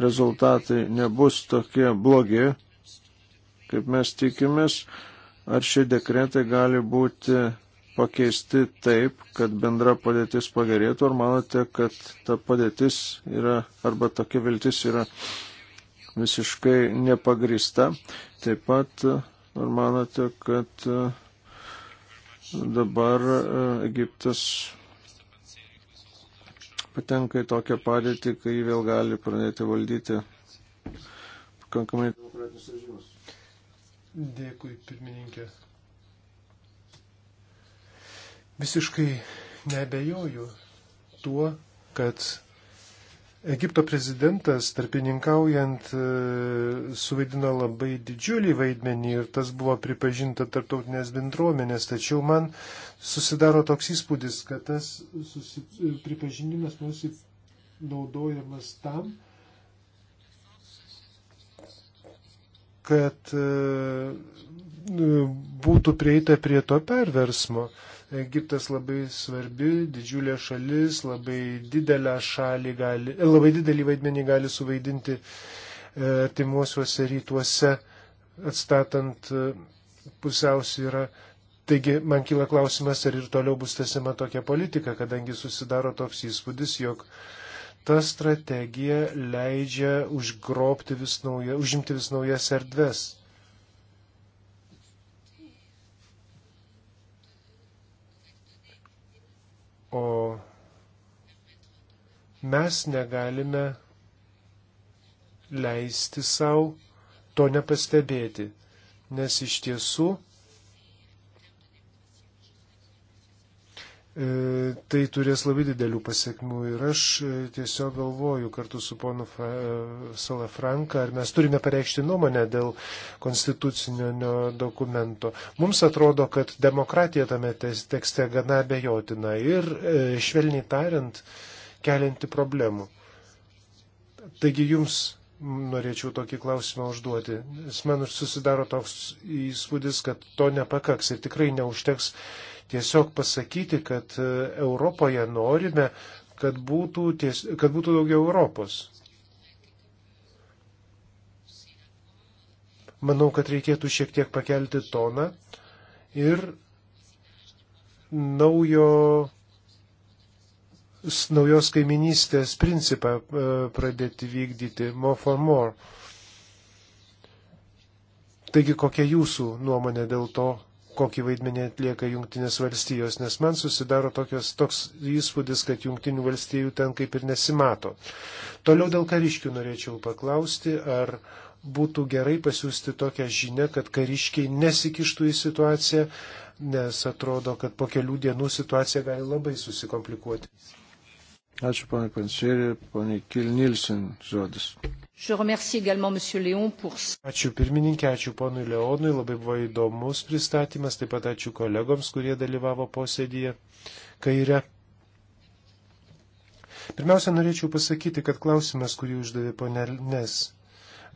rezultatai nebus tokie blogi, kaip mes tikimės, ar šie dekretai gali būti pakeisti taip, kad bendra padėtis pagerėtų, ar manote, kad ta padėtis yra, arba tokia viltis yra visiškai nepagrista. Taip pat, ar manote, kad e, dabar e, Egiptas patenka į tokią padėtį, kai jį vėl gali pradėti valdyti pakankamai demokratinis režimas. Dėkui, pirmininkė. Visiškai nebejoju tuo, kad Egipto prezidentas, tarpininkaujant, e, suvaidino labai didžiulį vaidmenį ir tas buvo pripažinta tarptautinės bendruomenės, tačiau man susidaro toks įspūdis, kad tas susi... pripažinimas mūsų naudojamas tam, kad e, būtų prieita prie to perversmo. Egiptas labai svarbi, didžiulė šalis, labai, šalį gali, labai didelį vaidmenį gali suvaidinti e, artimuosiuose rytuose, atstatant e, pusiausvyrą. Taigi man kyla klausimas, ar ir toliau bus tęsiama tokia politika, kadangi susidaro toks įspūdis, jog ta strategija leidžia užgrobti vis nauja, užimti vis naujas erdves. O mes negalime leisti savo to nepastebėti, nes iš tiesų E, tai turės labai didelių pasiekmių. Ir aš e, tiesiog galvoju kartu su ponu e, Salafranka, ar mes turime pareikšti nuomonę dėl konstitucinio dokumento. Mums atrodo, kad demokratija tame tekste gana abejotina ir, švelniai tariant, kelianti problemų. Taigi jums norėčiau tokį klausimą užduoti. Nes man susidaro toks įspūdis, kad to nepakaks ir tikrai neužteks tiesiog pasakyti, kad e, Europoje norime, kad būtų, ties, kad būtų daugiau Europos. Manau, kad reikėtų šiek tiek pakelti toną ir naujo, naujos kaiminystės principą e, pradėti vykdyti more for more. Taigi kokia jūsų nuomonė dėl to, kokį vaidmenį atlieka Junktinės valstijos, nes man susidaro tokios, toks įspūdis, kad Junktinių valstijų ten kaip ir nesimato. Toliau dėl kariškių norėčiau paklausti, ar būtų gerai pasiūsti tokią žinę, kad kariškiai nesikištų į situaciją, nes atrodo, kad po kelių dienų situacija gali labai susikomplikuoti. Ačiū, panai Pansėrė, panai Kilnilsen, žodis. Ačiū pirmininkė, ačiū ponui Leonui, labai buvo įdomus pristatymas, taip pat ačiū kolegoms, kurie dalyvavo posėdėje kairę. Pirmiausia, norėčiau pasakyti, kad klausimas, kurį uždavė ponė Nes,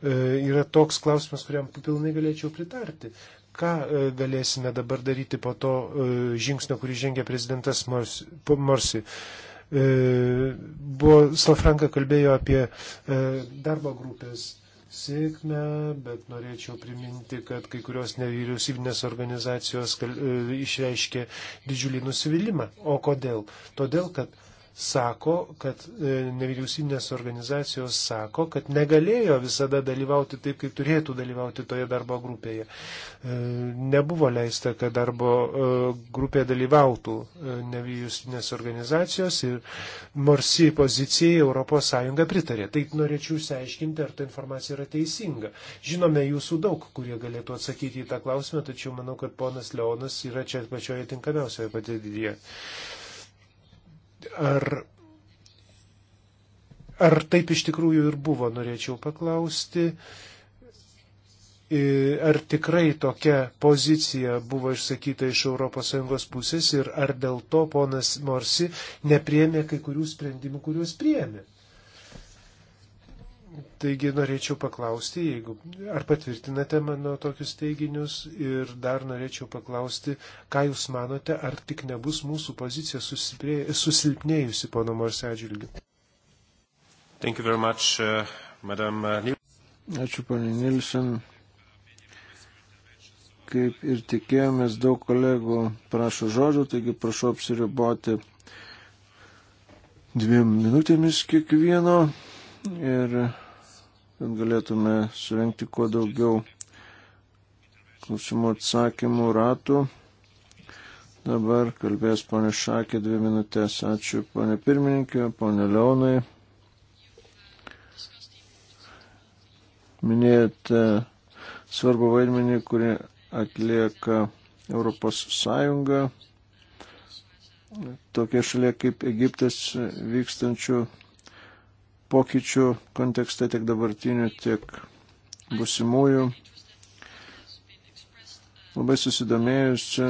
e, yra toks klausimas, kuriam pilnai galėčiau pritarti. Ką e, galėsime dabar daryti po to e, žingsnio, kurį žengė prezidentas Morsi? E, Buvo, Salfranka kalbėjo apie e, darbo grupės sėkmę, bet norėčiau priminti, kad kai kurios nevyriausybinės organizacijos e, išreiškė didžiulį nusivylimą. O kodėl? Todėl, kad sako, kad e, nevyriausybinės organizacijos sako, kad negalėjo visada dalyvauti taip, kaip turėtų dalyvauti toje darbo grupėje. E, nebuvo leista, kad darbo e, grupė dalyvautų nevyriausybinės organizacijos ir Morsi pozicijai ES pritarė. Taip norėčiau išsiaiškinti, ar ta informacija yra teisinga. Žinome jūsų daug, kurie galėtų atsakyti į tą klausimą, tačiau manau, kad ponas Leonas yra čia pačioje tinkamiausioje patirtyje. Ar, ar taip iš tikrųjų ir buvo, norėčiau paklausti. Ar tikrai tokia pozicija buvo išsakyta iš ES pusės ir ar dėl to ponas Morsi nepriemė kai kurių sprendimų, kuriuos priemė? Taigi norėčiau paklausti, jeigu, ar patvirtinate mano tokius teiginius ir dar norėčiau paklausti, ką Jūs manote, ar tik nebus mūsų pozicija susilpnėjusi pono Morse atžvilgiu. Uh, Madame... Uh, Ačiū, ponė Nilsen. Kaip ir tikėjomės, daug kolegų prašo žodžių, taigi prašau apsiriboti dviem minutėmis kiekvieno. Ir kad galėtume surenkti kuo daugiau klausimų atsakymų ratų. Dabar kalbės ponė Šakė dvi minutės. Ačiū ponė pirmininkė, ponė Leonai. Minėjote svarbu vaidmenį, kurį atlieka Europos Sąjunga. Tokie šalia kaip Egiptas vykstančių pokyčių kontekste tiek dabartinių, tiek busimųjų. Labai susidomėjusi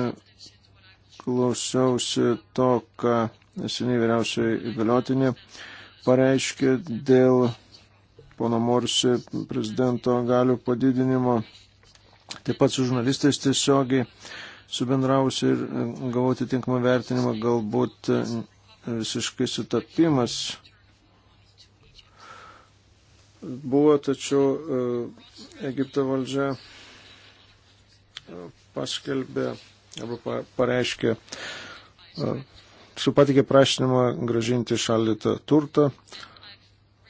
klausiausi to, ką neseniai vyriausiai įgaliotinė pareiškė dėl pono Morsi prezidento galių padidinimo. Taip pat su žurnalistais tiesiogiai subendrausi ir gavau atitinkamą vertinimą, galbūt visiškai sutapimas buvo, tačiau e, Egipto valdžia e, paskelbė arba pareiškė, e, supatikė prašymą gražinti šaldytą turtą.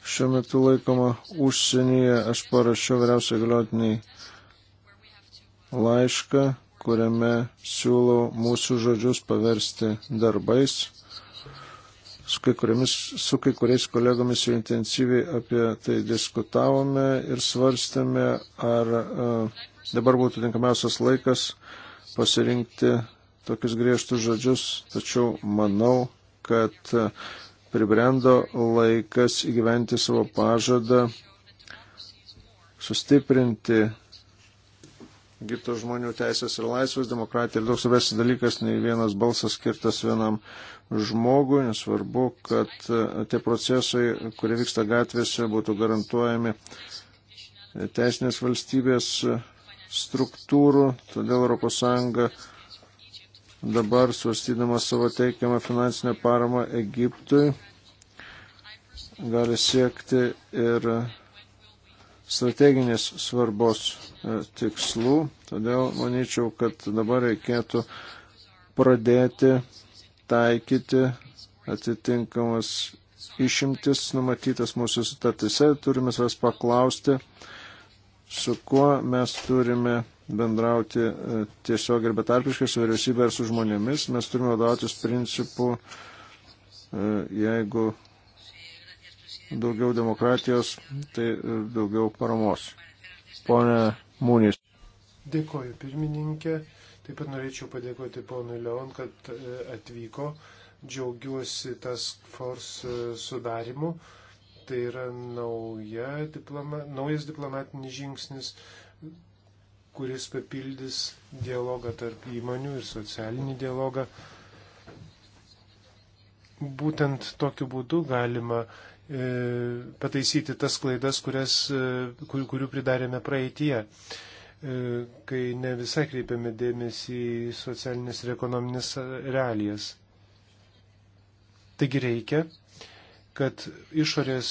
Šiuo metu laikoma užsienyje, aš parašiau vyriausiai galiotiniai laišką, kuriame siūlau mūsų žodžius paversti darbais su kai, kuriamis, su kai kuriais kolegomis jau intensyviai apie tai diskutavome ir svarstėme, ar e, dabar būtų tinkamiausias laikas pasirinkti tokius griežtus žodžius, tačiau manau, kad e, pribrendo laikas įgyventi savo pažadą, sustiprinti gito žmonių teisės ir laisvės, demokratija ir daug svarbesnis dalykas nei vienas balsas skirtas vienam žmogui, nesvarbu, kad e, tie procesai, kurie vyksta gatvėse, būtų garantuojami teisinės valstybės struktūrų, todėl ES dabar svarstydama savo teikiamą finansinę paramą Egiptui gali siekti ir strateginės svarbos e, tikslų. Todėl manyčiau, kad dabar reikėtų pradėti taikyti atitinkamas išimtis numatytas mūsų sutartise. Turime savęs paklausti, su kuo mes turime bendrauti e, tiesiog ir betarpiškai su vyriausybė ar su žmonėmis. Mes turime vadovautis principu, e, jeigu daugiau demokratijos, tai e, daugiau paramos. Pone Mūnys. Dėkoju pirmininkė. Taip pat norėčiau padėkoti ponui Leon, kad e, atvyko. Džiaugiuosi task force e, sudarimu. Tai yra nauja diploma, naujas diplomatinis žingsnis, kuris papildys dialogą tarp įmonių ir socialinį dialogą. Būtent tokiu būdu galima E, pataisyti tas klaidas, kurias, e, kur, kurių pridarėme praeitie, e, kai ne visai kreipiame dėmesį į socialinės ir ekonominės realijas. Taigi reikia, kad išorės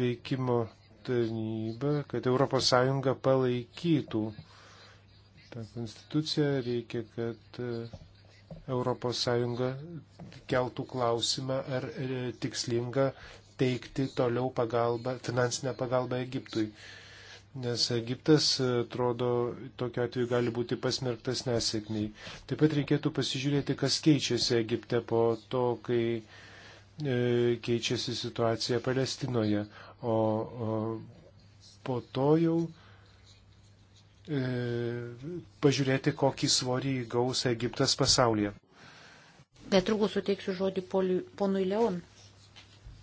veikimo tarnyba, kad ES palaikytų tą konstituciją, reikia, kad ES keltų klausimą, ar tikslinga teikti toliau pagalbą, finansinę pagalbą Egiptui. Nes Egiptas, e, atrodo, tokiu atveju gali būti pasmerktas nesėkmiai. Taip pat reikėtų pasižiūrėti, kas keičiasi Egipte po to, kai e, keičiasi situacija Palestinoje. O, o po to jau e, pažiūrėti, kokį svorį gaus Egiptas pasaulyje. Netrukus suteiksiu žodį ponui Leon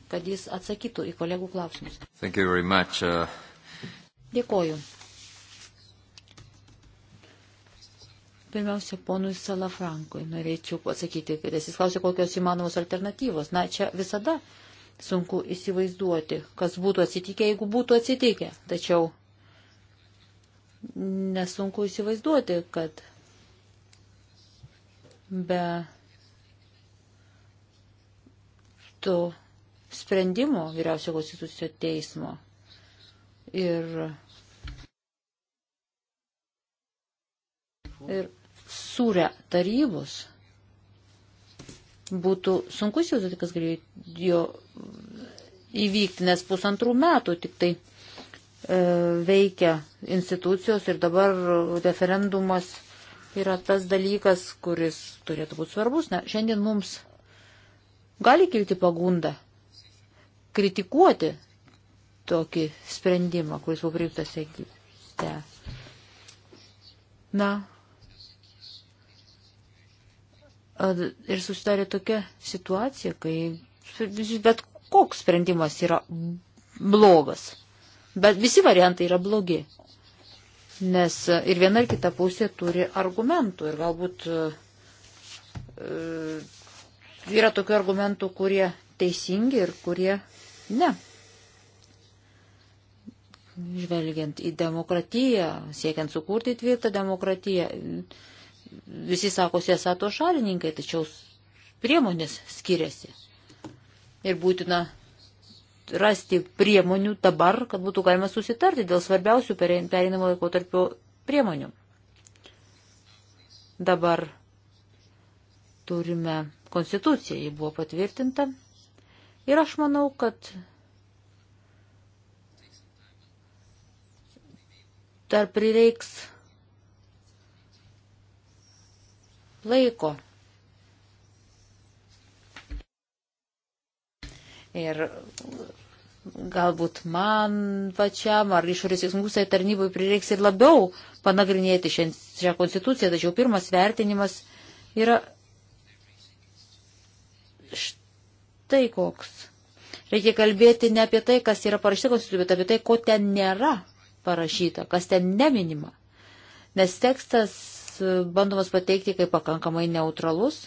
kad jis atsakytų į kolegų klausimus. Uh... Dėkoju. Pirmiausia, ponui Salafrankui norėčiau pasakyti, kad jis klausė, kokios įmanomos alternatyvos. Na, čia visada sunku įsivaizduoti, kas būtų atsitikę, jeigu būtų atsitikę. Tačiau nesunku įsivaizduoti, kad be to sprendimų vyriausio konstitucijo teismo. Ir, ir sūrė tarybos. Būtų sunku įsivaizduoti, kas galėjo įvykti, nes pusantrų metų tik tai e, veikia institucijos ir dabar referendumas yra tas dalykas, kuris turėtų būti svarbus. Na, šiandien mums gali kilti pagunda kritikuoti tokį sprendimą, kuris buvo priimtas Egipte. Na. Ir susidarė tokia situacija, kai bet koks sprendimas yra blogas. Bet visi variantai yra blogi. Nes ir viena ir kita pusė turi argumentų. Ir galbūt e, e yra tokių argumentų, kurie teisingi ir kurie Ne. Žvelgiant į demokratiją, siekiant sukurti tvirtą demokratiją, visi sakosi esą to šalininkai, tačiau priemonės skiriasi. Ir būtina rasti priemonių dabar, kad būtų galima susitarti dėl svarbiausių pereinamo laikotarpio priemonių. Dabar turime konstituciją, ji buvo patvirtinta Ir aš manau, kad dar prireiks laiko. Ir galbūt man pačiam ar išorės veiksmūsai tarnybai prireiks ir labiau panagrinėti šią, šią konstituciją, tačiau pirmas vertinimas yra št, štai koks. Reikia kalbėti ne apie tai, kas yra parašyta konstitucijoje, bet apie tai, ko ten nėra parašyta, kas ten neminima. Nes tekstas e, bandomas pateikti kaip pakankamai neutralus,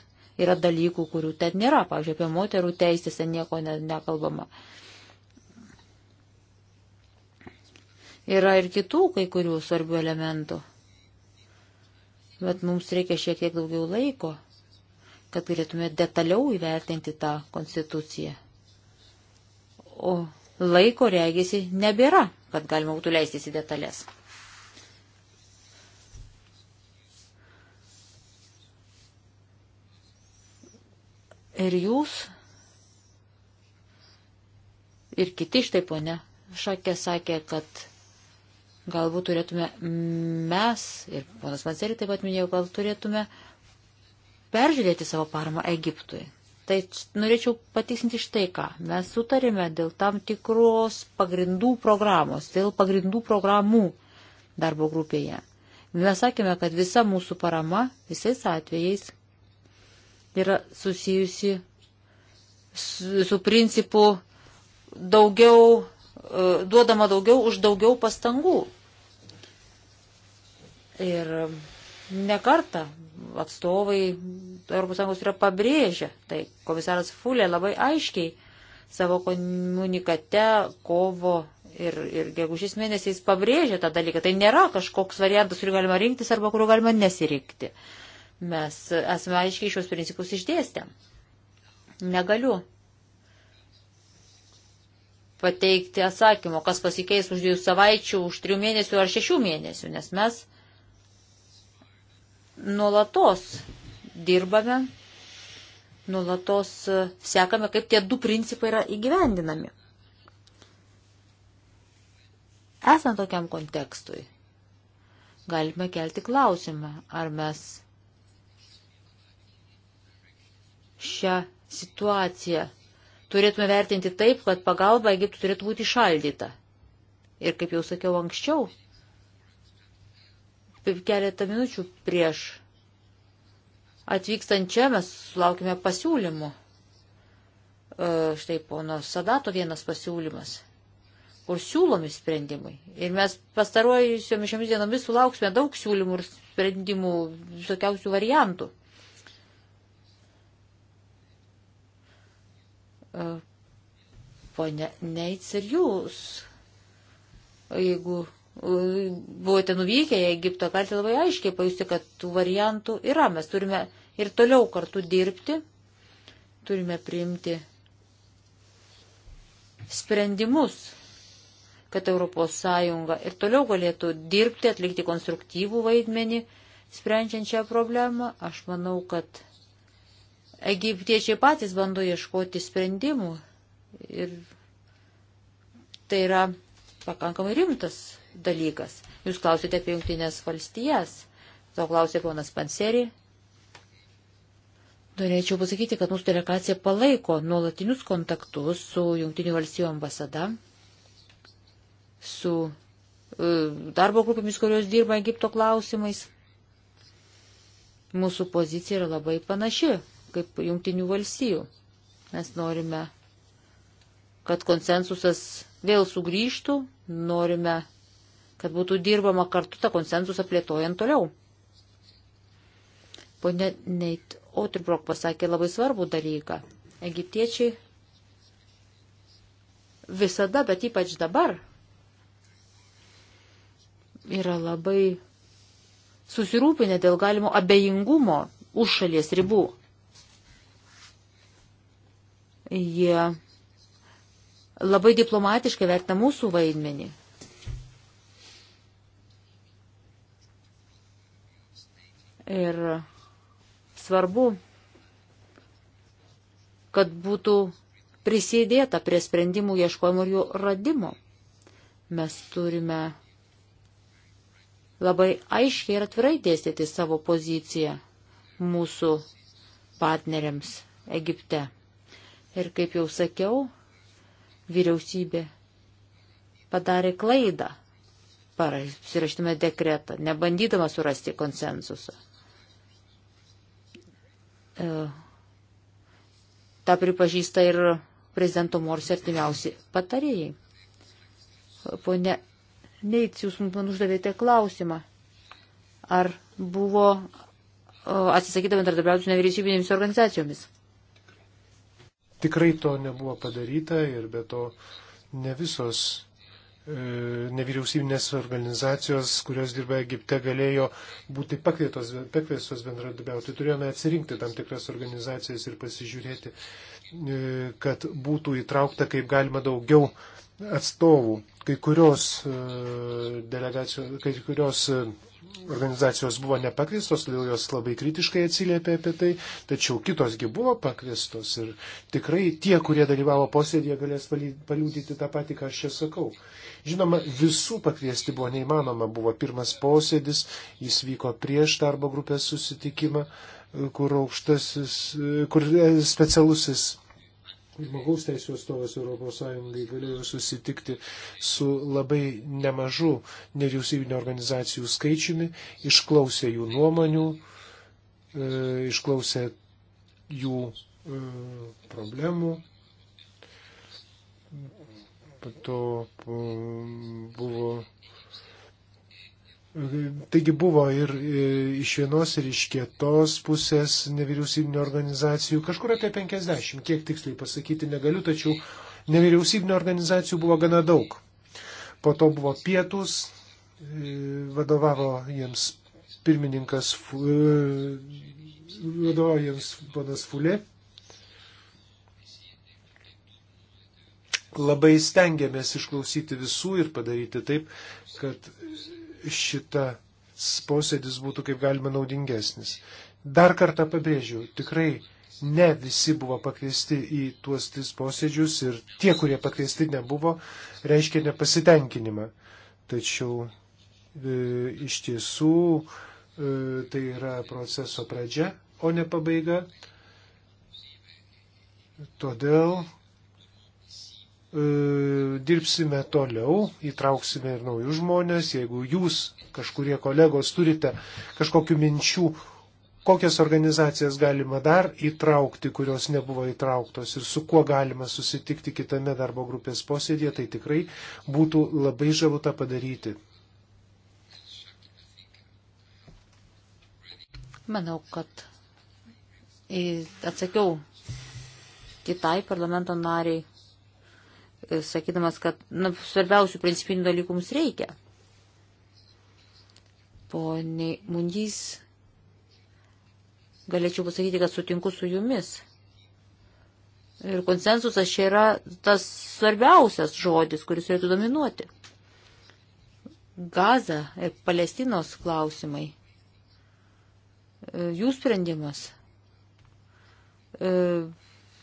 yra dalykų, kurių ten nėra. Pavyzdžiui, apie moterų teisės ten nieko ne, nekalbama. Yra ir kitų kai kurių svarbių elementų. Bet mums reikia šiek tiek daugiau laiko kad galėtume detaliau įvertinti tą konstituciją. O laiko regėsi nebėra, kad galima būtų leistis į detalės. Ir jūs, ir kiti štai ponia Šakė sakė, kad galbūt turėtume mes, ir ponas Manseri taip pat minėjo, gal turėtume uh, peržiūrėti savo paramą Egiptui. Tai norėčiau patiksinti štai ką. Mes sutarėme dėl tam tikros pagrindų programos, dėl pagrindų programų darbo grupėje. Mes sakėme, kad visa mūsų parama visais atvejais yra susijusi su, su principu daugiau, e, duodama daugiau už daugiau pastangų. Ir e, nekarta atstovai ES yra pabrėžę. Tai komisaras Fulė labai aiškiai savo komunikate kovo ir, ir gegužės mėnesiais pabrėžė tą dalyką. Tai nėra kažkoks variantas, kurį galima rinktis arba kurio galima nesirinkti. Mes esame aiškiai šios principus išdėstę. Negaliu pateikti atsakymo, kas pasikeis už dviejų savaičių, už trijų mėnesių ar šešių mėnesių, nes mes nuolatos dirbame, nuolatos e, sekame, kaip tie du principai yra įgyvendinami. Esant tokiam kontekstui, galime kelti klausimą, ar mes šią situaciją turėtume vertinti taip, kad pagalba Egiptui turėtų būti šaldyta. Ir kaip jau sakiau anksčiau, keletą minučių prieš atvykstant čia mes sulaukime pasiūlymų. E, štai pono Sadato vienas pasiūlymas, kur siūlomi sprendimai. Ir mes pastaruojusiomis šiomis dienomis sulauksime daug siūlymų ir sprendimų, visokiausių variantų. E, pone Neits ir jūs, jeigu buvote nuvykę į Egiptą, galite labai aiškiai pajusti, kad tų variantų yra. Mes turime ir toliau kartu dirbti, turime priimti sprendimus, kad ES ir toliau galėtų dirbti, atlikti konstruktyvų vaidmenį, sprendžiant šią problemą. Aš manau, kad egiptiečiai patys bando ieškoti sprendimų ir tai yra pakankamai rimtas dalykas. Jūs klausite apie jungtinės valstijas, to klausė ponas Panseri. Norėčiau pasakyti, kad mūsų delegacija palaiko nuolatinius kontaktus su jungtinių valstijų ambasada, su e, darbo grupėmis, kurios dirba Egipto klausimais. Mūsų pozicija yra labai panaši kaip jungtinių valstijų. Mes norime, kad konsensusas vėl sugrįžtų, norime kad būtų dirbama kartu tą konsensusą plėtojant toliau. Pone Neit Otribrok pasakė labai svarbų dalyką. Egiptiečiai visada, bet ypač dabar, yra labai susirūpinę dėl galimo abejingumo už šalies ribų. Jie labai diplomatiškai vertina mūsų vaidmenį. Ir svarbu, kad būtų prisidėta prie sprendimų ieškojimo ir jų radimo. Mes turime labai aiškiai ir atvirai dėstyti savo poziciją mūsų partneriams Egipte. Ir kaip jau sakiau, vyriausybė padarė klaidą, parašytume dekretą, nebandydama surasti konsensusą. E, Ta pripažįsta ir prezidento Morsi artimiausi patarėjai. Pone Neits, jūs man uždavėte klausimą, ar buvo e, atsisakyta bendradarbiauti su nevyriausybinėmis organizacijomis. Tikrai to nebuvo padaryta ir be to ne visos E, nevyriausybinės organizacijos, kurios dirba Egipte, galėjo būti pakviestos bendradarbiauti. Turėjome atsirinkti tam tikras organizacijas ir pasižiūrėti, e, kad būtų įtraukta kaip galima daugiau atstovų. Kai kurios e, delegacijos, kai kurios organizacijos buvo nepakvistos, todėl jos labai kritiškai atsiliepė apie tai, tačiau kitosgi buvo pakvistos ir tikrai tie, kurie dalyvavo posėdėje, galės paliūdyti tą patį, ką aš čia sakau. Žinoma, visų pakviesti buvo neįmanoma, buvo pirmas posėdis, jis vyko prieš darbo grupės susitikimą, kur aukštasis, kur e, specialusis žmogaus teisų atstovas ES galėjo susitikti su labai nemažu nevyriausybinio organizacijų skaičiumi, išklausė jų nuomonių, e, išklausė jų e, problemų. Po to buvo Taigi buvo ir e, iš vienos ir iš kietos pusės nevyriausybinio organizacijų, kažkur apie 50, kiek tiksliai pasakyti negaliu, tačiau nevyriausybinio organizacijų buvo gana daug. Po to buvo pietus, e, vadovavo jiems pirmininkas, e, vadovavo jiems ponas Fulė. Labai stengiamės išklausyti visų ir padaryti taip, kad šitas posėdis būtų kaip galima naudingesnis. Dar kartą pabrėžiu, tikrai ne visi buvo pakviesti į tuos tris posėdžius ir tie, kurie pakviesti nebuvo, reiškia nepasitenkinimą. Tačiau e, iš tiesų e, tai yra proceso pradžia, o ne pabaiga. Todėl E, dirbsime toliau, įtrauksime ir naujus žmonės, jeigu jūs kažkurie kolegos turite kažkokių minčių, kokias organizacijas galima dar įtraukti, kurios nebuvo įtrauktos ir su kuo galima susitikti kitame darbo grupės posėdėje, tai tikrai būtų labai žavu tą padaryti. Manau, kad atsakiau kitai parlamento nariai sakydamas, kad na, svarbiausių principinių dalykų mums reikia. Pone Mundys, galėčiau pasakyti, kad sutinku su jumis. Ir konsensusas čia yra tas svarbiausias žodis, kuris turėtų dominuoti. Gaza ir Palestinos klausimai. Jų sprendimas e,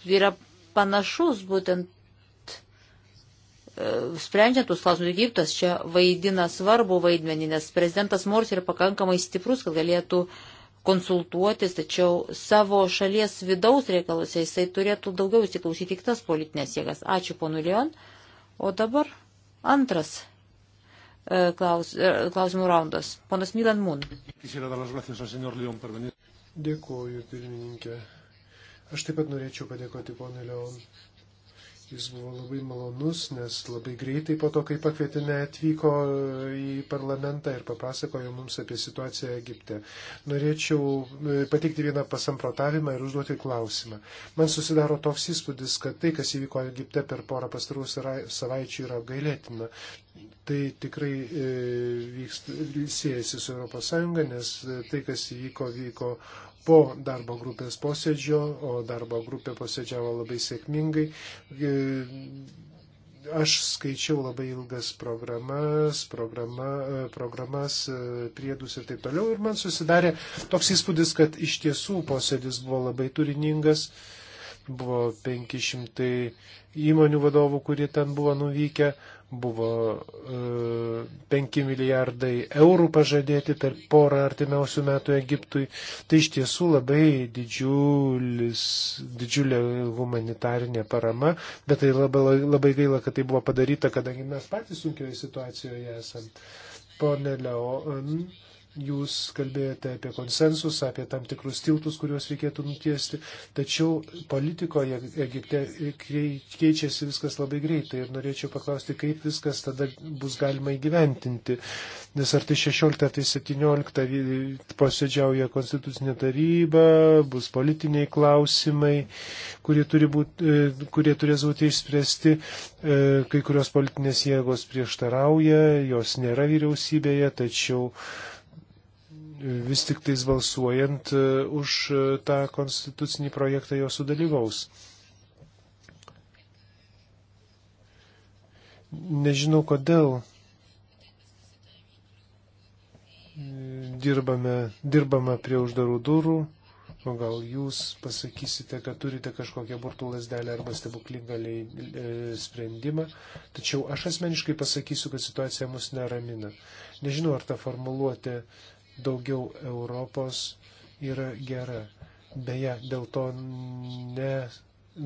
yra panašus būtent sprendžiant tuos klausimus, Egiptas čia vaidina svarbų vaidmenį, nes prezidentas Morsi yra pakankamai stiprus, kad galėtų konsultuotis, tačiau savo šalies vidaus reikalose jisai turėtų daugiau įsiklausyti į kitas politinės jėgas. Ačiū, ponu Leon. O dabar antras e, klaus, e, klausimų raundas. Ponas Milan Mun. Dėkuoju, pirmininkė. Aš taip pat norėčiau padėkoti ponui Leon Jis buvo labai malonus, nes labai greitai po to, kai pakvietėme, atvyko į parlamentą ir papasakojo mums apie situaciją Egipte. Norėčiau e, pateikti vieną pasamprotavimą ir užduoti klausimą. Man susidaro toks įspūdis, kad tai, kas įvyko Egipte per porą pastarų savaičių, yra gailėtina. Tai tikrai e, siejasi su ES, nes e, tai, kas įvyko, vyko po darbo grupės posėdžio, o darbo grupė posėdžiavo labai sėkmingai. E, aš skaičiau labai ilgas programas, programa, e, programas, e, priedus ir taip toliau ir man susidarė toks įspūdis, kad iš tiesų posėdis buvo labai turiningas buvo 500 įmonių vadovų, kurie ten buvo nuvykę, Buvo e, 5 milijardai eurų pažadėti per porą artimiausių metų Egiptui. Tai iš tiesų labai didžiulis, didžiulė humanitarinė parama, bet tai labai, labai gaila, kad tai buvo padaryta, kadangi mes patys sunkioje situacijoje esame. Pone Leon. Jūs kalbėjote apie konsensus, apie tam tikrus tiltus, kuriuos reikėtų nutiesti, tačiau politikoje Egipte keičiasi viskas labai greitai ir norėčiau paklausti, kaip viskas tada bus galima įgyventinti. Nes ar tai 16, ar tai 17 posėdžiauja konstitucinė taryba, bus politiniai klausimai, kurie, turi būt, e, kurie turės būti išspręsti, e, kai kurios politinės jėgos prieštarauja, jos nėra vyriausybėje, tačiau vis tik tais balsuojant e, už e, tą konstitucinį projektą jo sudalyvaus. Nežinau kodėl e, dirbame, dirbame prie uždarų durų, o gal jūs pasakysite, kad turite kažkokią burtų lasdelę arba stebuklingą sprendimą, tačiau aš asmeniškai pasakysiu, kad situacija mus neramina. Nežinau, ar ta formuluotė daugiau Europos yra gera. Beje, dėl to ne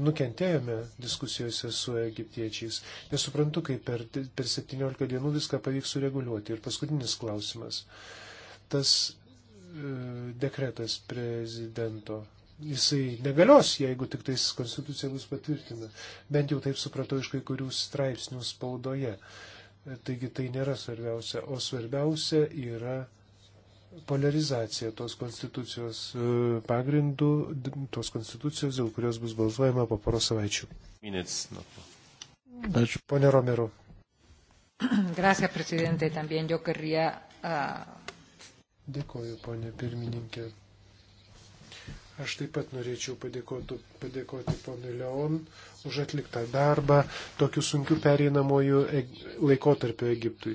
nukentėjome diskusijose su egiptiečiais. Nesuprantu, kaip per, per 17 dienų viską pavyks sureguliuoti. Ir paskutinis klausimas. Tas e, dekretas prezidento. Jisai negalios, jeigu tik tais konstitucija bus patvirtina. Bent jau taip supratau iš kai kurių straipsnių spaudoje. Taigi tai nėra svarbiausia. O svarbiausia yra polarizacija tos konstitucijos e, pagrindų, tos konstitucijos, dėl kurios bus balsuojama po poros savaičių. Ačiū, ponė Romero. Gracias, prezidentė. También yo querría. Uh... Dėkoju, ponė pirmininkė. Aš taip pat norėčiau padėkoti, padėkoti ponui Leon už atliktą darbą tokiu sunkiu pereinamojų e, laikotarpiu Egiptui.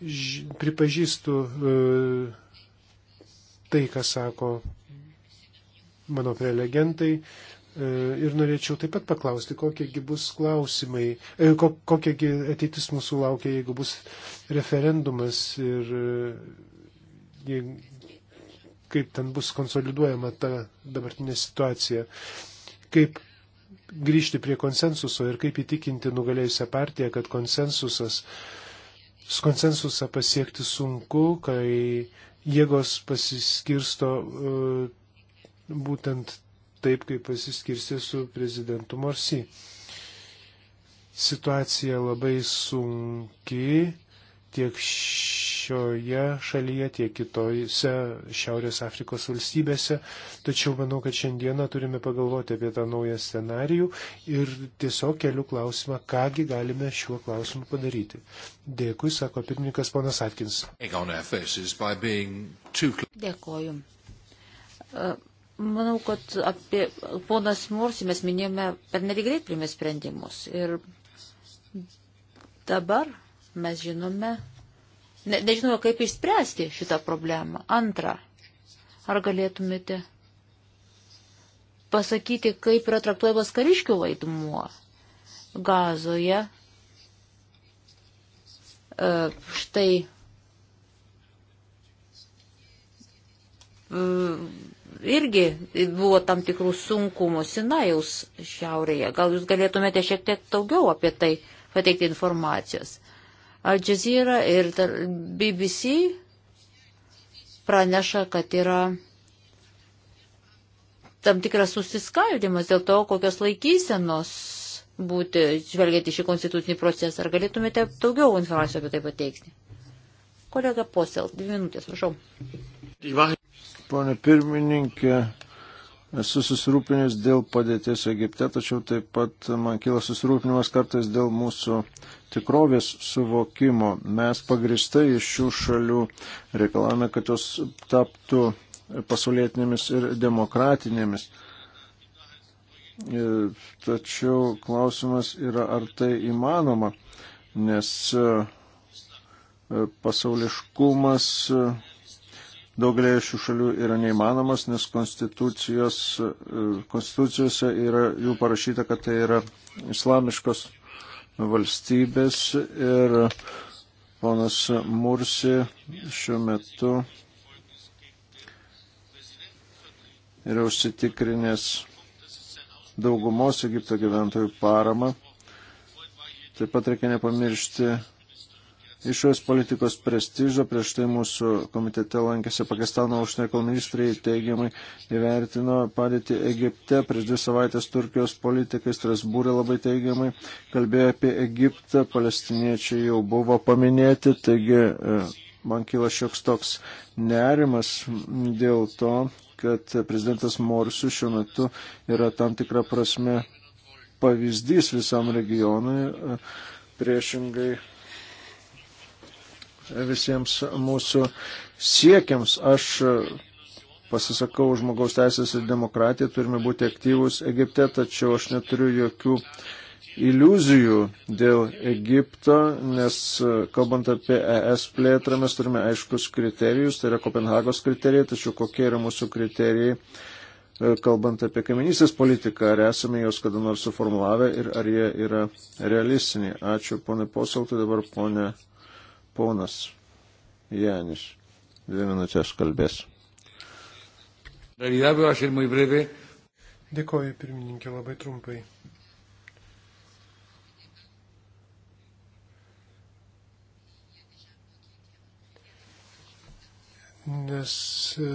Ž, pripažįstu uh, tai, ką sako mano prelegentai. E, ir norėčiau taip pat paklausti, kokiegi bus klausimai, e, kokiegi ateitis mūsų laukia, jeigu bus referendumas ir e, kaip ten bus konsoliduojama ta dabartinė situacija, kaip grįžti prie konsensuso ir kaip įtikinti nugalėjusią partiją, kad konsensusas, konsensusą pasiekti sunku, kai jėgos pasiskirsto e, būtent taip, kaip pasiskirsti su prezidentu Morsi. Situacija labai sunki, tiek šioje šalyje, tiek kitose Šiaurės Afrikos valstybėse. Tačiau manau, kad šiandieną turime pagalvoti apie tą naują scenarijų ir tiesiog keliu klausimą, kągi galime šiuo klausimu padaryti. Dėkui, sako pirmininkas ponas Atkins. Dėkoju. E, manau, kad apie ponas Mursi mes minėjome per nedigreitai primės sprendimus. Ir dabar Mes žinome, ne, nežinome, kaip išspręsti šitą problemą. Antra, ar galėtumėte pasakyti, kaip yra traktuojamas kariškių vaidmuo gazoje. E, štai e, irgi buvo tam tikrų sunkumų Sinajaus šiaurėje. Gal jūs galėtumėte šiek tiek daugiau apie tai pateikti informacijos. Al Jazeera ir BBC praneša, kad yra tam tikras susiskaldimas dėl to, kokios laikysenos būti, žvelgiant į šį konstitucinį procesą. Ar galėtumėte daugiau informacijos apie tai pateikti? Kolega Posel, dvi minutės, prašau. Pone pirmininkė, esu susirūpinęs dėl padėties Egipte, tačiau taip pat man kyla susirūpinimas kartais dėl mūsų tikrovės suvokimo. Mes pagristai iš šių šalių reikalavome, kad jos taptų pasaulietinėmis ir demokratinėmis. E, tačiau klausimas yra, ar tai įmanoma, nes e, pasauliškumas e, daugelėje šių šalių yra neįmanomas, nes konstitucijos, konstitucijose yra jų parašyta, kad tai yra islamiškos valstybės ir ponas Mursi šiuo metu yra užsitikrinęs daugumos Egipto gyventojų paramą. Taip pat reikia nepamiršti iš šios politikos prestižo. Prieš tai mūsų komitete lankėsi Pakistano užsienio ministrai teigiamai įvertino padėtį Egipte. Prieš dvi savaitės Turkijos politikai Strasbūrė labai teigiamai kalbėjo apie Egiptą. Palestiniečiai jau buvo paminėti, taigi e, man kyla šioks toks nerimas dėl to, kad prezidentas Morsius šiuo metu yra tam tikrą prasme pavyzdys visam regionui e, priešingai visiems mūsų siekiams. Aš pasisakau žmogaus teisės ir demokratiją, turime būti aktyvus Egipte, tačiau aš neturiu jokių iliuzijų dėl Egipto, nes kalbant apie ES plėtrą, mes turime aiškus kriterijus, tai yra Kopenhagos kriterijai, tačiau kokie yra mūsų kriterijai, e, kalbant apie kaiminysės politiką, ar esame jos kada nors suformulavę ir ar jie yra realistiniai. Ačiū ponai Posaltai, dabar ponė Ponas Janis, dvi minutės kalbės. Dėkoju, pirmininkė, labai trumpai. Nes e,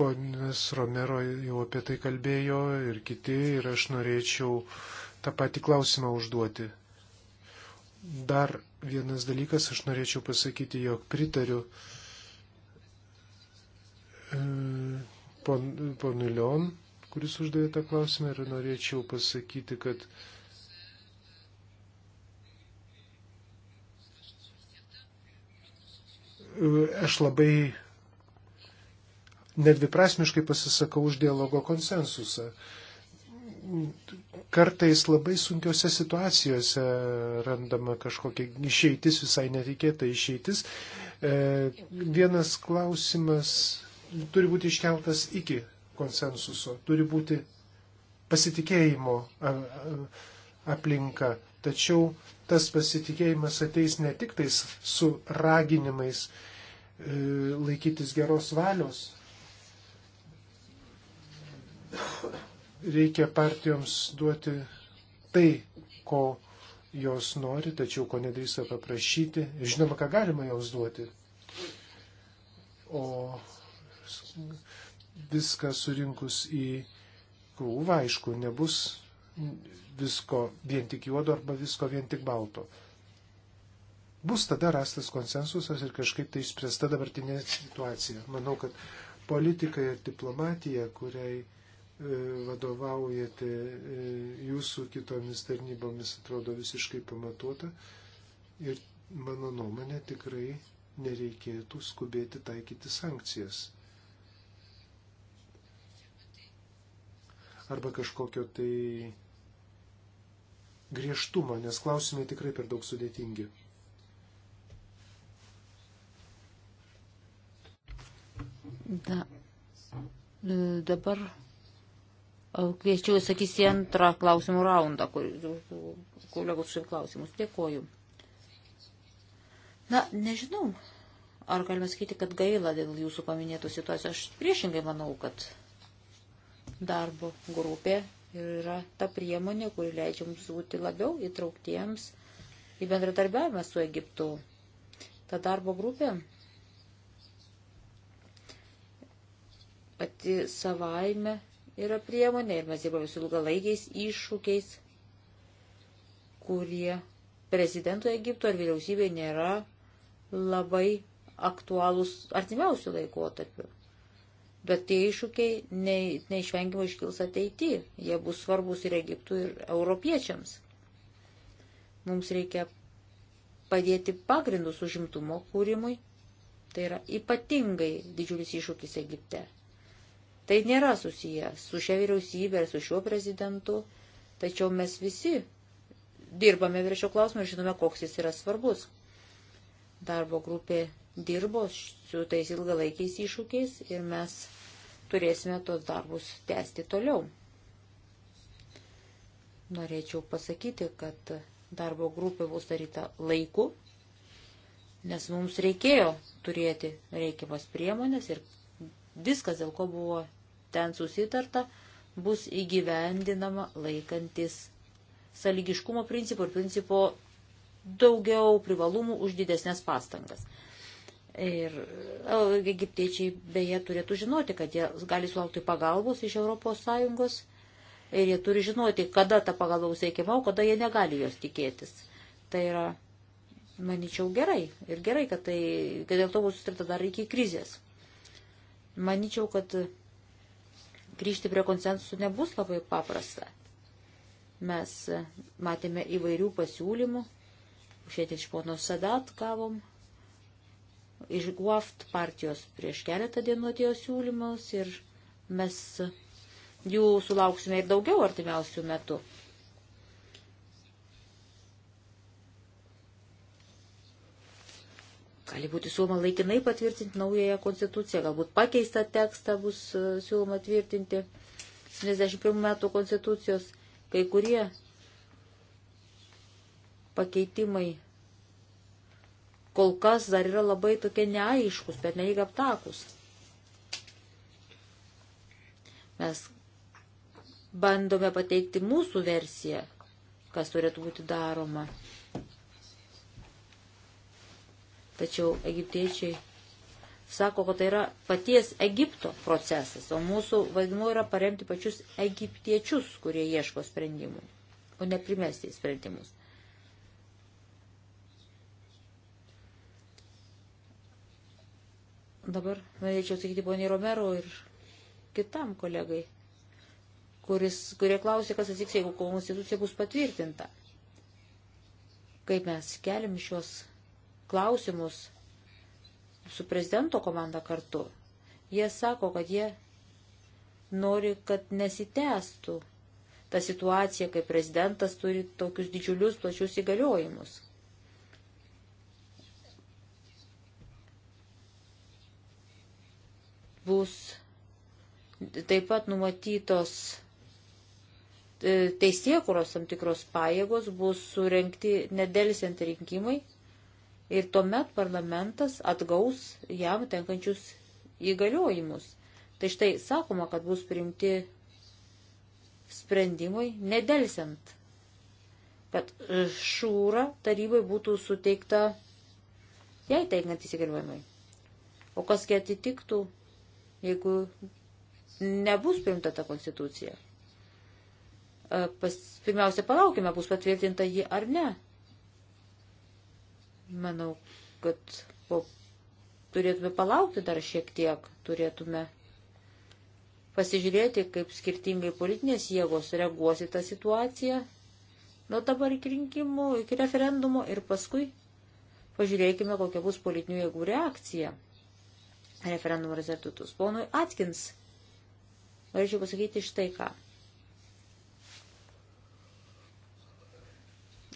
ponas Romero jau apie tai kalbėjo ir kiti, ir aš norėčiau tą patį klausimą užduoti. Dar vienas dalykas, aš norėčiau pasakyti, jog pritariu e, ponui Leon, kuris uždavė tą klausimą ir norėčiau pasakyti, kad aš labai nedviprasmiškai pasisakau už dialogo konsensusą kartais labai sunkiose situacijose randama kažkokia išeitis, visai netikėta išeitis. E, vienas klausimas turi būti iškeltas iki konsensuso, turi būti pasitikėjimo aplinka. Tačiau tas pasitikėjimas ateis ne tik tais su raginimais e, laikytis geros valios, reikia partijoms duoti tai, ko jos nori, tačiau ko nedrįsta paprašyti. Ir žinoma, ką galima jos duoti. O viską surinkus į krūvą, aišku, nebus visko vien tik juodo arba visko vien tik balto. Bus tada rastas konsensusas ir kažkaip tai išspręsta dabartinė situacija. Manau, kad politika ir diplomatija, kuriai E, vadovaujate e, jūsų kitomis tarnybomis, atrodo visiškai pamatuota. Ir mano nuomonė tikrai nereikėtų skubėti taikyti sankcijas. Arba kažkokio tai griežtumo, nes klausimai tikrai per daug sudėtingi. Da. E, dabar Kviečiu sakysi antrą klausimų raundą, kolegos šiandien klausimus. Dėkoju. Na, nežinau, ar galime sakyti, kad gaila dėl jūsų paminėtų situacijų. Aš priešingai manau, kad darbo grupė yra ta priemonė, kuri leidžia mums būti labiau įtrauktiems į bendradarbiavimą su Egiptu. Ta darbo grupė pati savaime yra priemonė ir mes dirbame su ilgalaikiais iššūkiais, kurie prezidentui Egipto ar vyriausybė nėra labai aktualūs artimiausių laikotarpių. Bet tie iššūkiai ne, neišvengiamai iškils ateity. Jie bus svarbus ir Egiptui, ir europiečiams. Mums reikia padėti pagrindus užimtumo kūrimui. Tai yra ypatingai didžiulis iššūkis Egipte. Tai nėra susiję su šia vyriausybė ir su šiuo prezidentu, tačiau mes visi dirbame prie šio klausimo ir žinome, koks jis yra svarbus. Darbo grupė dirbo su tais ilgalaikiais iššūkiais ir mes turėsime tos darbus tęsti toliau. Norėčiau pasakyti, kad darbo grupė bus daryta laiku, nes mums reikėjo turėti reikiamas priemonės ir viskas, dėl ko buvo ten susitarta, bus įgyvendinama laikantis saligiškumo principų ir principo daugiau privalumų už didesnės pastangas. Ir e, egiptiečiai beje turėtų žinoti, kad jie gali sulaukti pagalbos iš ES ir jie turi žinoti, kada ta pagalba bus teikiama, o kada jie negali jos tikėtis. Tai yra, manyčiau, gerai. Ir gerai, kad, tai, kad dėl to bus sutarta dar iki krizės. Manyčiau, kad grįžti prie konsensusų nebus labai paprasta. Mes e, matėme įvairių pasiūlymų, šiandien iš pono Sadat gavom, iš Guaft partijos prieš keletą dienų atėjo siūlymus ir mes jų sulauksime ir daugiau artimiausių metų. Gali būti siūloma laikinai patvirtinti naująją konstituciją, galbūt pakeistą tekstą bus e, siūloma tvirtinti 71 metų konstitucijos. Kai kurie pakeitimai kol kas dar yra labai tokie neaiškus, bet neįg aptakus. Mes bandome pateikti mūsų versiją, kas turėtų būti daroma. Tačiau egiptiečiai sako, kad tai yra paties Egipto procesas, o mūsų vaidmuo yra paremti pačius egiptiečius, kurie ieško sprendimų, o ne primesti sprendimus. Dabar norėčiau sakyti poniai Romero ir kitam kolegai, kuris, kurie klausė, kas atsiks, jeigu konstitucija bus patvirtinta. Kaip mes keliam šios klausimus su prezidento komanda kartu, jie sako, kad jie nori, kad nesitęstų ta situacija, kai prezidentas turi tokius didžiulius plačius įgaliojimus. Bus taip pat numatytos e, teisėkuros tam tikros pajėgos, bus surenkti nedelsiant rinkimai ir tuomet parlamentas atgaus jam tenkančius įgaliojimus. Tai štai sakoma, kad bus priimti sprendimai nedelsiant, kad šūra tarybai būtų suteikta jai teikiant įsigaliojimai. O kas kai atitiktų, jeigu nebus priimta ta konstitucija? E, pas, pirmiausia, palaukime, bus patvirtinta ji ar ne. Manau, kad po, turėtume palaukti dar šiek tiek, turėtume pasižiūrėti, kaip skirtingai politinės jėgos reaguos į tą situaciją. Nuo dabar iki rinkimų, iki referendumo ir paskui pažiūrėkime, kokia bus politinių jėgų reakcija. Referendumo rezultatus. Ponui Atkins, norėčiau pasakyti štai ką.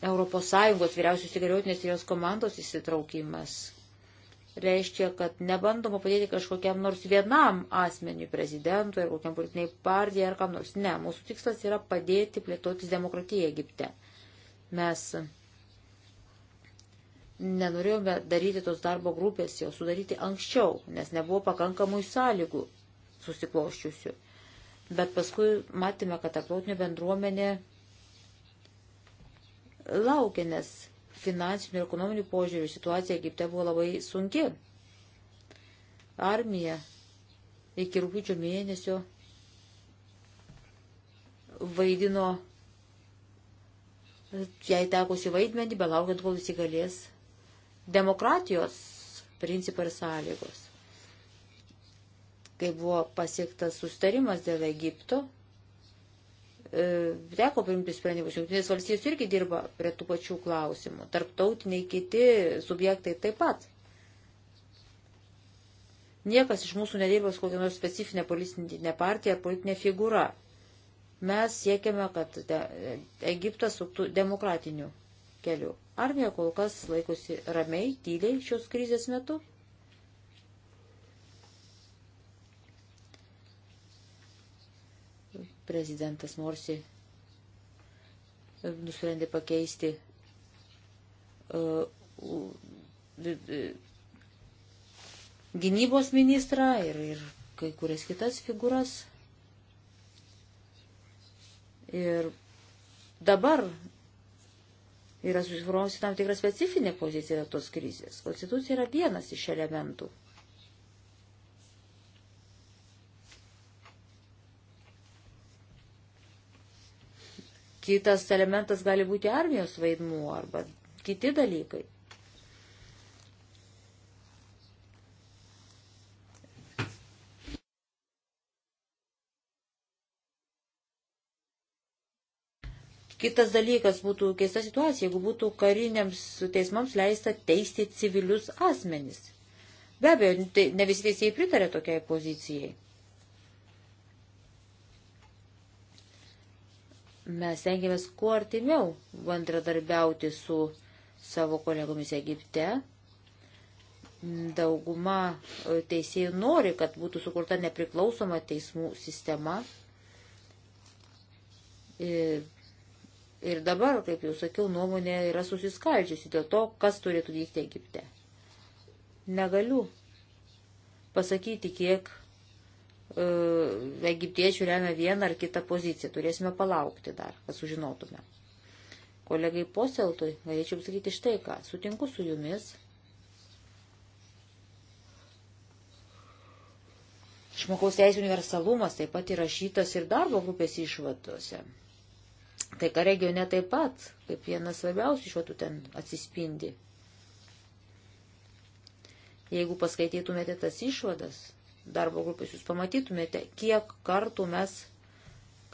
ES vyriausios įgaliotinės ir jos komandos įsitraukimas reiškia, kad nebandoma padėti kažkokiam nors vienam asmeniui, prezidentui ar kokiam politiniai partijai ar kam nors. Ne, mūsų tikslas yra padėti plėtotis demokratiją Egipte. Mes nenorėjome daryti tos darbo grupės jau sudaryti anksčiau, nes nebuvo pakankamai sąlygų susikloščiusių. Bet paskui matėme, kad tarptautinė bendruomenė laukia, nes finansinių ir ekonominių požiūrių situacija Egipte buvo labai sunki. Armija iki rūpiučio mėnesio vaidino, jai tekusi vaidmenį, belaukiant, kol įsigalės demokratijos principai ir sąlygos. Kai buvo pasiektas sustarimas dėl Egipto, E, teko priimti sprendimus. Junktinės valstijos irgi dirba prie tų pačių klausimų. Tarptautiniai kiti subjektai taip pat. Niekas iš mūsų nedirba su kokia nors specifinė politinė partija ar politinė figūra. Mes siekiame, kad de, Egiptas suktų demokratiniu keliu. Armija kol kas laikosi ramiai, tyliai šios krizės metu. Prezidentas Morsi nusprendė pakeisti e, gynybos ministrą ir, ir kai kurias kitas figūras. Ir dabar yra susiformuosi tam tikra specifinė pozicija tos krizės. Konstitucija yra vienas iš elementų. Kitas elementas gali būti armijos vaidmuo arba kiti dalykai. Kitas dalykas būtų keista situacija, jeigu būtų kariniams teismams leista teisti civilius asmenys. Be abejo, ne visi teisėjai pritarė tokiai pozicijai. Mes tengiamės kuo artimiau bendradarbiauti su savo kolegomis Egipte. Dauguma e, teisėjų nori, kad būtų sukurta nepriklausoma teismų sistema. Ir e, Ir dabar, kaip jau sakiau, nuomonė yra susiskaldžiusi dėl to, kas turėtų vykti Egipte. Negaliu pasakyti, kiek E, egiptiečių remia vieną ar kitą poziciją. Turėsime palaukti dar, kad sužinotume. Kolegai Poseltui galėčiau sakyti štai ką. Sutinku su jumis. Žmogaus teisų universalumas taip pat įrašytas ir darbo grupės išvadose. Tai ką regione taip pat, kaip vienas svarbiausių išvadų ten atsispindi. Jeigu paskaitytumėte tas išvadas, darbo grupės jūs pamatytumėte, kiek kartų mes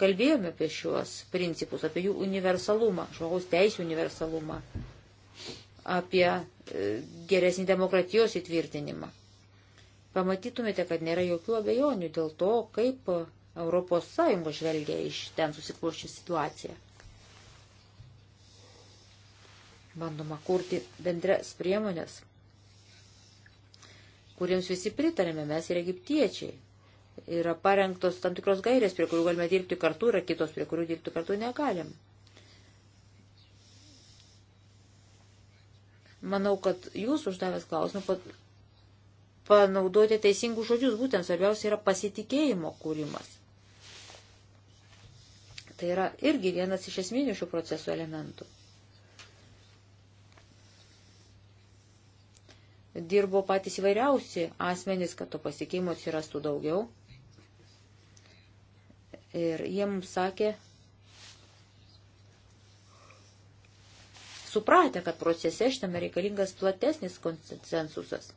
kalbėjome apie šiuos principus, apie jų universalumą, žmogaus teisų universalumą, apie e, geresnį demokratijos įtvirtinimą. Pamatytumėte, kad nėra jokių abejonių dėl to, kaip Europos Sąjungo žvelgia iš ten susikloščią situaciją. Bandoma kurti bendres priemonės kuriems visi pritarėme, mes ir egiptiečiai. Yra parengtos tam tikros gairės, prie kurių galime dirbti kartu, yra kitos, prie kurių dirbti kartu negalim. Manau, kad jūs uždavęs klausimą panaudoti teisingus žodžius, būtent svarbiausia yra pasitikėjimo kūrimas. Tai yra irgi vienas iš esminių šių procesų elementų. dirbo patys įvairiausi asmenys, kad to pasikeimo atsirastų daugiau. Ir jie mums sakė, supratę, kad procese šitame reikalingas platesnis konsensusas.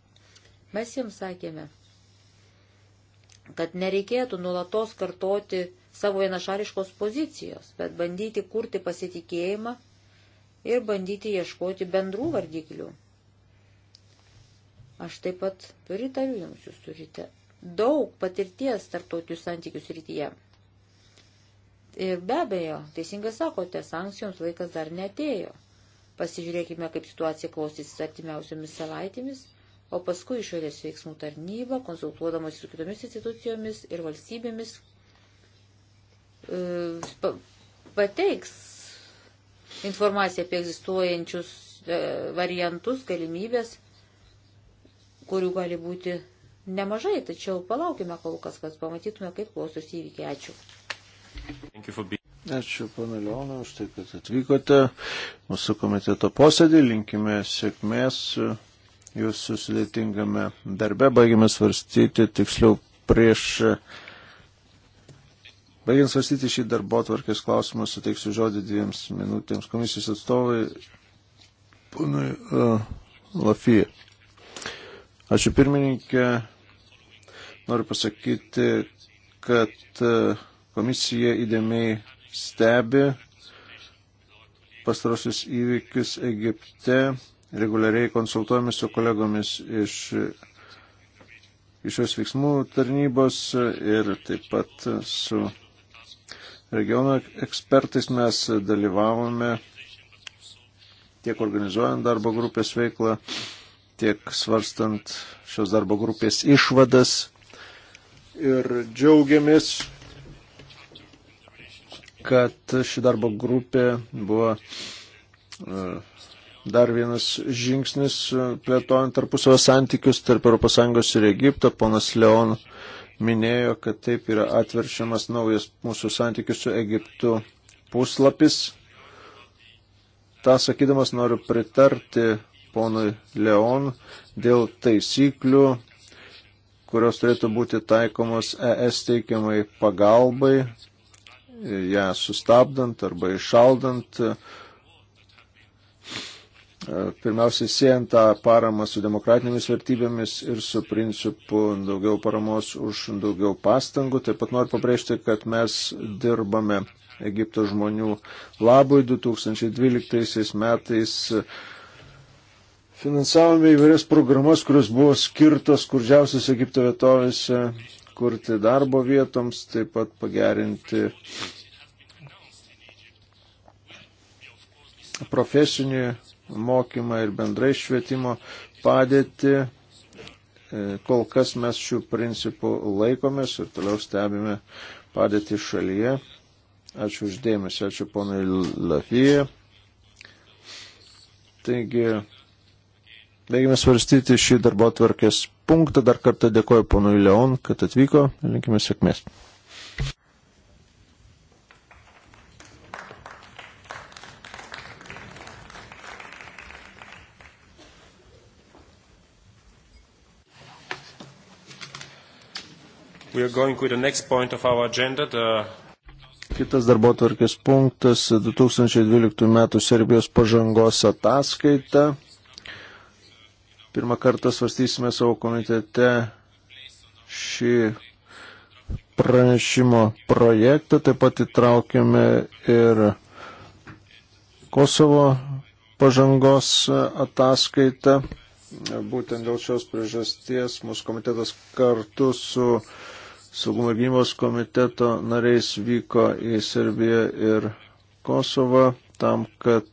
Mes jiems sakėme, kad nereikėtų nulatos kartoti savo vienašališkos pozicijos, bet bandyti kurti pasitikėjimą ir bandyti ieškoti bendrų vardiklių Aš taip pat pritariu jums, jūs turite daug patirties tarptautinių santykių srityje. Ir be abejo, teisingai sakote, sankcijoms laikas dar netėjo. Pasižiūrėkime, kaip situacija klausysis artimiausiomis savaitėmis, o paskui išorės veiksmų tarnyba, konsultuodamas su kitomis institucijomis ir valstybėmis, e, pateiks informaciją apie egzistuojančius e, variantus, galimybės kurių gali būti nemažai, tačiau palaukime kol kas, kad pamatytume, kaip klostosi įvykiai. Ačiū. Ačiū, pana Leona, už tai, kad atvykote. Mūsų komiteto posėdį linkime sėkmės jūsų sudėtingame darbe. Baigime svarstyti, tiksliau prieš. Baigiant svarstyti šį darbo tvarkės klausimą, suteiksiu žodį dviems minutėms komisijos atstovai, ponui uh, Lafijai. Ačiū pirmininkė. Noriu pasakyti, kad e, komisija įdėmiai stebi pastarosius įvykius Egipte, reguliariai konsultuojamis su kolegomis iš išvės veiksmų tarnybos ir taip pat su regiono ekspertais mes dalyvavome tiek organizuojant darbo grupės veiklą, tiek svarstant šios darbo grupės išvadas ir džiaugiamės, kad ši darbo grupė buvo e, dar vienas žingsnis e, plėtojant tarpusavio santykius tarp ES ir Egipto. Ponas Leon minėjo, kad taip yra atveršiamas naujas mūsų santykių su Egiptu puslapis. Ta sakydamas noriu pritarti ponui Leon dėl taisyklių, kurios turėtų būti taikomos ES teikiamai pagalbai, ją sustabdant arba išaldant. E, pirmiausiai siejant tą paramą su demokratinėmis vertybėmis ir su principu daugiau paramos už daugiau pastangų. Taip pat noriu pabrėžti, kad mes dirbame Egipto žmonių labui 2012 metais Finansavome įvairias programas, kurios buvo skirtos skurdžiausios Egipto vietovėse kurti darbo vietoms, taip pat pagerinti profesinį mokymą ir bendrai švietimo padėti. E, kol kas mes šių principų laikomės ir toliau stebime padėti šalyje. Ačiū uždėmesi, ačiū ponai Lafija. Taigi Baigime svarstyti šį darbo tvarkės punktą. Dar kartą dėkoju ponui Leon, kad atvyko. Linkime sėkmės. Agenda, the... Kitas darbo tvarkės punktas 2012 m. Serbijos pažangos ataskaita. Pirmą kartą svarstysime savo komitete šį pranešimo projektą, taip pat įtraukėme ir Kosovo pažangos ataskaitą. Būtent dėl šios priežasties mūsų komitetas kartu su saugumo gynybos komiteto nariais vyko į Serbiją ir Kosovą tam, kad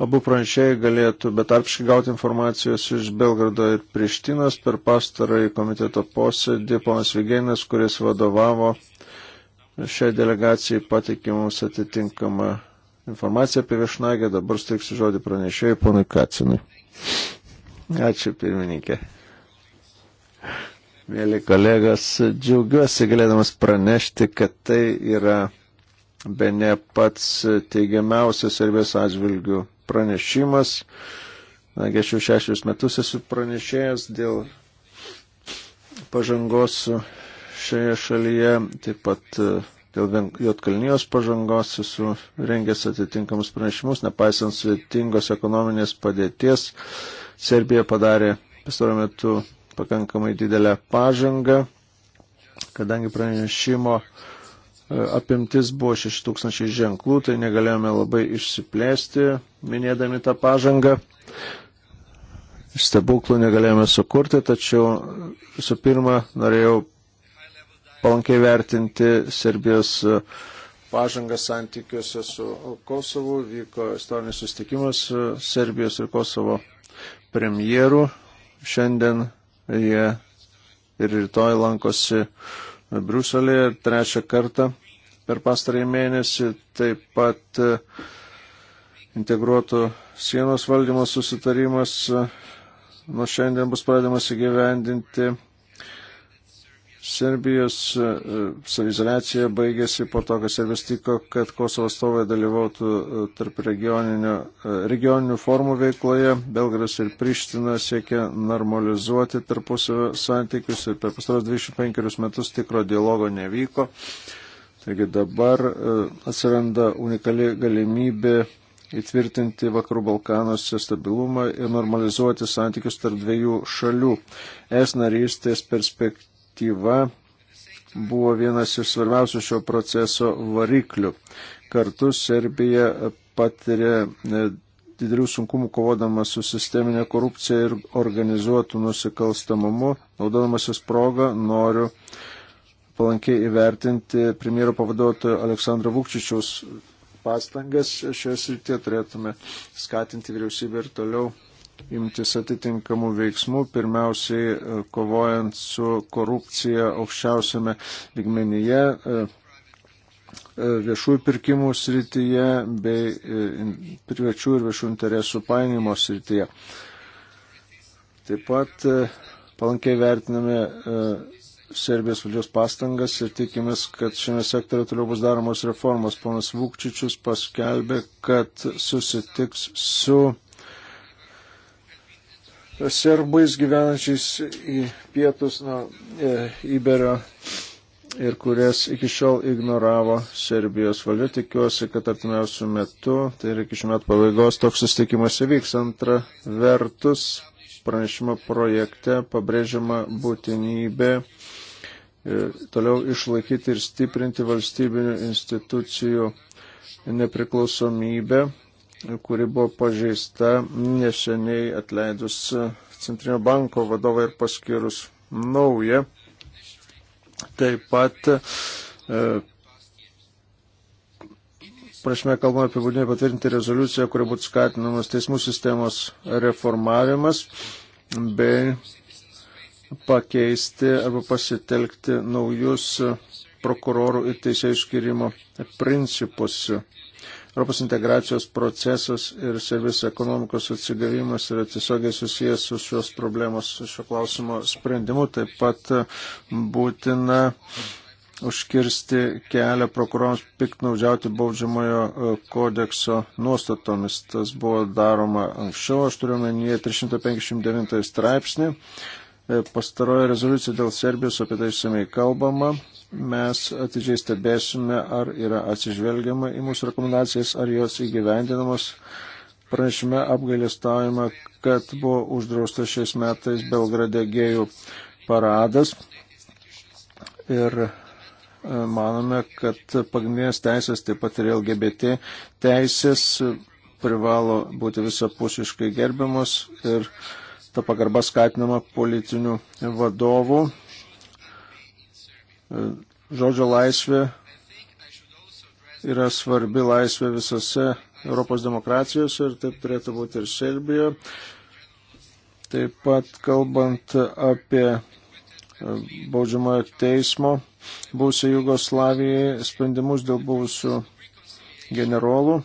abu pranešėjai galėtų betarpiškai gauti informacijos iš Belgrado ir Prištinos per pastarąjį komiteto posėdį. Ponas Vigeninas, kuris vadovavo šiai delegacijai, pateikė mums atitinkamą informaciją apie viešnagę. Dabar steiksiu žodį pranešėjai ponui Kacinui. Ačiū pirmininkė. Mėly kolegos, džiaugiuosi galėdamas pranešti, kad tai yra be ne pats teigiamiausias ir vis atžvilgių pranešimas. Nagi, aš jau šešius metus esu pranešėjęs dėl pažangos šioje šalyje, taip pat e, dėl Jotkalnijos pažangos esu rengęs atitinkamus pranešimus, nepaisant sudėtingos ekonominės padėties. Serbija padarė pastaruoju metu pakankamai didelę pažangą, kadangi pranešimo apimtis buvo 6000 ženklų, tai negalėjome labai išsiplėsti, minėdami tą pažangą. Stebuklų negalėjome sukurti, tačiau visų pirma norėjau palankiai vertinti Serbijos pažangą santykiuose su Kosovu. Vyko istorinis sustikimas Serbijos ir Kosovo premjerų. Šiandien jie ir rytoj lankosi uh, Bruselėje trečią kartą per pastarąjį mėnesį, taip pat e, integruotų sienos valdymo susitarimas e, nuo šiandien bus pradedamas įgyvendinti Serbijos e, e, savizolacija baigėsi po to, kad Serbijos tiko, kad Kosovo atstovai dalyvautų e, tarp regioninių formų veikloje. Belgras ir Priština siekia normalizuoti tarpusavio santykius ir per pastaros 25 metus tikro dialogo nevyko. Taigi dabar atsiranda unikali galimybė įtvirtinti Vakarų Balkanuose stabilumą ir normalizuoti santykius tarp dviejų šalių. Es narystės perspektyvų direktyva buvo vienas iš svarbiausių šio proceso variklių. Kartu Serbija patiria e, didelių sunkumų kovodama su sisteminė korupcija ir organizuotų nusikalstamumu. Naudodamasis progą noriu palankiai įvertinti premjero pavaduotojo Aleksandro Vukčičiaus pastangas šioje srityje turėtume skatinti vyriausybę ir toliau imtis atitinkamų veiksmų, pirmiausiai e, kovojant su korupcija aukščiausiame lygmenyje, e, e, viešųjų pirkimų srityje bei privačių ir viešų interesų painimo srityje. Taip pat palankiai vertiname Serbijos valdžios pastangas ir tikimės, kad šiame sektoriu toliau bus daromos reformos. Ponas Vukčičius paskelbė, kad susitiks su serbais gyvenančiais į pietus nuo e, Iberio ir kurias iki šiol ignoravo Serbijos valdžia. Tikiuosi, kad artimiausių metų, tai yra iki šių metų pabaigos, toks susitikimas įvyks. Antra vertus, pranešimo projekte pabrėžiama būtinybė e, toliau išlaikyti ir stiprinti valstybinių institucijų nepriklausomybę kuri buvo pažeista neseniai atleidus Centrinio banko vadovą ir paskirus naują. Taip pat e, prašme kalbame apie būtinai patvirtinti rezoliuciją, kuria būtų skatinamas teismų sistemos reformavimas bei pakeisti arba pasitelkti naujus prokurorų ir teisėjų skirimo principus. Europos integracijos procesas ir servis ekonomikos atsigavimas yra tiesiogiai susijęs su šios problemos, su šio klausimo sprendimu. Taip pat e, būtina užkirsti kelią prokurorams piktnaudžiauti baudžiamojo e, kodekso nuostatomis. Tas buvo daroma anksčiau, aš turiu menyje 359 straipsnį. E, Pastarojo rezoliucija dėl Serbijos apie tai išsamei kalbama mes atidžiai stebėsime, ar yra atsižvelgiama į mūsų rekomendacijas, ar jos įgyvendinamos. Pranešime apgailėstavimą, kad buvo uždrausta šiais metais Belgrade gėjų paradas. Ir e, manome, kad pagrindinės teisės, taip pat ir LGBT teisės privalo būti visapusiškai gerbiamos ir ta pagarba skatinama politinių vadovų Žodžio laisvė yra svarbi laisvė visose Europos demokracijose ir taip turėtų būti ir Serbijoje. Taip pat kalbant apie e, baudžiamojo teismo būsio Jugoslavijai sprendimus dėl buvusių generolų.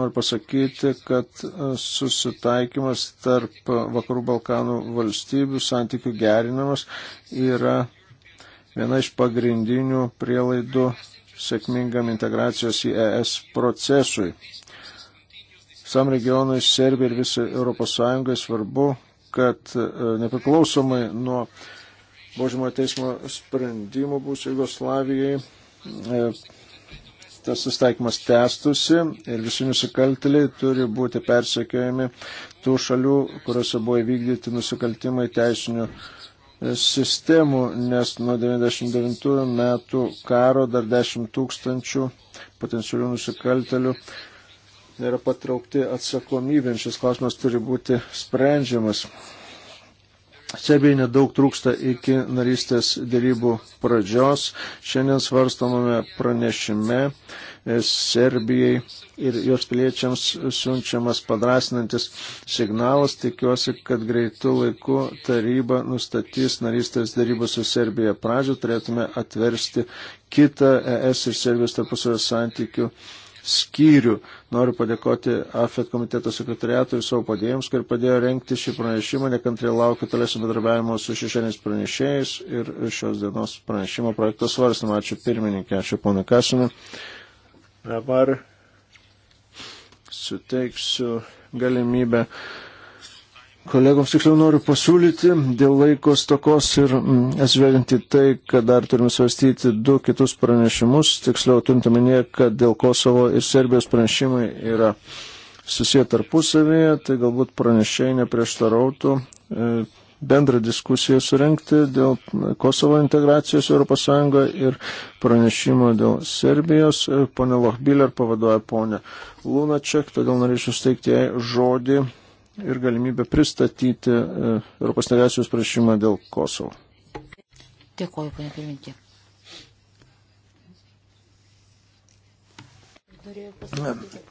Noriu pasakyti, kad e, susitaikymas tarp Vakarų Balkanų valstybių santykių gerinamas yra viena iš pagrindinių prielaidų sėkmingam integracijos į ES procesui. Sam regionui, Serbijai ir visai ES svarbu, kad e, nepriklausomai nuo Božimo teismo sprendimų bus Jugoslavijai e, tas sustaikymas tęstusi ir visi nusikaltėliai turi būti persekiojami tų šalių, kuriuose buvo įvykdyti nusikaltimai teisinių sistemų, nes nuo 99 metų karo dar 10 tūkstančių potencialių nusikaltelių yra patraukti atsakomybėn. Šis klausimas turi būti sprendžiamas. Serbijai nedaug trūksta iki narystės dėrybų pradžios. Šiandien svarstamame pranešime Serbijai ir jos piliečiams siunčiamas padrasinantis signalas. Tikiuosi, kad greitų laikų taryba nustatys narystės darybų su Serbija pradžią. Turėtume atversti kitą ES ir Serbijos tarpusavio santykių skyrių. Noriu padėkoti AFET komiteto sekretariatui ir savo padėjams, kurie padėjo renkti šį pranešimą. Nekantriai laukiu tolesnio bendradarbiavimo su šešėniais pranešėjais ir šios dienos pranešimo projekto svarstymą. Ačiū pirmininkė, ačiū ponui Kasinui. Dabar suteiksiu galimybę kolegoms tiksliau noriu pasiūlyti dėl laikos tokos ir mm, atsvelgiant į tai, kad dar turime svarstyti du kitus pranešimus, tiksliau turint omenyje, kad dėl Kosovo ir Serbijos pranešimai yra susiję tarpusavėje, tai galbūt pranešėjai neprieštarautų e, bendrą diskusiją surenkti dėl Kosovo integracijos ES ir pranešimo dėl Serbijos. Pone Lochbiller pavaduoja ponę Lunaček, todėl norėčiau steigti jai žodį ir galimybę pristatyti e, Europos integracijos prašymą dėl Kosovo. Dėkuoju, ponė pirmininkė.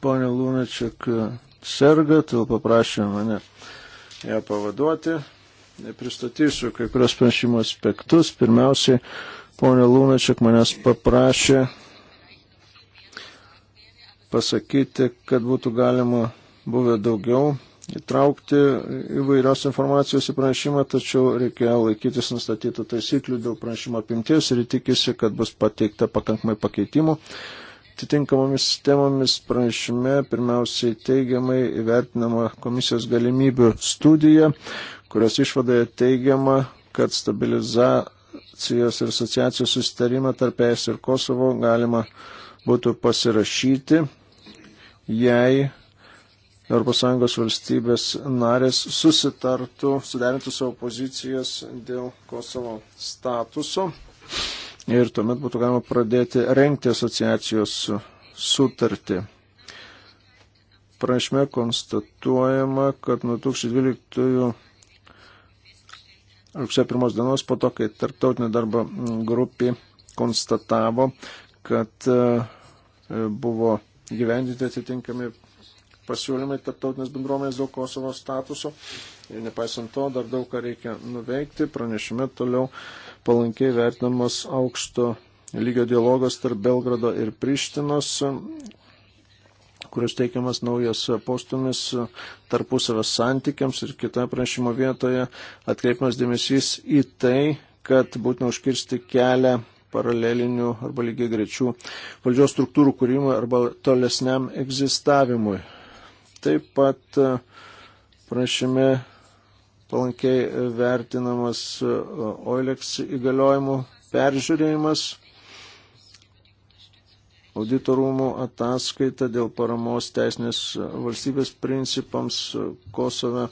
Pone Lunačiak e, serga, tu paprašė mane ją pavaduoti pristatysiu kai kurios pranešimo aspektus. Pirmiausiai, ponė Lūnačiak manęs paprašė pasakyti, kad būtų galima buvę daugiau įtraukti įvairios informacijos į pranešimą, tačiau reikėjo laikytis nustatytų taisyklių dėl pranešimo apimties ir tikisi, kad bus pateikta pakankamai pakeitimų. Atitinkamomis temomis pranešime pirmiausiai teigiamai įvertinama komisijos galimybių studija, kurios išvadoje teigiama, kad stabilizacijos ir asociacijos sustarimą tarp ES ir Kosovo galima būtų pasirašyti, jei ES valstybės narės susitartų, suderintų savo pozicijas dėl Kosovo statuso ir tuomet būtų galima pradėti renkti asociacijos sutartį. Prašme konstatuojama, kad nuo 2012 rugsėjo pirmos dienos po to, kai tarptautinė darbo grupė konstatavo, kad e, e, buvo gyvendinti atitinkami pasiūlymai tarptautinės bendruomenės dėl Kosovo statuso. Ir nepaisant to, dar daug ką reikia nuveikti. Pranešime toliau palankiai vertinamas aukšto lygio dialogas tarp Belgrado ir Prištinos kurios teikiamas naujas postumis tarpusavės santykiams ir kitoje pranešimo vietoje atkreipimas dėmesys į tai, kad būtina užkirsti kelią paralelinių arba lygiai grečių valdžios struktūrų kūrimui arba tolesniam egzistavimui. Taip pat e, pranešime palankiai vertinamas e, OILEX įgaliojimų peržiūrėjimas auditorumų ataskaita dėl paramos teisinės valstybės principams Kosove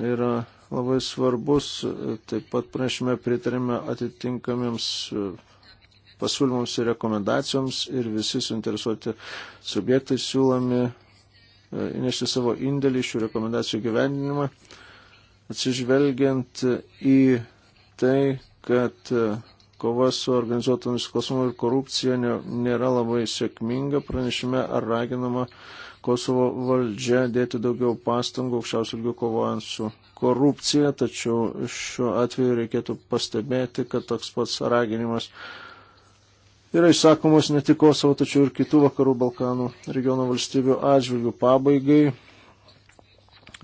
yra labai svarbus. Taip pat prašymę pritarėme atitinkamiems pasiūlymams ir rekomendacijoms ir visi suinteresuoti subjektai siūlomi e, įnešti savo indėlį šių rekomendacijų gyvendinimą, atsižvelgiant į tai, kad e, kova su organizuotu nusikalstamumu ir korupcija nėra labai sėkminga. Pranešime ar raginama Kosovo valdžia dėti daugiau pastangų aukščiausių lygių kovojant su korupcija, tačiau šiuo atveju reikėtų pastebėti, kad toks pats raginimas yra išsakomas ne tik Kosovo, tačiau ir kitų vakarų Balkanų regiono valstybių atžvilgių pabaigai.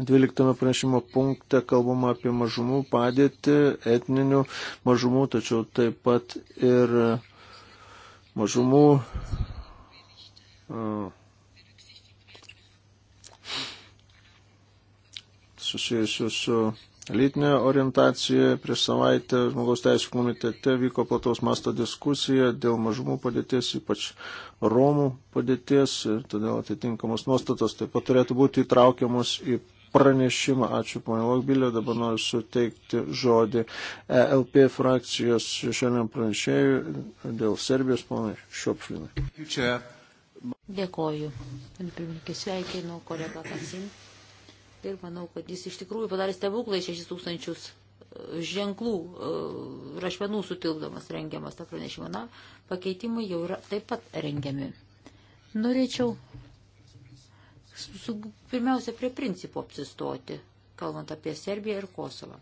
12 pranešimo punkte kalbama apie mažumų padėtį, etninių mažumų, tačiau taip pat ir e, mažumų e, susijusių su lytinė orientacija. Prieš savaitę žmogaus teisų komitete vyko plataus masto diskusija dėl mažumų padėties, ypač Romų padėties, ir todėl atitinkamos nuostatos taip pat turėtų būti įtraukiamos į pranešimą. Ačiū, ponia Lokbilė. Dabar noriu suteikti žodį e LP frakcijos šiandien pranešėjų dėl Serbijos, ponai Šiopšlinai. Dėkoju. Pirmininkai sveikinu kolegą Kasim. Ir manau, kad jis iš tikrųjų padarė stebuklą 6000 e, ženklų e, rašmenų sutildamas rengiamas tą pranešimą. Na, pakeitimai jau yra taip pat rengiami. Norėčiau su, pirmiausia prie principų apsistoti, kalbant apie Serbiją ir Kosovą.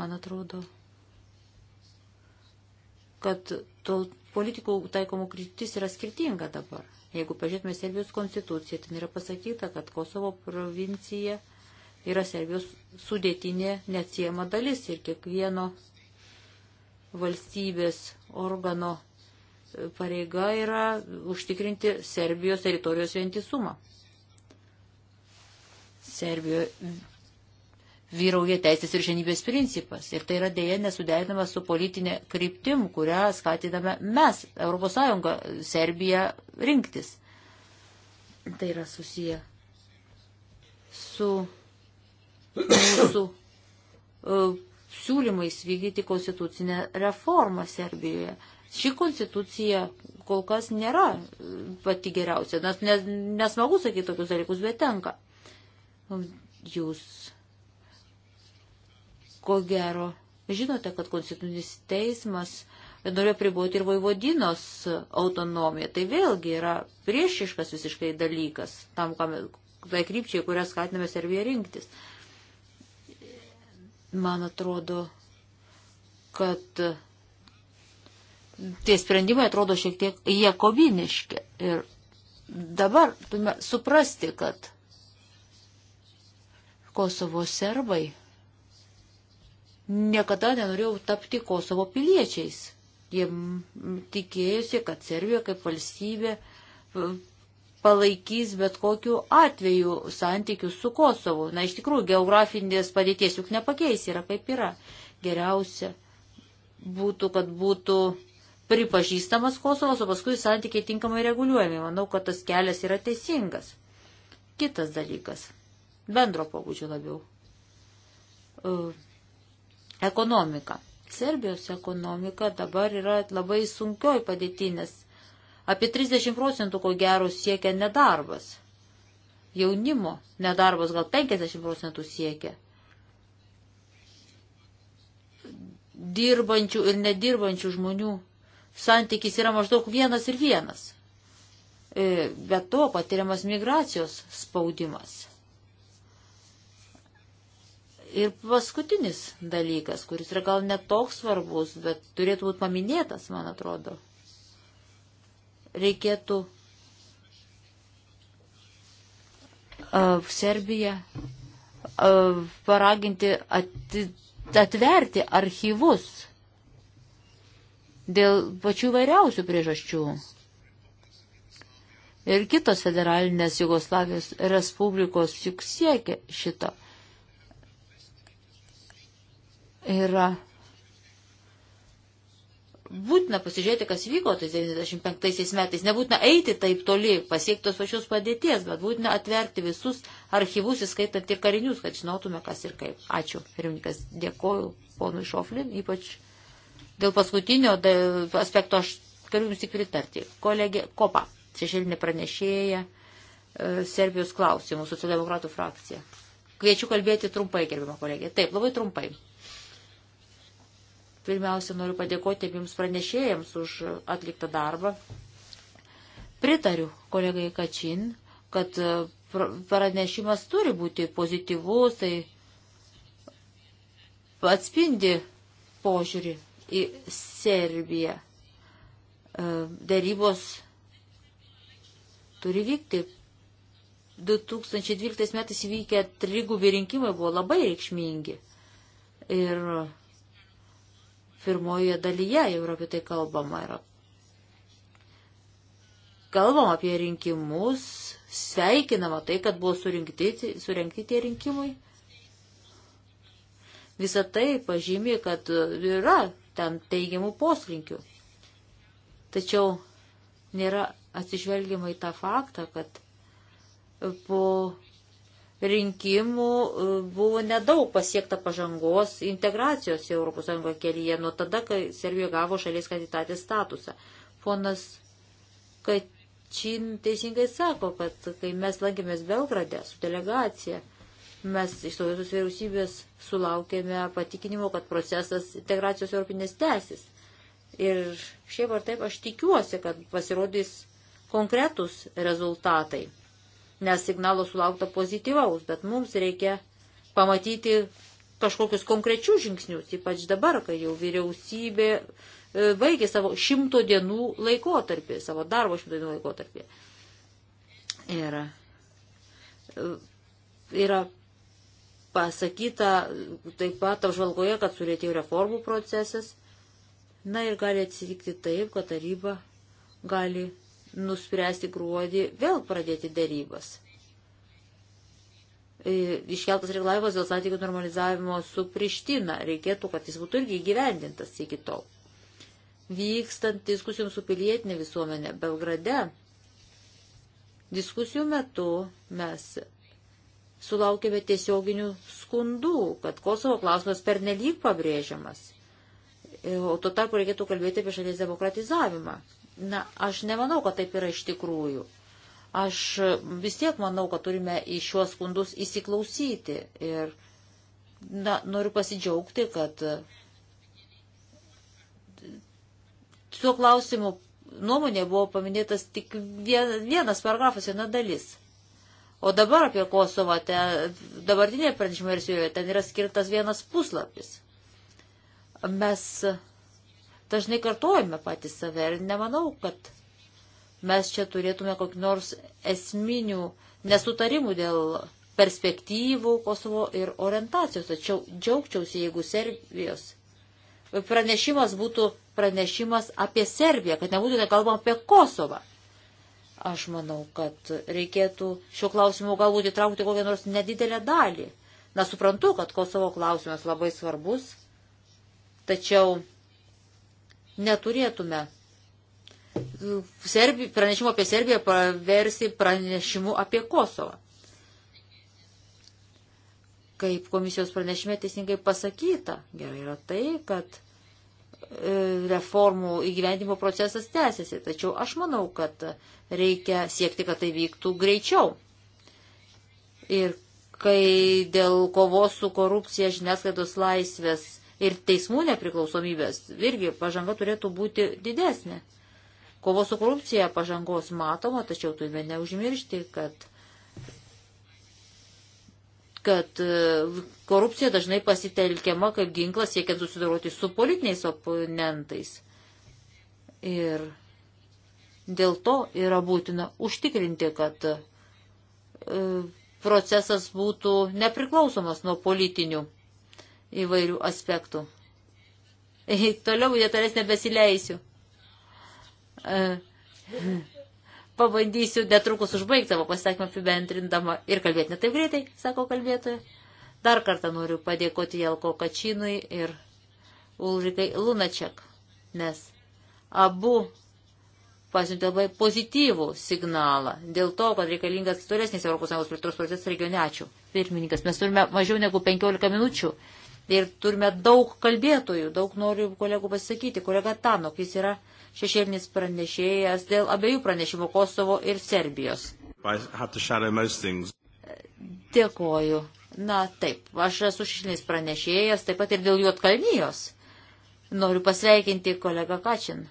Man atrodo, kad to politikų taikomų kryptis yra skirtinga dabar. Jeigu pažiūrėtume Serbijos konstituciją, ten yra pasakyta, kad Kosovo provincija yra Serbijos sudėtinė neatsiema dalis ir kiekvieno valstybės organo pareiga yra užtikrinti Serbijos teritorijos vientisumą. Serbijoje vyrauja teisės ir žinybės principas. Ir tai yra dėja nesuderinama su politinė kryptim, kurią skatiname mes, ES, Serbija, rinktis. Tai yra susiję su mūsų uh, siūlymais vykdyti konstitucinę reformą Serbijoje. Ši konstitucija kol kas nėra pati geriausia, nes nesmagu sakyti tokius dalykus, bet tenka. Jūs ko gero žinote, kad konstitucinis teismas norėjo priboti ir vaivodinos autonomiją. Tai vėlgi yra priešiškas visiškai dalykas tam, kam, tai krypčiai, kurią skatiname Serbiją rinktis. Man atrodo, kad tie sprendimai atrodo šiek tiek jakobiniški. Ir dabar turime suprasti, kad Kosovo serbai niekada nenorėjau tapti Kosovo piliečiais. Jie tikėjosi, kad Serbija kaip valstybė palaikys bet kokiu atveju santykius su Kosovu. Na, iš tikrųjų, geografinės padėties juk nepakeis, yra kaip yra. Geriausia būtų, kad būtų pripažįstamas Kosovas, o paskui santykiai tinkamai reguliuojami. Manau, kad tas kelias yra teisingas. Kitas dalykas – bendro pobūdžio labiau. E, ekonomika. Serbijos ekonomika dabar yra labai sunkioj padėtinės. Apie 30 procentų, ko gero, siekia nedarbas. Jaunimo nedarbas gal 50 procentų siekia. Dirbančių ir nedirbančių žmonių santykis yra maždaug vienas ir vienas. E, be to patiriamas migracijos spaudimas Ir paskutinis dalykas, kuris yra gal netoks svarbus, bet turėtų būti paminėtas, man atrodo. Reikėtų uh, Serbiją uh, paraginti ati, atverti archyvus dėl pačių vairiausių priežasčių. Ir kitos federalinės Jugoslavijos Respublikos juk siekia šito yra būtina pasižiūrėti, kas vyko tais 95 metais. Nebūtina eiti taip toli, pasiekti tos pačios padėties, bet būtina atverti visus archyvus, įskaitant ir karinius, kad žinotume, kas ir kaip. Ačiū, pirmininkas. Dėkoju ponui Šoflin, ypač dėl paskutinio aspekto aš galiu jums tik pritarti. Kolegė Kopa, šešėlinė pranešėja, e, Serbijos klausimų, socialdemokratų frakcija. Kviečiu kalbėti trumpai, gerbimo kolegė. Taip, labai trumpai. Pirmiausia, noriu padėkoti abiems pranešėjams už atliktą darbą. Pritariu kolegai Kačin, kad pranešimas turi būti pozityvus, tai atspindi požiūrį į Serbiją. E, darybos turi vykti. 2012 metais vykę trigubi rinkimai buvo labai reikšmingi. Ir Pirmoje dalyje jau apie tai kalbama yra. Kalbam apie rinkimus, sveikinama tai, kad buvo surinkti, surinkti tie rinkimai. Visą tai pažymė, kad yra ten teigiamų poslinkių. Tačiau nėra atsižvelgiama į tą faktą, kad po rinkimų e, buvo nedaug pasiekta pažangos integracijos į ES kelyje nuo tada, kai Serbija gavo šalies kandidatės statusą. Ponas Kačin teisingai sako, kad kai mes lankėmės Belgrade su delegacija, mes iš sovietus vyriausybės sulaukėme patikinimo, kad procesas integracijos europinės tesis. Ir šiaip ar taip aš tikiuosi, kad pasirodys konkretus rezultatai nes signalo sulaukta pozityvaus, bet mums reikia pamatyti kažkokius konkrečius žingsnius, ypač dabar, kai jau vyriausybė e, baigė savo šimto dienų laikotarpį, savo darbo šimto dienų laikotarpį. Ir e, yra pasakyta taip pat apžvalgoje, kad sulėtėjo reformų procesas. Na ir gali atsitikti taip, kad taryba gali nuspręsti gruodį vėl pradėti darybas. E, iškeltas reikalavimas dėl santykių normalizavimo su Priština reikėtų, kad jis būtų irgi gyvendintas iki tol. Vykstant diskusijoms su pilietinė visuomenė Belgrade, diskusijų metu mes sulaukėme tiesioginių skundų, kad Kosovo klausimas pernelyg pabrėžiamas. E, o tuo tarpu reikėtų kalbėti apie šalies demokratizavimą. Na, aš nemanau, kad taip yra iš tikrųjų. Aš vis tiek manau, kad turime į šiuos skundus įsiklausyti. Ir na, noriu pasidžiaugti, kad šiuo klausimu nuomonė buvo paminėtas tik vienas paragrafas, viena dalis. O dabar apie Kosovą, ten, dabartinėje pranešimo versijoje, ten yra skirtas vienas puslapis. Mes dažnai kartojame patys save ir nemanau, kad mes čia turėtume kokį nors esminių nesutarimų dėl perspektyvų Kosovo ir orientacijos. Tačiau džiaugčiausi, jeigu Serbijos pranešimas būtų pranešimas apie Serbiją, kad nebūtų nekalbama apie Kosovą. Aš manau, kad reikėtų šiuo klausimu galbūt įtraukti kokią nors nedidelę dalį. Na, suprantu, kad Kosovo klausimas labai svarbus, tačiau neturėtume Serbi, pranešimo apie Serbiją paversi pranešimu apie Kosovą. Kaip komisijos pranešime teisingai pasakyta, gerai yra tai, kad e, reformų įgyvendimo procesas tęsiasi, tačiau aš manau, kad reikia siekti, kad tai vyktų greičiau. Ir kai dėl kovos su korupcija žiniasklaidos laisvės ir teismų nepriklausomybės, irgi pažanga turėtų būti didesnė. Kovo su korupcija pažangos matoma, tačiau turime neužmiršti, kad, kad e, korupcija dažnai pasitelkiama kaip ginklas siekiant susidoroti su politiniais oponentais. Ir dėl to yra būtina užtikrinti, kad e, procesas būtų nepriklausomas nuo politinių įvairių aspektų. Ei, toliau detalės nebesileisiu. E, pabandysiu netrukus užbaigti savo pasakymą apibendrindama ir kalbėti ne taip greitai, sako kalbėtoja. Dar kartą noriu padėkoti Jelko Kačinui ir Ulrikai Lunačiak, nes abu pasiuntė labai pozityvų signalą dėl to, kad reikalingas tolesnis ES plėtros procesas regione. Ačiū. Pirmininkas, mes turime mažiau negu 15 minučių. Ir turime daug kalbėtojų, daug noriu kolegų pasakyti. Kolega Tanok, jis yra šešėlinis pranešėjas dėl abiejų pranešimų Kosovo ir Serbijos. Dėkoju. Na taip, aš esu šešėlinis pranešėjas, taip pat ir dėl Juotkalnyjos. Noriu pasveikinti kolegą Kačin.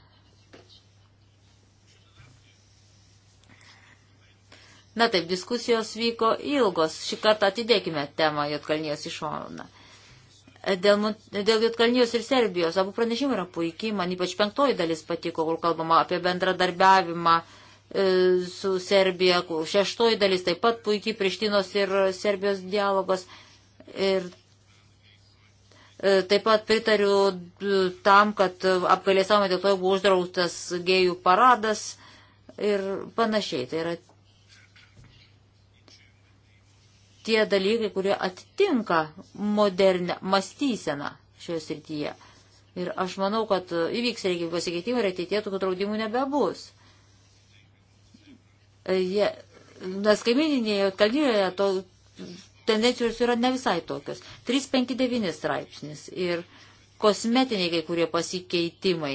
Na taip, diskusijos vyko ilgos. Šį kartą atidėkime temą Jotkalnijos iš šoną. Dėl, dėl Jotkalnijos ir Serbijos abu pranešimai yra puikiai, man ypač penktoji dalis patiko, kur kalbama apie bendradarbiavimą e, su Serbija, šeštoji dalis taip pat puikiai Prištinos ir Serbijos dialogas. Ir e, taip pat pritariu e, tam, kad apgalėsavome dėl to, jeigu uždraustas gėjų paradas ir panašiai. Tai yra tie dalykai, kurie atitinka modernę mąstyseną šioje srityje. Ir aš manau, kad įvyks reikia pasikeitimų ir ateitie tokių draudimų nebebus. E, jie, nes kaimininėje Kalnijoje to tendencijos yra ne visai tokios. 359 straipsnis ir kosmetiniai kai kurie pasikeitimai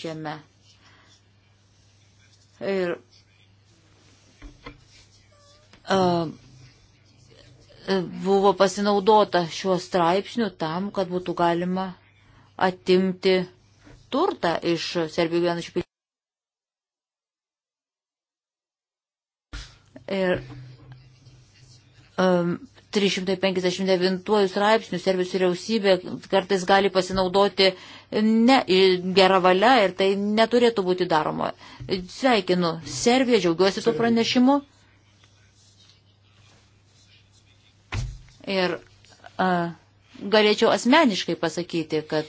šiame. Ir uh, buvo pasinaudota šiuo straipsniu tam, kad būtų galima atimti turtą iš Serbijų gyvenančių piliečių. Ir um, 359 straipsnių Serbijos vyriausybė kartais gali pasinaudoti ne, gerą valią ir tai neturėtų būti daroma. Sveikinu Serbiją, džiaugiuosi tuo pranešimu. Ir a, galėčiau asmeniškai pasakyti, kad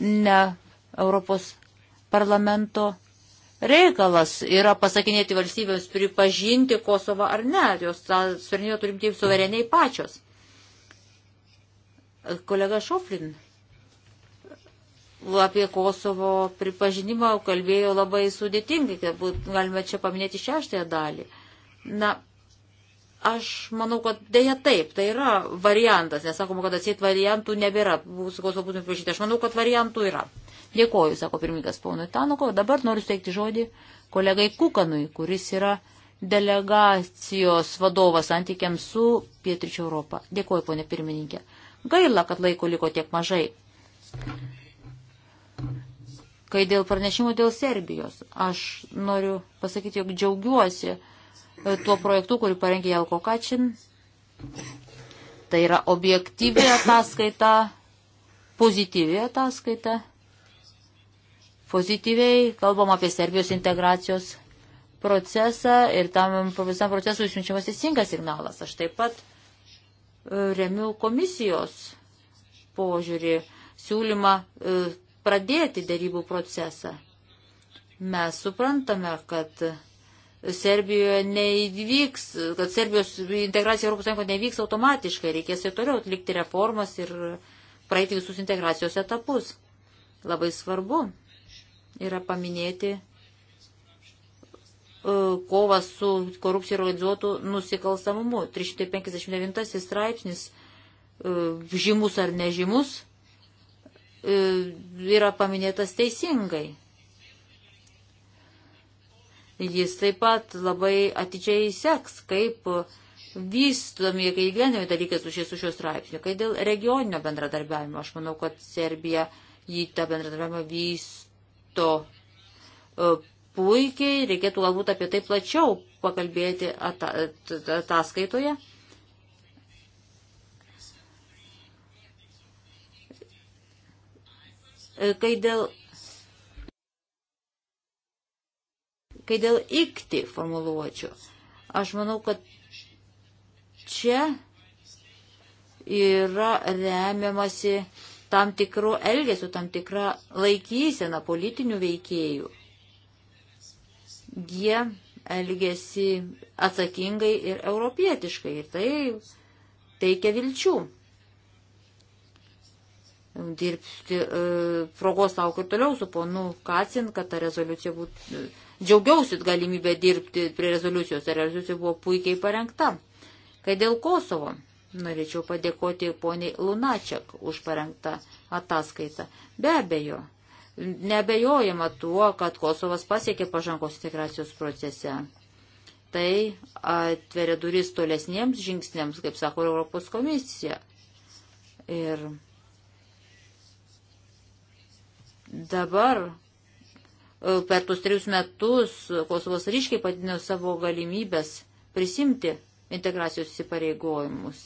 ne Europos parlamento reikalas yra pasakinėti valstybėms pripažinti Kosovą ar ne, jos tą sprendimą turim taip suvereniai pačios. Kolega Šoflin apie Kosovo pripažinimą kalbėjo labai sudėtingai, galbūt galime čia paminėti šeštąją dalį. Na, Aš manau, kad dėja taip, tai yra variantas, nesakoma, kad atsiet variantų nebėra, būsukos būtent prašyti, aš manau, kad variantų yra. Dėkoju, sako pirmininkas ponui Tanuko, dabar noriu steigti žodį kolegai Kukanui, kuris yra delegacijos vadovas santykiams su Pietričio Europą. Dėkoju, ponė pirmininkė. Gaila, kad laiko liko tiek mažai. Kai dėl pranešimo dėl Serbijos, aš noriu pasakyti, jog džiaugiuosi, E, tuo projektu, kurį parengė Jelko Kačin. Tai yra objektyvi ataskaita, pozityvi ataskaita. Pozityviai kalbam apie Serbijos integracijos procesą ir tam visam procesui išsiunčiamas teisingas signalas. Aš taip pat e, remiu komisijos požiūrį, siūlymą e, pradėti darybų procesą. Mes suprantame, kad Serbijoje neįvyks, kad Serbijos integracija Europos Sąjungoje nevyks automatiškai, reikės ir toliau atlikti reformas ir praeiti visus integracijos etapus. Labai svarbu yra paminėti e, kovas su korupcija ir organizuotų nusikalstamumu. 359 straipsnis, e, žymus ar nežymus, e, yra paminėtas teisingai. Jis taip pat labai atidžiai seks, kaip vystomi, kai gyvenami dalykai su šiais su šios straipsniu. Kai dėl regioninio bendradarbiavimo, aš manau, kad Serbija jį tą bendradarbiavimą vysto e, puikiai, reikėtų galbūt apie tai plačiau pakalbėti ataskaitoje. At, at, at, kai dėl Kai dėl ikti formuluočių, aš manau, kad čia yra remiamasi tam tikru elgesiu, tam tikra laikysena politinių veikėjų. Jie elgesi atsakingai ir europietiškai ir tai teikia vilčių. Dirbti e, progos lauk ir toliau su ponu Kacin, kad ta rezoliucija būtų, džiaugiausi galimybę dirbti prie rezoliucijos, ar rezoliucija buvo puikiai parengta. Kai dėl Kosovo, norėčiau padėkoti poniai Lunačiak už parengtą ataskaitą. Be abejo, nebejojama tuo, kad Kosovas pasiekė pažangos integracijos procese. Tai atveria duris tolesniems žingsniams, kaip sako Europos komisija. Ir dabar per tuos trejus metus Kosovas ryškiai padidino savo galimybės prisimti integracijos įsipareigojimus.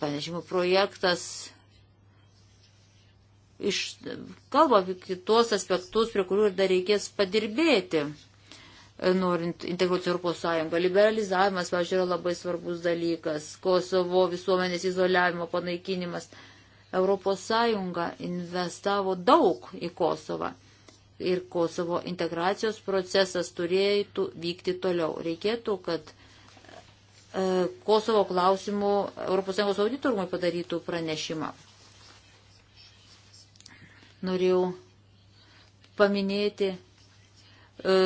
Panešimų projektas iš, kalba apie tuos aspektus, prie kurių ir dar reikės padirbėti, norint integruoti Europos Sąjungą. Liberalizavimas, pavyzdžiui, yra labai svarbus dalykas. Kosovo visuomenės izoliavimo panaikinimas. ES investavo daug į Kosovą ir Kosovo integracijos procesas turėtų vykti toliau. Reikėtų, kad e, Kosovo klausimų ES auditorumai padarytų pranešimą. Norėjau paminėti e,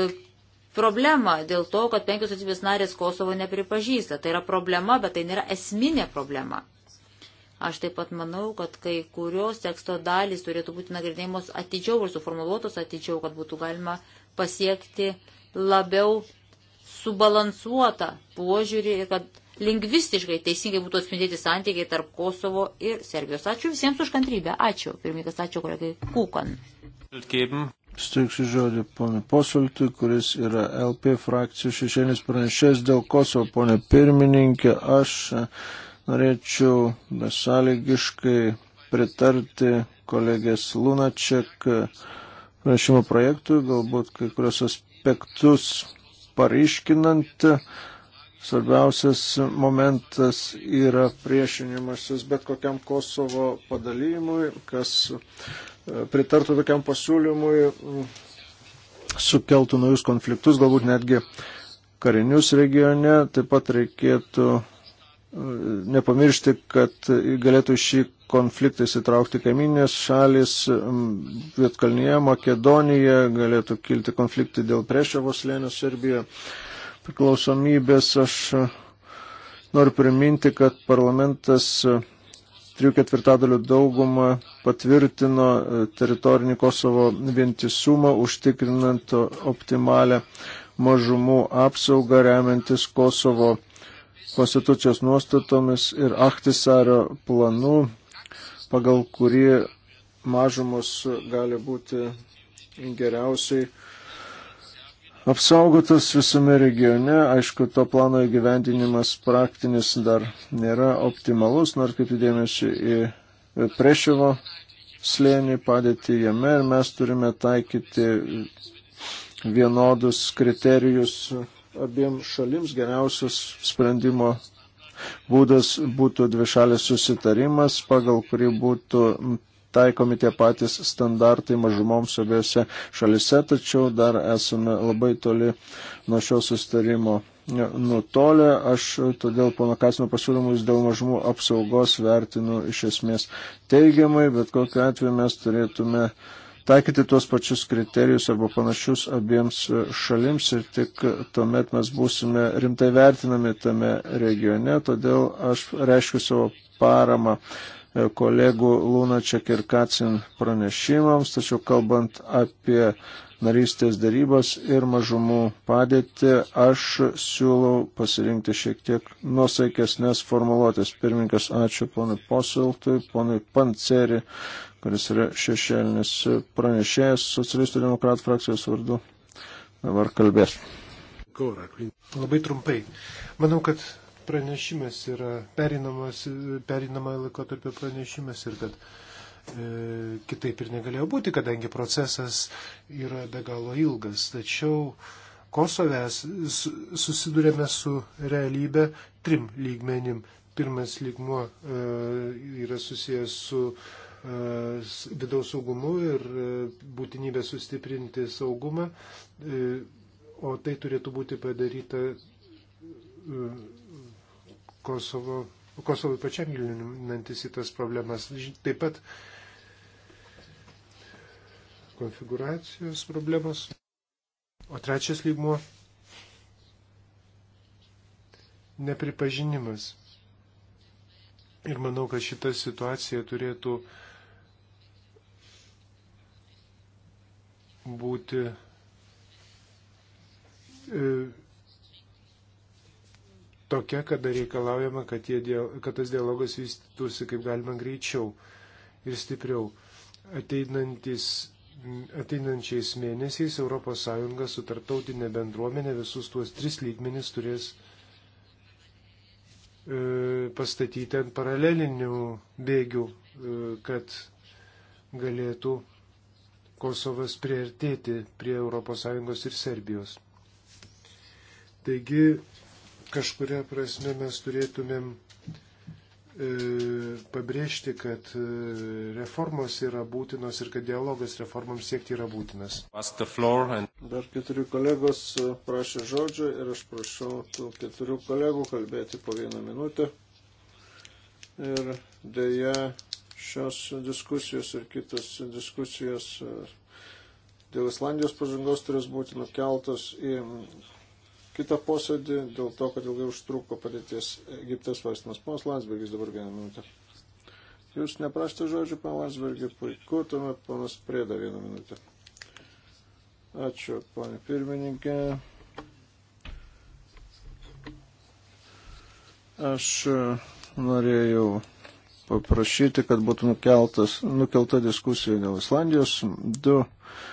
problemą dėl to, kad penkios atsibės narės Kosovo nepripažįsta. Tai yra problema, bet tai nėra esminė problema. Aš taip pat manau, kad kai kurios teksto dalys turėtų būti nagrinėjimos atidžiau ir suformuoluotos atidžiau, kad būtų galima pasiekti labiau subalansuotą požiūrį ir kad lingvistiškai teisingai būtų atspindėti santykiai tarp Kosovo ir Serbijos. Ačiū visiems už kantrybę. Ačiū. Pirmininkas, ačiū kolegai Kūkan. Steiksiu žodį ponui Posultui, kuris yra LP frakcijų šešėlis pranešės dėl Kosovo. Pone pirmininkė, aš Norėčiau besąlygiškai pritarti kolegės Lunaček pranešimo projektui, galbūt kai kurios aspektus paryškinant. Svarbiausias momentas yra priešinimasis bet kokiam Kosovo padalymui, kas e, pritartų tokiam pasiūlymui, sukeltų naujus konfliktus, galbūt netgi karinius regione. Taip pat reikėtų nepamiršti, kad galėtų šį konfliktą įsitraukti kaiminės šalis, Vietkalnyje, Makedonija, galėtų kilti konfliktai dėl Preševos lėnio Serbijoje priklausomybės. Aš e, noriu priminti, kad parlamentas e, trijų ketvirtadalių daugumą patvirtino e, teritorinį Kosovo vientisumą, užtikrinant optimalę mažumų apsaugą remiantis Kosovo konstitucijos nuostatomis ir Achtisario planu, pagal kurį mažumos gali būti geriausiai apsaugotas visame regione. Aišku, to plano įgyvendinimas praktinis dar nėra optimalus, nors kaip įdėmėsi į Preševo slėnį padėti jame ir mes turime taikyti vienodus kriterijus abiem šalims geriausias sprendimo būdas būtų dvišalis susitarimas, pagal kurį būtų taikomi tie patys standartai mažumoms abiejose šalise, tačiau dar esame labai toli nuo šio sustarimo nutolę. Aš todėl pono Kasino pasiūlymus dėl mažumų apsaugos vertinu iš esmės teigiamai, bet kokiu atveju mes turėtume uh, taikyti tuos pačius kriterijus arba panašius abiems e, šalims ir tik tuomet mes būsime rimtai vertinami tame regione. Todėl aš reiškiu savo paramą e, kolegų Lunačiak ir Kacin pranešimams, tačiau kalbant apie narystės darybas ir mažumų padėtį, aš siūlau pasirinkti šiek tiek nusaikesnės formuluotės. Pirmininkas, ačiū ponui Posiltui, ponui Panceri, kuris yra šešėlinis pranešėjas socialistų demokratų frakcijos vardu, dabar kalbės. Labai trumpai. Manau, kad pranešimas yra perinama laikotarpio pranešimas ir kad e, kitaip ir negalėjo būti, kadangi procesas yra be galo ilgas. Tačiau Kosove susidurėme su realybė trim lygmenim. Pirmas lygmuo e, yra susijęs su e, vidaus saugumu ir e, būtinybė sustiprinti saugumą, e, o tai turėtų būti padaryta e, Kosovo, Kosovui pačiam gilinantis į tas problemas. Taip pat konfiguracijos problemos. O trečias lygmuo - nepripažinimas. Ir manau, kad šita situacija turėtų uh, būti e, tokia, kada reikalaujama, kad, dialog, kad tas dialogas vystųsi kaip galima greičiau ir stipriau. Ateinančiais mėnesiais ES su tartautinė bendruomenė visus tuos tris lygmenis turės e, pastatyti ant paralelinių bėgių, e, kad galėtų Kosovas prieartėti prie ES ir Serbijos. Taigi, kažkuria prasme mes turėtumėm e, pabrėžti, kad e, reformos yra būtinos ir kad dialogas reformams siekti yra būtinas. Dar keturi kolegos e, prašė žodžio ir aš prašau tų keturių kolegų kalbėti po vieną minutę. Ir dėja šios diskusijos ir kitos diskusijos e, dėl Islandijos pažangos turės būti nukeltos į kitą posėdį, dėl to, kad ilgai užtruko padėties Egiptės varstymas. Ponas Landsbergis dabar vieną minutę. Jūs neprašėte žodžių, ponas Landsbergį, puiku, tuomet ponas Prėda vieną minutę. Ačiū, ponė pirmininkė. Aš e, norėjau paprašyti, kad būtų nukeltas, nukelta diskusija dėl Islandijos. Du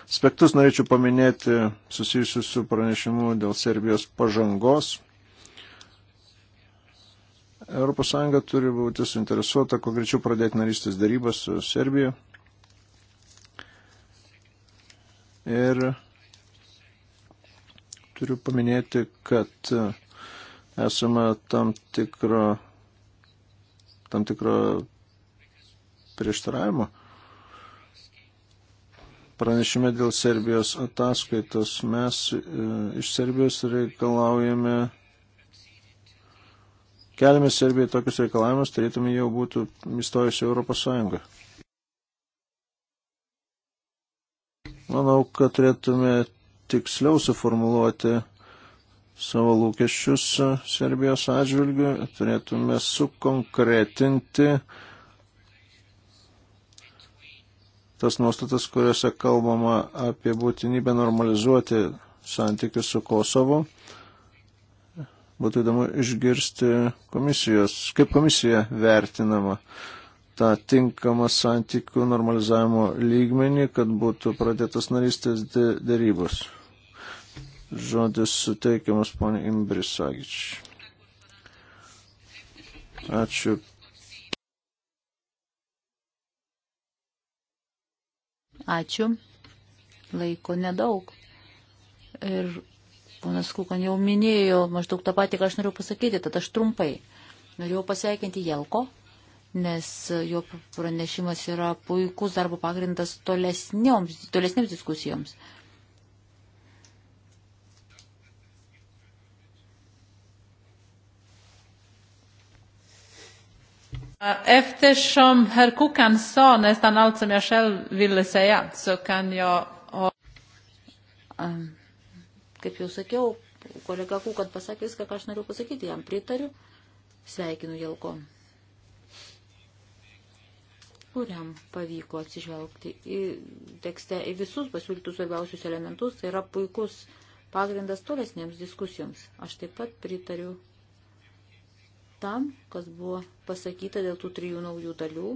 aspektus norėčiau paminėti susijusius su pranešimu dėl Serbijos pažangos. ES turi būti suinteresuota, kuo greičiau pradėti narystės darybas su Serbija. Ir turiu paminėti, kad esame tam tikro tam tikro prieštaravimo. Pranešime dėl Serbijos ataskaitos mes e, iš Serbijos reikalaujame, keliame Serbijai tokius reikalavimus, tarytume jau būtų įstojusi Europos Sąjunga. Manau, kad turėtume tiksliau suformuluoti savo lūkesčius e, Serbijos atžvilgių, turėtume sukonkretinti tas nuostatas, kuriuose kalbama apie būtinybę normalizuoti santykius su Kosovu. Būtų įdomu išgirsti komisijos, kaip komisija vertinama tą tinkamą santykių normalizavimo lygmenį, kad būtų pradėtas narystės dėrybos. De Žodis suteikiamas ponė Imbrisagič. Ačiū. Ačiū. Laiko nedaug. Ir ponas Kukan jau minėjo maždaug tą patį, ką aš noriu pasakyti, tad aš trumpai norėjau pasveikinti Jelko, nes jo pranešimas yra puikus darbo pagrindas tolesnėms diskusijoms. Eh, eftersom herr Kukan sa nästan allt som jag själv ville säga så kan jag... Kaip jau sakiau, kolega Kukan pasakė viską, ką aš noriu pasakyti, jam pritariu, sveikinu Jelko, kuriam pavyko atsižvelgti į tekste į visus pasiūlytus svarbiausius elementus, tai yra puikus pagrindas tolesnėms diskusijoms. Aš taip pat pritariu tam, kas buvo pasakyta dėl tų trijų naujų dalių.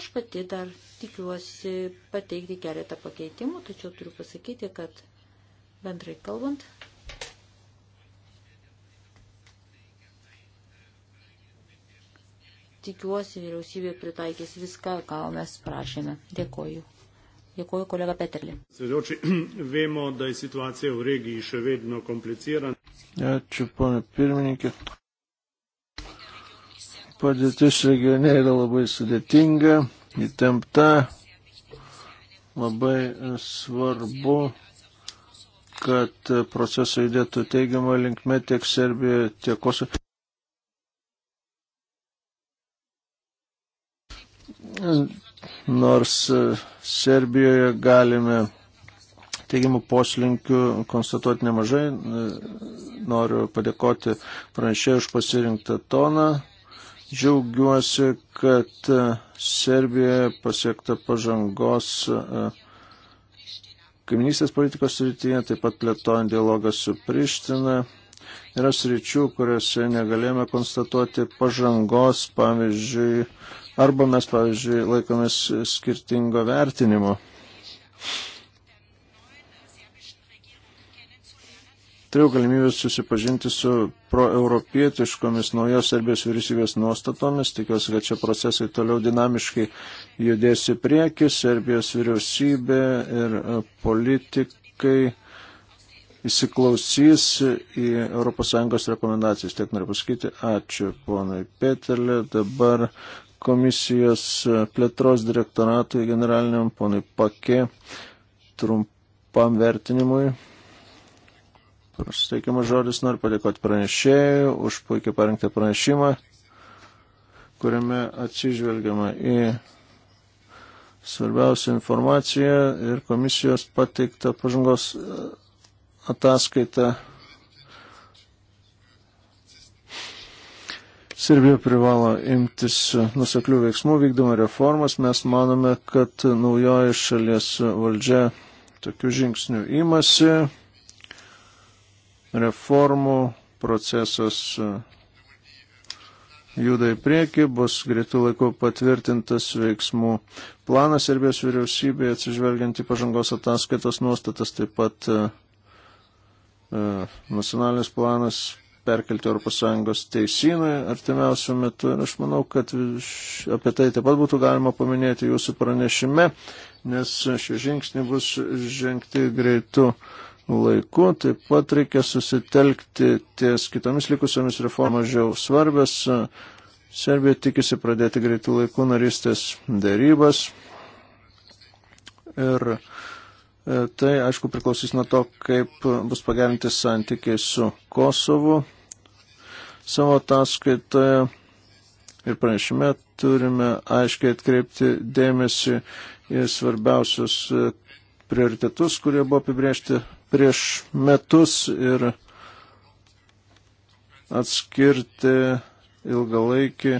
Aš pati dar tikiuosi pateikti keletą pakeitimų, tačiau turiu pasakyti, kad bendrai kalbant, tikiuosi vyriausybė pritaikys viską, ką mes prašėme. Dėkoju. Dėkoju kolega Peterlį. Svedoči, vėmo, da je situacija v regiji še vedno komplicirana. Ačiū, ponė pirmininkė. Padėtis regione yra labai sudėtinga, įtempta, labai e, svarbu, kad e, procesai judėtų teigiamą linkme tiek Serbijoje, tiek Kosovo. Nors e, Serbijoje galime teigiamų poslinkių konstatuoti nemažai. Noriu padėkoti pranešėjui už pasirinktą toną. Džiaugiuosi, kad e, Serbijoje pasiekta pažangos e, kaiminystės politikos srityje, taip pat plėtojant dialogą su Priština. Yra sričių, kuriuose negalėjome konstatuoti pažangos, pavyzdžiui, arba mes, pavyzdžiui, laikomės skirtingo vertinimo. turėjau galimybę susipažinti su proeuropietiškomis naujos Serbijos vyriausybės nuostatomis. Tikiuosi, kad čia procesai toliau dinamiškai judės į priekį. Serbijos vyriausybė ir politikai įsiklausys į ES rekomendacijas. Tiek noriu pasakyti. Ačiū ponui Petelė. Dabar komisijos plėtros direktoratui generaliniam ponui Pake trumpam vertinimui. Suteikiamas žodis noriu padėkoti pranešėjui už puikiai parengtą pranešimą, kuriame atsižvelgiama į svarbiausią informaciją ir komisijos pateiktą pažangos e, ataskaitą. Serbija privalo imtis nuseklių veiksmų vykdomą reformas. Mes manome, kad naujoji šalies valdžia tokių žingsnių imasi reformų procesas e, juda į priekį, bus greitų laikų patvirtintas veiksmų planas Serbijos vyriausybėje atsižvelgiant į pažangos ataskaitos nuostatas, taip pat e, e nacionalinis planas perkelti ES teisynui artimiausių metų ir aš manau, kad apie tai taip pat būtų galima paminėti jūsų pranešime, nes šie žingsniai bus žengti greitų laiku. Taip pat reikia susitelkti ties kitomis likusiomis reformomis mažiau svarbios. Serbija tikisi pradėti greitų laikų narystės dėrybas. Ir e, tai, aišku, priklausys nuo to, kaip bus pagerinti santykiai su Kosovu. Savo ataskaitoje ir pranešime turime aiškiai atkreipti dėmesį į svarbiausius e, prioritetus, kurie buvo apibriežti prieš metus ir atskirti ilgalaikį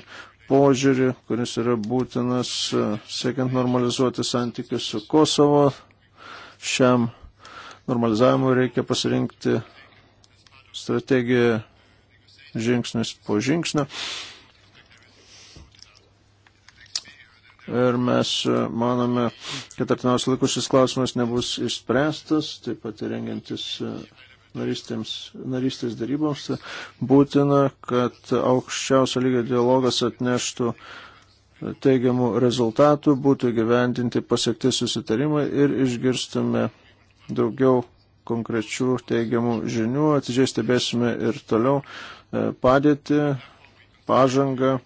požiūrį, kuris yra būtinas e, siekiant normalizuoti santykius su Kosovo. Šiam normalizavimui reikia pasirinkti strategiją žingsnis po žingsnio. ir mes e, manome, kad artimiausiu laiku šis klausimas nebus išspręstas, taip pat ir rengiantis e, narystės daryboms, būtina, kad aukščiausio lygio dialogas atneštų teigiamų rezultatų, būtų gyvendinti pasiekti susitarimai ir išgirstume daugiau konkrečių teigiamų žinių, atidžiai stebėsime ir toliau e, padėti, pažangą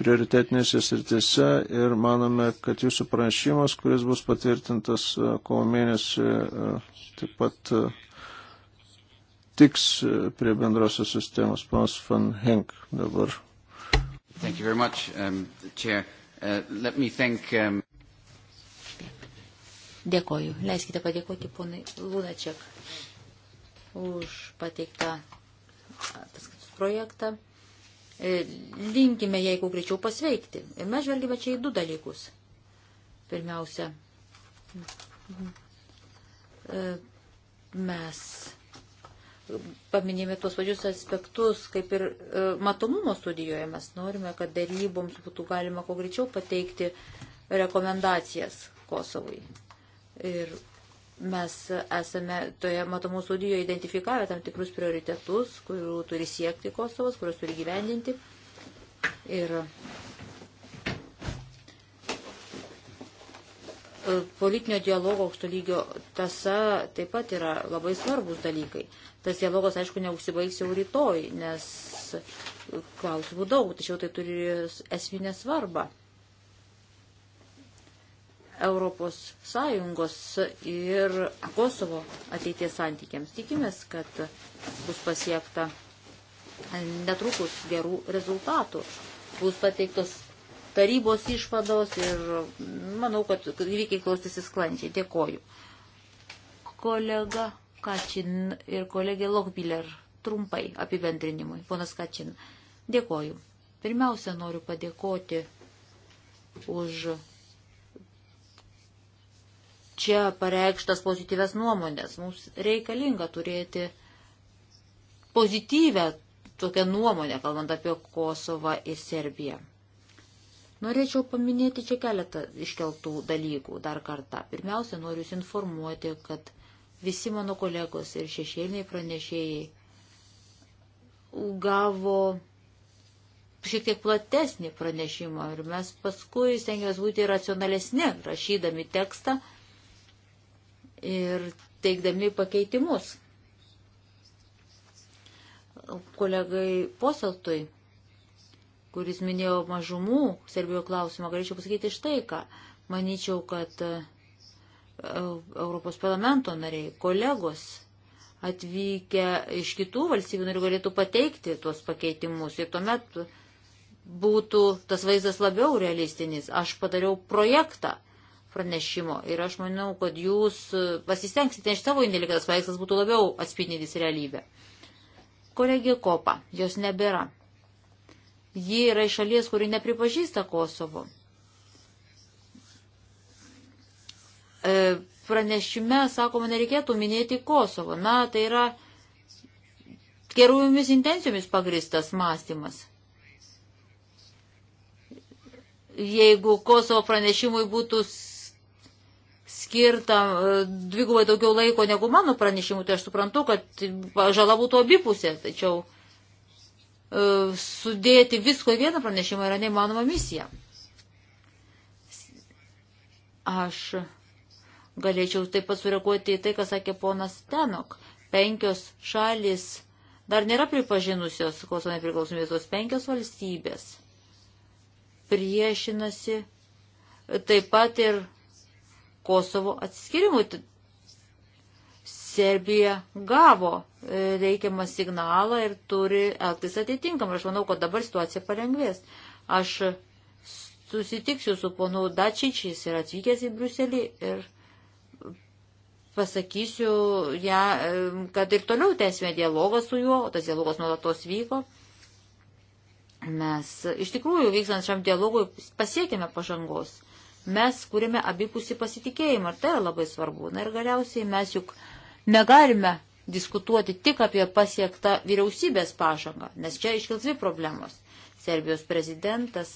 prioritetinėse sritise ir manome, kad jūsų pranešimas, kuris bus patvirtintas e, kovo mėnesį, e, taip pat e, tiks prie bendrosios sistemos. Panas Van Henk dabar. Thank you very much, um, Chair. Uh, let me thank. Um... Dėkoju. Leiskite padėkoti ponai Lunačiak už pateiktą ataskaitos projektą. E, linkime jai kuo greičiau pasveikti. Ir mes žvelgime čia į du dalykus. Pirmiausia, e, mes paminėjome tuos pačius aspektus, kaip ir e, matomumo studijoje mes norime, kad daryboms būtų galima kuo greičiau pateikti rekomendacijas Kosovui. Ir Mes esame toje matomų studijoje identifikavę tam tikrus prioritetus, kurių turi siekti Kosovas, kuriuos turi gyvendinti. Ir e, politinio dialogo aukšto lygio tasa taip pat yra labai svarbus dalykai. Tas dialogas, aišku, neužsibaigs jau rytoj, nes klausimų daug, tačiau tai turi esminę svarbą. Europos Sąjungos ir Kosovo ateities santykiams. Tikimės, kad bus pasiekta netrukus gerų rezultatų. Bus pateiktos tarybos išvados ir manau, kad įvykiai klausysi sklandžiai. Dėkoju. Kolega Kačin ir kolegė Lokbiler trumpai apibendrinimui. Ponas Kačin, dėkoju. Pirmiausia, noriu padėkoti už čia pareikštas pozityves nuomonės. Mums reikalinga turėti pozityvę tokią nuomonę, kalbant apie Kosovą ir Serbiją. Norėčiau paminėti čia keletą iškeltų dalykų dar kartą. Pirmiausia, noriu Jūs informuoti, kad visi mano kolegos ir šešėliniai pranešėjai gavo šiek tiek platesnį pranešimą ir mes paskui stengiamės būti racionalesni, rašydami tekstą ir teikdami pakeitimus. Kolegai Poseltui, kuris minėjo mažumų Serbijos klausimą, galėčiau pasakyti štai ką. Manyčiau, kad e, Europos parlamento nariai, kolegos atvykę iš kitų valstybių narių galėtų pateikti tuos pakeitimus ir tuomet būtų tas vaizdas labiau realistinis. Aš padariau projektą pranešimo. Ir aš manau, kad jūs pasistengsite iš savo indėlį, kad tas paveikslas būtų labiau atspindintis realybę. Kolegija Kopa, jos nebėra. Ji yra iš šalies, kuri nepripažįsta Kosovo. E, pranešime, sakoma, nereikėtų minėti Kosovo. Na, tai yra gerujomis intencijomis pagristas mąstymas. Jeigu Kosovo pranešimui būtų skirta e, dvigubai daugiau laiko negu mano pranešimų, tai aš suprantu, kad žala būtų abipusė, tačiau e, sudėti visko į vieną pranešimą yra neįmanoma misija. Aš galėčiau taip pat sureaguoti į tai, ką sakė ponas Tenok. Penkios šalis dar nėra pripažinusios Kosovo nepriklausomybės, tos penkios valstybės priešinasi taip pat ir Kosovo atskirimui. Serbija gavo e, reikiamą signalą ir turi elgtis atitinkamai. Aš manau, kad dabar situacija palengvės. Aš susitiksiu su ponu Dačičiais ir atvykęs į Briuselį ir pasakysiu, ja, e, kad ir toliau tęsime dialogą su juo, o tas dialogas nuolatos vyko. Mes iš tikrųjų vykstant šiam dialogui pasiekėme pažangos mes kūrėme abipusį pasitikėjimą ir tai yra labai svarbu. Na ir galiausiai mes juk negalime diskutuoti tik apie pasiektą vyriausybės pažangą, nes čia iškils dvi problemos. Serbijos prezidentas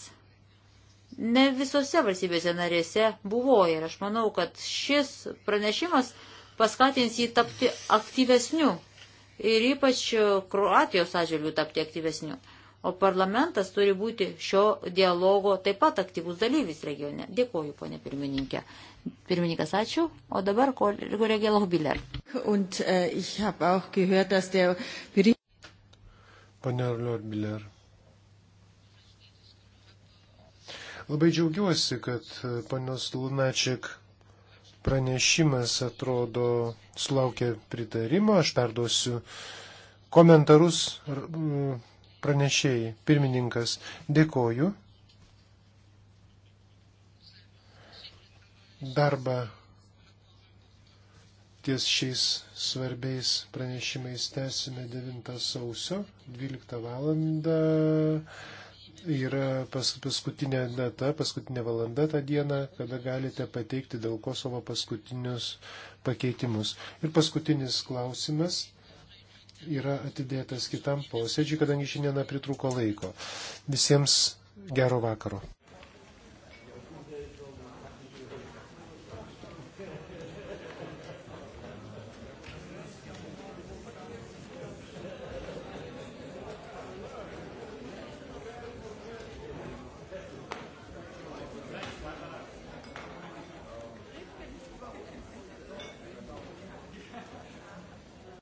ne visose valstybėse narėse buvo ir aš manau, kad šis pranešimas paskatins jį tapti aktyvesniu ir ypač Kroatijos atžvilgių tapti aktyvesniu. O parlamentas turi būti šio dialogo taip pat aktyvus dalyvis regione. Dėkoju, ponė pirmininkė. Pirmininkas, ačiū. O dabar kolegė Lohbiller. Äh, Pane Lohbiller. Labai džiaugiuosi, kad äh, panios Lunačiak pranešimas atrodo sulaukė pritarimo. Aš perduosiu komentarus pranešėjai. Pirmininkas, dėkoju. Darbą ties šiais svarbiais pranešimais tęsime 9 sausio 12 val. Yra pas, paskutinė data, paskutinė valanda tą dieną, kada galite pateikti dėl Kosovo paskutinius pakeitimus. Ir paskutinis klausimas yra atidėtas kitam posėdžiui, kadangi šiandieną pritruko laiko. Visiems gero vakaro.